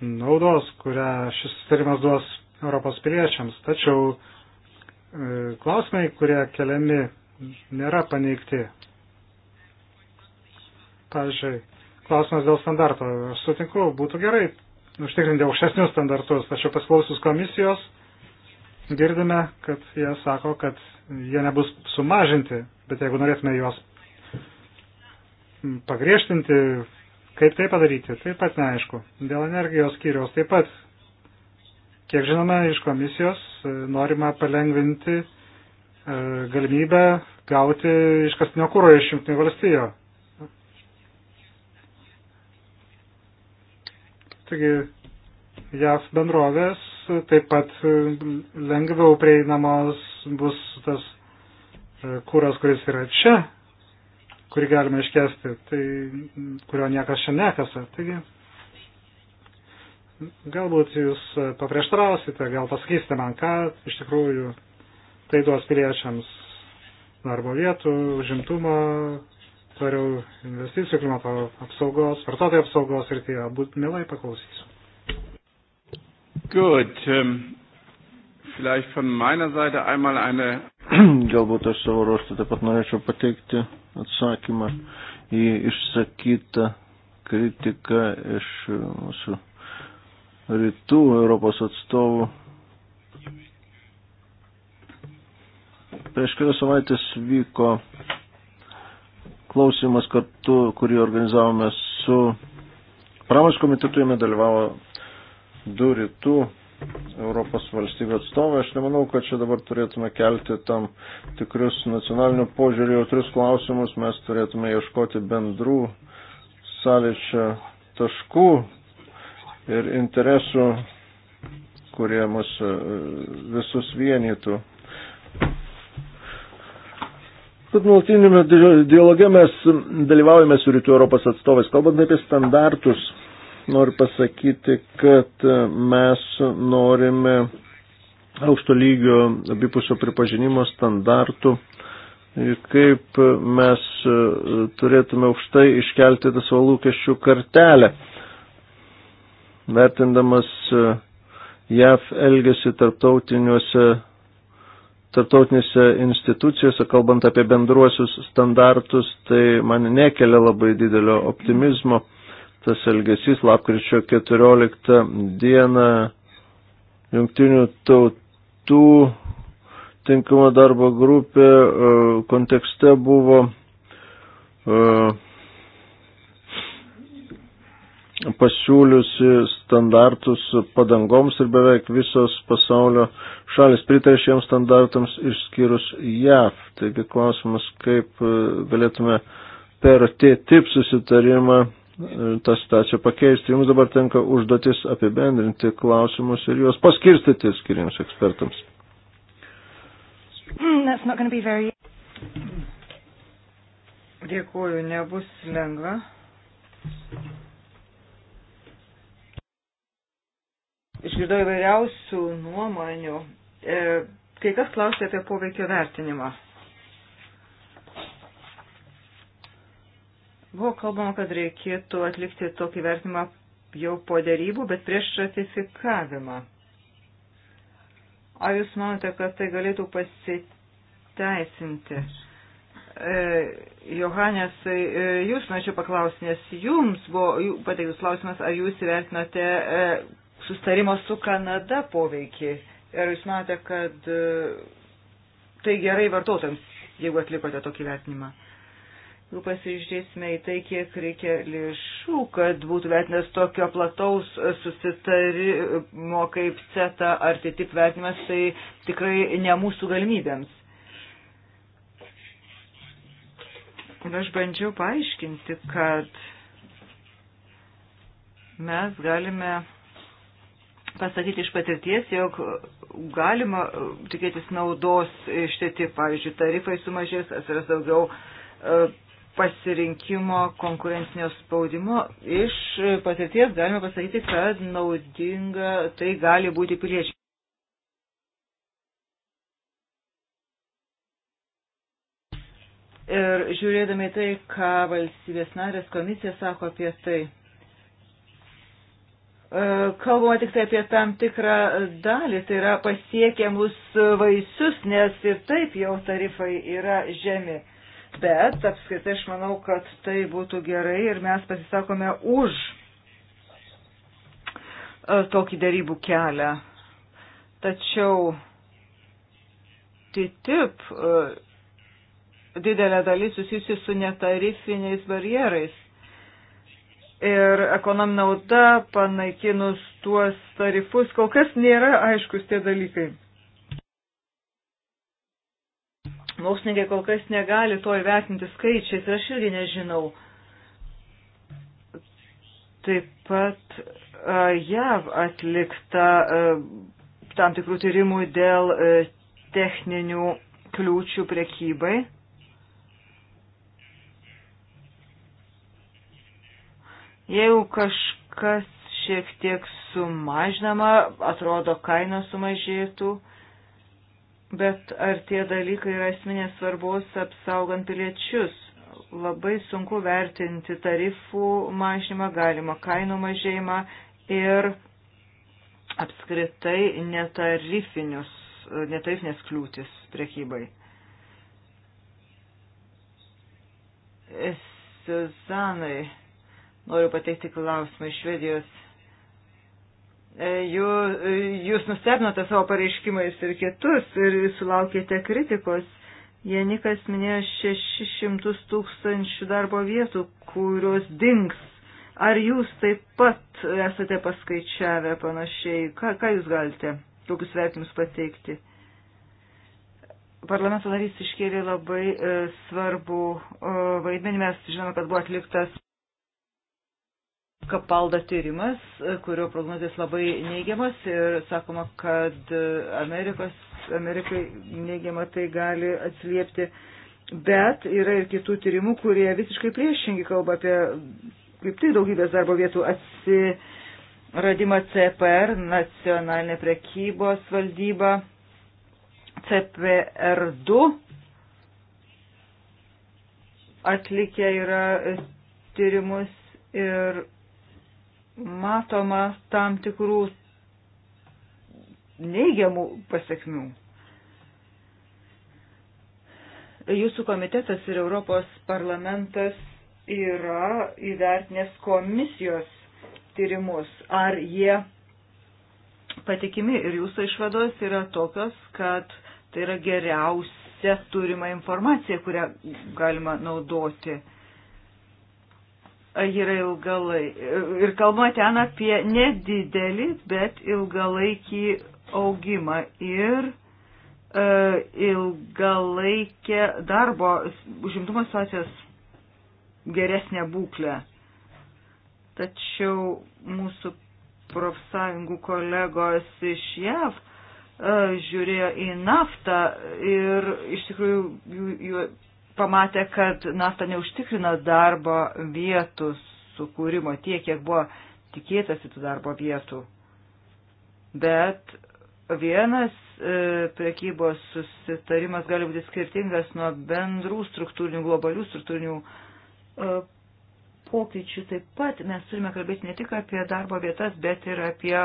naudos, kurią šis sutarimas duos Europos piliečiams. Tačiau e, klausimai, kurie keliami, nėra paneigti. Pavyzdžiui, klausimas dėl standarto. Aš sutinku, būtų gerai užtikrinti aukštesnius standartus, tačiau pasiklausus komisijos girdime, kad jie sako, kad jie nebus sumažinti, bet jeigu norėtume juos pagriežtinti, kaip tai padaryti, taip pat neaišku. Dėl energijos skyriaus taip pat, kiek žinome, iš komisijos e, norima palengvinti e, galimybę gauti iškastinio kūro iš Junktinių valstijų. Taigi, JAV bendrovės taip pat e, lengviau prieinamos bus tas kūras, kuris yra čia, kurį galima iškesti, tai, kurio niekas čia nekasa. Taigi, galbūt jūs paprieštrausite, gal pasakysite man, ką iš tikrųjų tai duos piliečiams darbo vietų, užimtumo, tvarių investicijų, klimato apsaugos, vartotojų apsaugos ir tie, būt mielai paklausysiu. Good. Um, vielleicht von meiner Seite einmal eine. *clears throat* Galbūt aš savo ruoštų taip pat norėčiau pateikti atsakymą į išsakytą kritiką iš mūsų rytų Europos atstovų. Prieš kelias savaitės vyko klausimas kartu, kurį organizavome su Pramos komitetu, jame dalyvavo du rytų Europos valstybių atstovai. Aš nemanau, kad čia dabar turėtume kelti tam tikrus nacionalinių požiūrį jautrius klausimus. Mes turėtume ieškoti bendrų sąlyčio taškų ir interesų, kurie mus e, visus vienytų. Tad nuolatinėme dialoge mes dalyvaujame su Rytų Europos atstovais, kalbant apie standartus noriu pasakyti, kad mes norime aukšto lygio abipusio pripažinimo standartų kaip mes turėtume aukštai iškelti tą savo lūkesčių kartelę, vertindamas JAV elgesi tarptautiniuose tarptautinėse institucijose, kalbant apie bendruosius standartus, tai man nekelia labai didelio optimizmo tas elgesys lapkričio 14 dieną jungtinių tautų tinkama darbo grupė e, kontekste buvo e, pasiūliusi standartus padangoms ir beveik visos pasaulio šalis pritarė šiems standartams išskyrus JAV. Taigi klausimas, kaip e, galėtume per T-tip susitarimą tą situaciją pakeisti. Jums dabar tenka užduotis apibendrinti klausimus ir juos paskirstyti skiriams ekspertams. Hmm, very... Dėkuoju, nebus lengva. Išgirdau įvairiausių nuomonių. E, kai kas klausė apie poveikio vertinimą. Buvo kalbama, kad reikėtų atlikti tokį vertimą jau po dėrybų, bet prieš ratifikavimą. Ar jūs manote, kad tai galėtų pasiteisinti? E, Johanės, e, jūs norėčiau paklausti, nes jums buvo pateiktas klausimas, ar jūs įvertinote e, sustarimo su Kanada poveikį. Ar jūs manote, kad e, tai gerai vartotojams, jeigu atlikote tokį vertinimą? pasižiūrėsime į tai, kiek reikia lėšų, kad būtų vertinas tokio plataus susitarimo kaip CETA ar TTIP vertinimas, tai tikrai ne mūsų galimybėms. Ir aš bandžiau paaiškinti, kad mes galime pasakyti iš patirties, jog galima tikėtis naudos iš TTIP, pavyzdžiui, tarifai sumažės, atsiras daugiau e, pasirinkimo konkurencinio spaudimo. Iš patirties galime pasakyti, kad naudinga tai gali būti piliečiai. Ir žiūrėdami tai, ką valstybės narės komisija sako apie tai, e, kalbama tik tai apie tam tikrą dalį, tai yra pasiekiamus vaisius, nes ir taip jau tarifai yra žemi. Bet apskritai aš manau, kad tai būtų gerai ir mes pasisakome už e, tokį darybų kelią. Tačiau TTIP e, didelė dalis susijusi su netarifiniais barjerais. Ir ekonominė nauda panaikinus tuos tarifus, kol kas nėra aiškus tie dalykai. Mokslininkai kol kas negali to įvertinti skaičiais ir aš irgi nežinau. Taip pat JAV atlikta tam tikrų tyrimų dėl techninių kliūčių prekybai. Jeigu kažkas šiek tiek sumažinama, atrodo kaina sumažėtų. Bet ar tie dalykai yra esminės svarbos apsaugant piliečius? Labai sunku vertinti tarifų mažinimą, galima kainų mažėjimą ir apskritai netarifinius, netarifinės kliūtis prekybai. Suzanai, noriu pateikti klausimą iš Švedijos E, jūs, e, jūs nustebinote savo pareiškimais ir kitus ir sulaukėte kritikos. Janikas minėjo 600 tūkstančių darbo vietų, kurios dings. Ar jūs taip pat esate paskaičiavę panašiai? Ką, ką jūs galite tokius vertimus pateikti? Parlamento narys iškėlė labai e, svarbų e, vaidmenį. Mes žinome, kad buvo atliktas Kapalda tyrimas, kurio prognozijas labai neigiamas ir sakoma, kad Amerikos, Amerikai neigiama tai gali atsiliepti, bet yra ir kitų tyrimų, kurie visiškai priešingi kalba apie kaip tai daugybės darbo vietų atsiradimą CPR, nacionalinė prekybos valdyba, CPR2 atlikę yra tyrimus ir matoma tam tikrų neigiamų pasiekmių. Jūsų komitetas ir Europos parlamentas yra įvertinęs komisijos tyrimus. Ar jie patikimi ir jūsų išvados yra tokios, kad tai yra geriausia turima informacija, kurią galima naudoti yra ilgalai. Ir kalba ten apie nedidelį, bet ilgalaikį augimą ir e, ilgalaikę darbo užimtumo situacijos geresnę būklę. Tačiau mūsų profsąjungų kolegos iš JAV e, žiūrėjo į naftą ir iš tikrųjų jų, jų pamatė, kad nafta neužtikrina darbo vietų sukūrimo tiek, kiek buvo tikėtasi tų darbo vietų. Bet vienas e, prekybos susitarimas gali būti skirtingas nuo bendrų struktūrinių, globalių struktūrinių e, pokyčių. Taip pat mes turime kalbėti ne tik apie darbo vietas, bet ir apie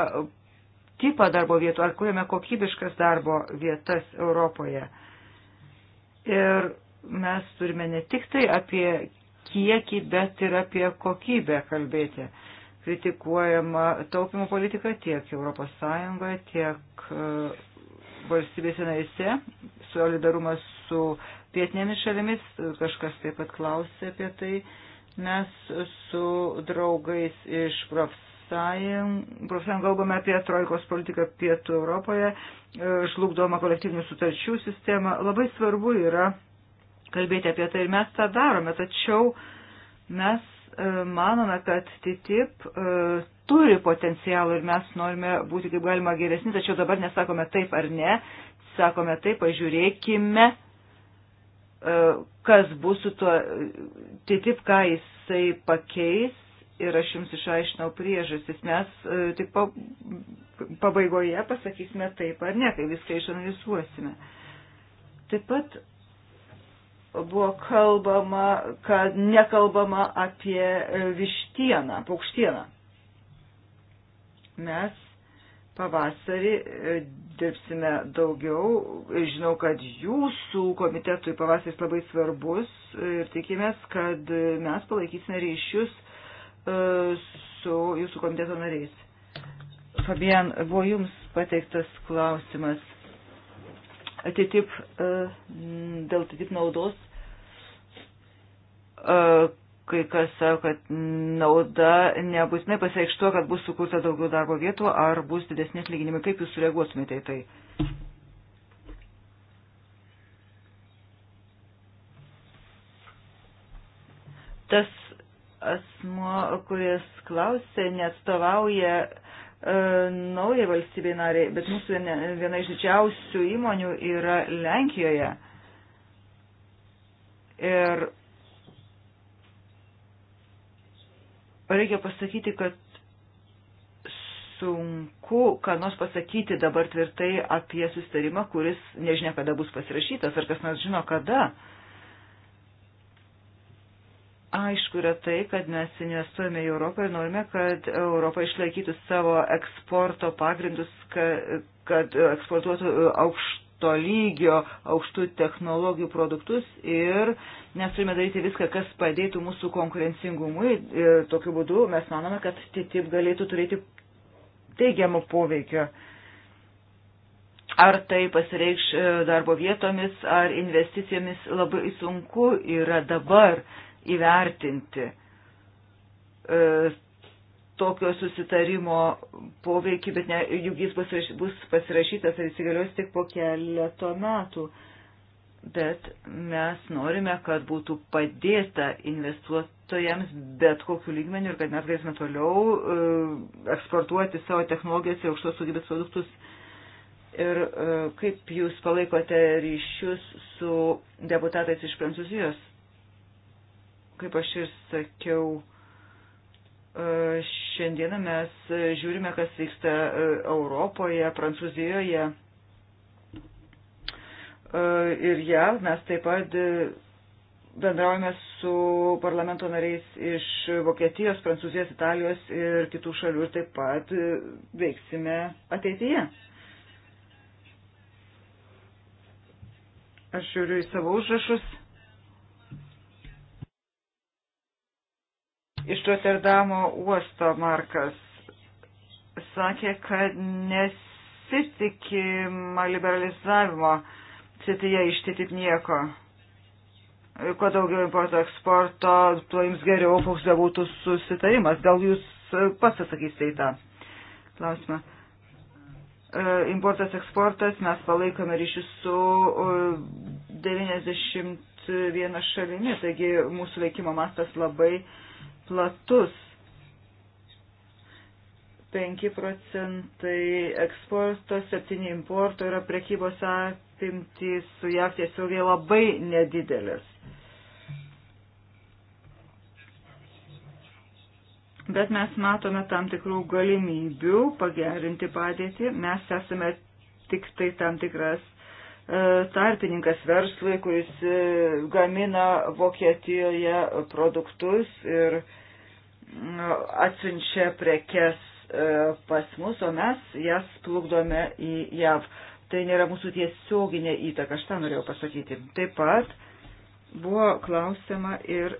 tipą darbo vietų, ar kuriame kokybiškas darbo vietas Europoje. Ir mes turime ne tik tai apie kiekį, bet ir apie kokybę kalbėti. Kritikuojama taupimo politika tiek ES, tiek e, valstybėse narise, solidarumas su pietinėmis šalimis, kažkas taip pat klausė apie tai. Mes su draugais iš profsąjungų kalbame apie trojkos politiką pietų Europoje, e, žlugdoma kolektyvinių sutarčių sistema. Labai svarbu yra kalbėti apie tai ir mes tą darome, tačiau mes e, manome, kad TTIP e, turi potencialą ir mes norime būti kaip galima geresni, tačiau dabar nesakome taip ar ne, sakome taip, pažiūrėkime, e, kas bus su tuo TTIP, ką jisai pakeis ir aš jums išaiškinau priežastis. Mes tik pabaigoje pasakysime taip ar ne, kai viską išanalizuosime. Taip pat buvo kalbama, kad nekalbama apie e, vištieną, paukštieną. Mes pavasarį e, dirbsime daugiau ir žinau, kad jūsų komitetui pavasaris labai svarbus ir tikimės, kad mes palaikysime ryšius e, su jūsų komiteto nariais. Fabian, buvo jums pateiktas klausimas. TTIP, e, dėl TTIP naudos. E, kai kas sako, kad nauda nebūtinai pasireikš tuo, kad bus sukurta daugiau darbo vietų ar bus didesnės lyginimai. Kaip jūs sureaguotumėte į tai? Tas asmo, kuris klausė, neatstovauja E, naujai valstybei nariai, bet mūsų viena iš didžiausių įmonių yra Lenkijoje. Ir reikia pasakyti, kad sunku, ką nors pasakyti dabar tvirtai apie sustarimą, kuris nežinia, kada bus pasirašytas, ar kas nors žino kada. Uh, aišku yra tai, kad mes investuojame į Europą ir norime, kad Europa išlaikytų savo eksporto pagrindus, kad, kad eksportuotų aukšto lygio, aukštų technologijų produktus ir mes turime daryti viską, kas padėtų mūsų konkurencingumui ir tokiu būdu mes manome, kad TTIP galėtų turėti teigiamą poveikio. Ar tai pasireikš e, darbo vietomis ar investicijomis labai sunku yra dabar įvertinti e, tokio susitarimo poveikį, bet ne, juk jis pasiraš, bus pasirašytas ar įsigalios tik po keleto metų. Bet mes norime, kad būtų padėta investuotojams bet kokiu lygmeniu ir kad mes galėsime toliau e, eksportuoti savo technologijas ir aukštos sugybės produktus. Ir e, kaip jūs palaikote ryšius su deputatais iš Prancūzijos? Kaip aš ir sakiau, e, šiandieną mes žiūrime, kas vyksta e, Europoje, Prancūzijoje e, ir JAV. Mes taip pat bendraujame su parlamento nariais iš Vokietijos, Prancūzijos, Italijos ir kitų šalių ir taip pat veiksime ateityje. Aš žiūriu į savo užrašus. iš Rotterdamo uosto Markas sakė, kad nesitikima liberalizavimo cityje iš TTIP nieko. Kuo daugiau importo eksporto, tuo jums geriau, koks būtų susitarimas. Gal jūs pats atsakysite į tą klausimą. E, importas eksportas, mes palaikome ryšius su 90 e, viena šalimi, taigi mūsų veikimo mastas labai uh, platus. 5 procentai eksporto, 7 importo yra prekybos apimtys su JAV tiesiogiai labai nedidelės. Bet mes matome tam tikrų galimybių pagerinti padėtį. Mes esame tik tai tam tikras tarpininkas verslui, kuris e, gamina Vokietijoje produktus ir atsiunčia prekes e, pas mus, o mes jas plukdome į JAV. Tai nėra mūsų tiesioginė įtaka, aš tą norėjau pasakyti. Taip pat buvo klausima ir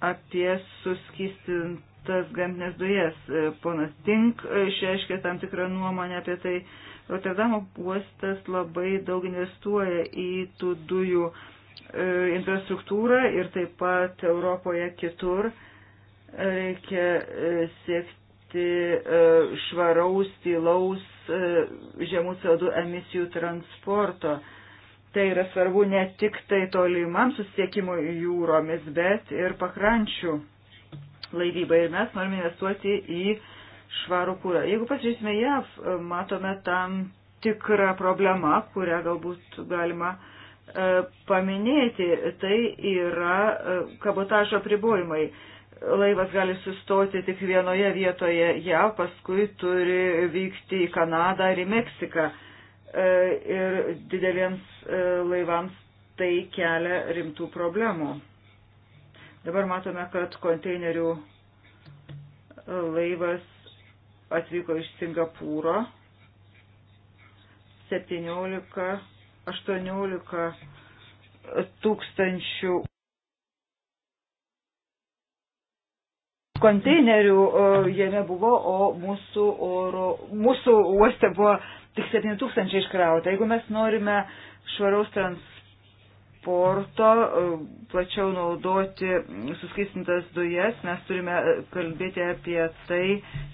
apie suskistintas gamtinės dujas. E, ponas Tink išreiškė tam tikrą nuomonę apie tai. Rotterdamo uostas labai daug investuoja į tų dujų e, infrastruktūrą ir taip pat Europoje kitur reikia e, siekti e, švaraus, tylaus, žemų CO2 emisijų transporto. Tai yra svarbu ne tik tai tolimam susiekimui jūromis, bet ir pakrančių laivybai. Ir mes norime investuoti į uh, švarų kūrą. Jeigu pasižiūrėsime JAV, e, matome tam tikrą problemą, kurią galbūt galima e, paminėti, tai yra e, kabotažo pribojimai. Laivas gali sustoti tik vienoje vietoje JAV, paskui turi vykti į Kanadą ar į Meksiką. Ir dideliems laivams tai kelia rimtų problemų. Dabar matome, kad konteinerių laivas atvyko iš Singapūro. 17-18 tūkstančių konteinerių jame buvo, o mūsų, oro, mūsų uoste buvo tik 7 tūkstančiai iškrauta. Jeigu mes norime švaraus transporto, transporto, e, plačiau naudoti suskistintas dujas, mes turime e, kalbėti apie tai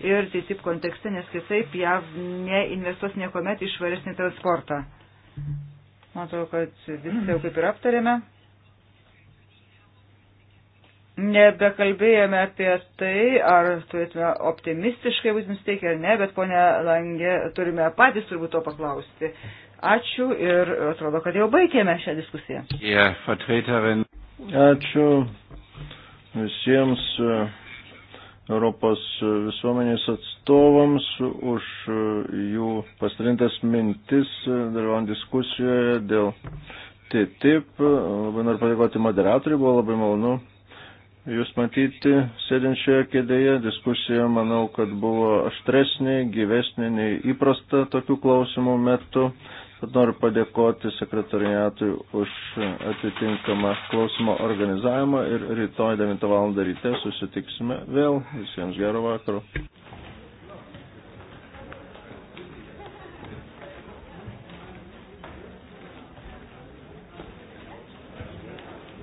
ir TTIP tai kontekste, nes kitaip JAV neinvestuos niekuomet į švaresnį transportą. Matau, kad viską jau kaip ir aptarėme. Nebekalbėjome apie tai, ar turėtume optimistiškai būti nusteikę ar ne, bet ponia Langė, turime patys turbūt to paklausti. Ačiū ir atrodo, kad jau baigėme šią diskusiją. Ačiū visiems e, Europos visuomenės atstovams už e, jų pasidalintas mintis, e, dalyvaujant diskusijoje dėl TTIP. Labai noriu padėkoti moderatoriui, buvo labai malonu Jūs matyti sėdinčioje kėdėje diskusija, manau, kad buvo aštresnė, gyvesnė nei įprasta tokių klausimų metu. Tad noriu padėkoti sekretariatui už atitinkamą klausimo organizavimą ir rytoj 9 val. ryte susitiksime vėl. Visiems gero vakaro.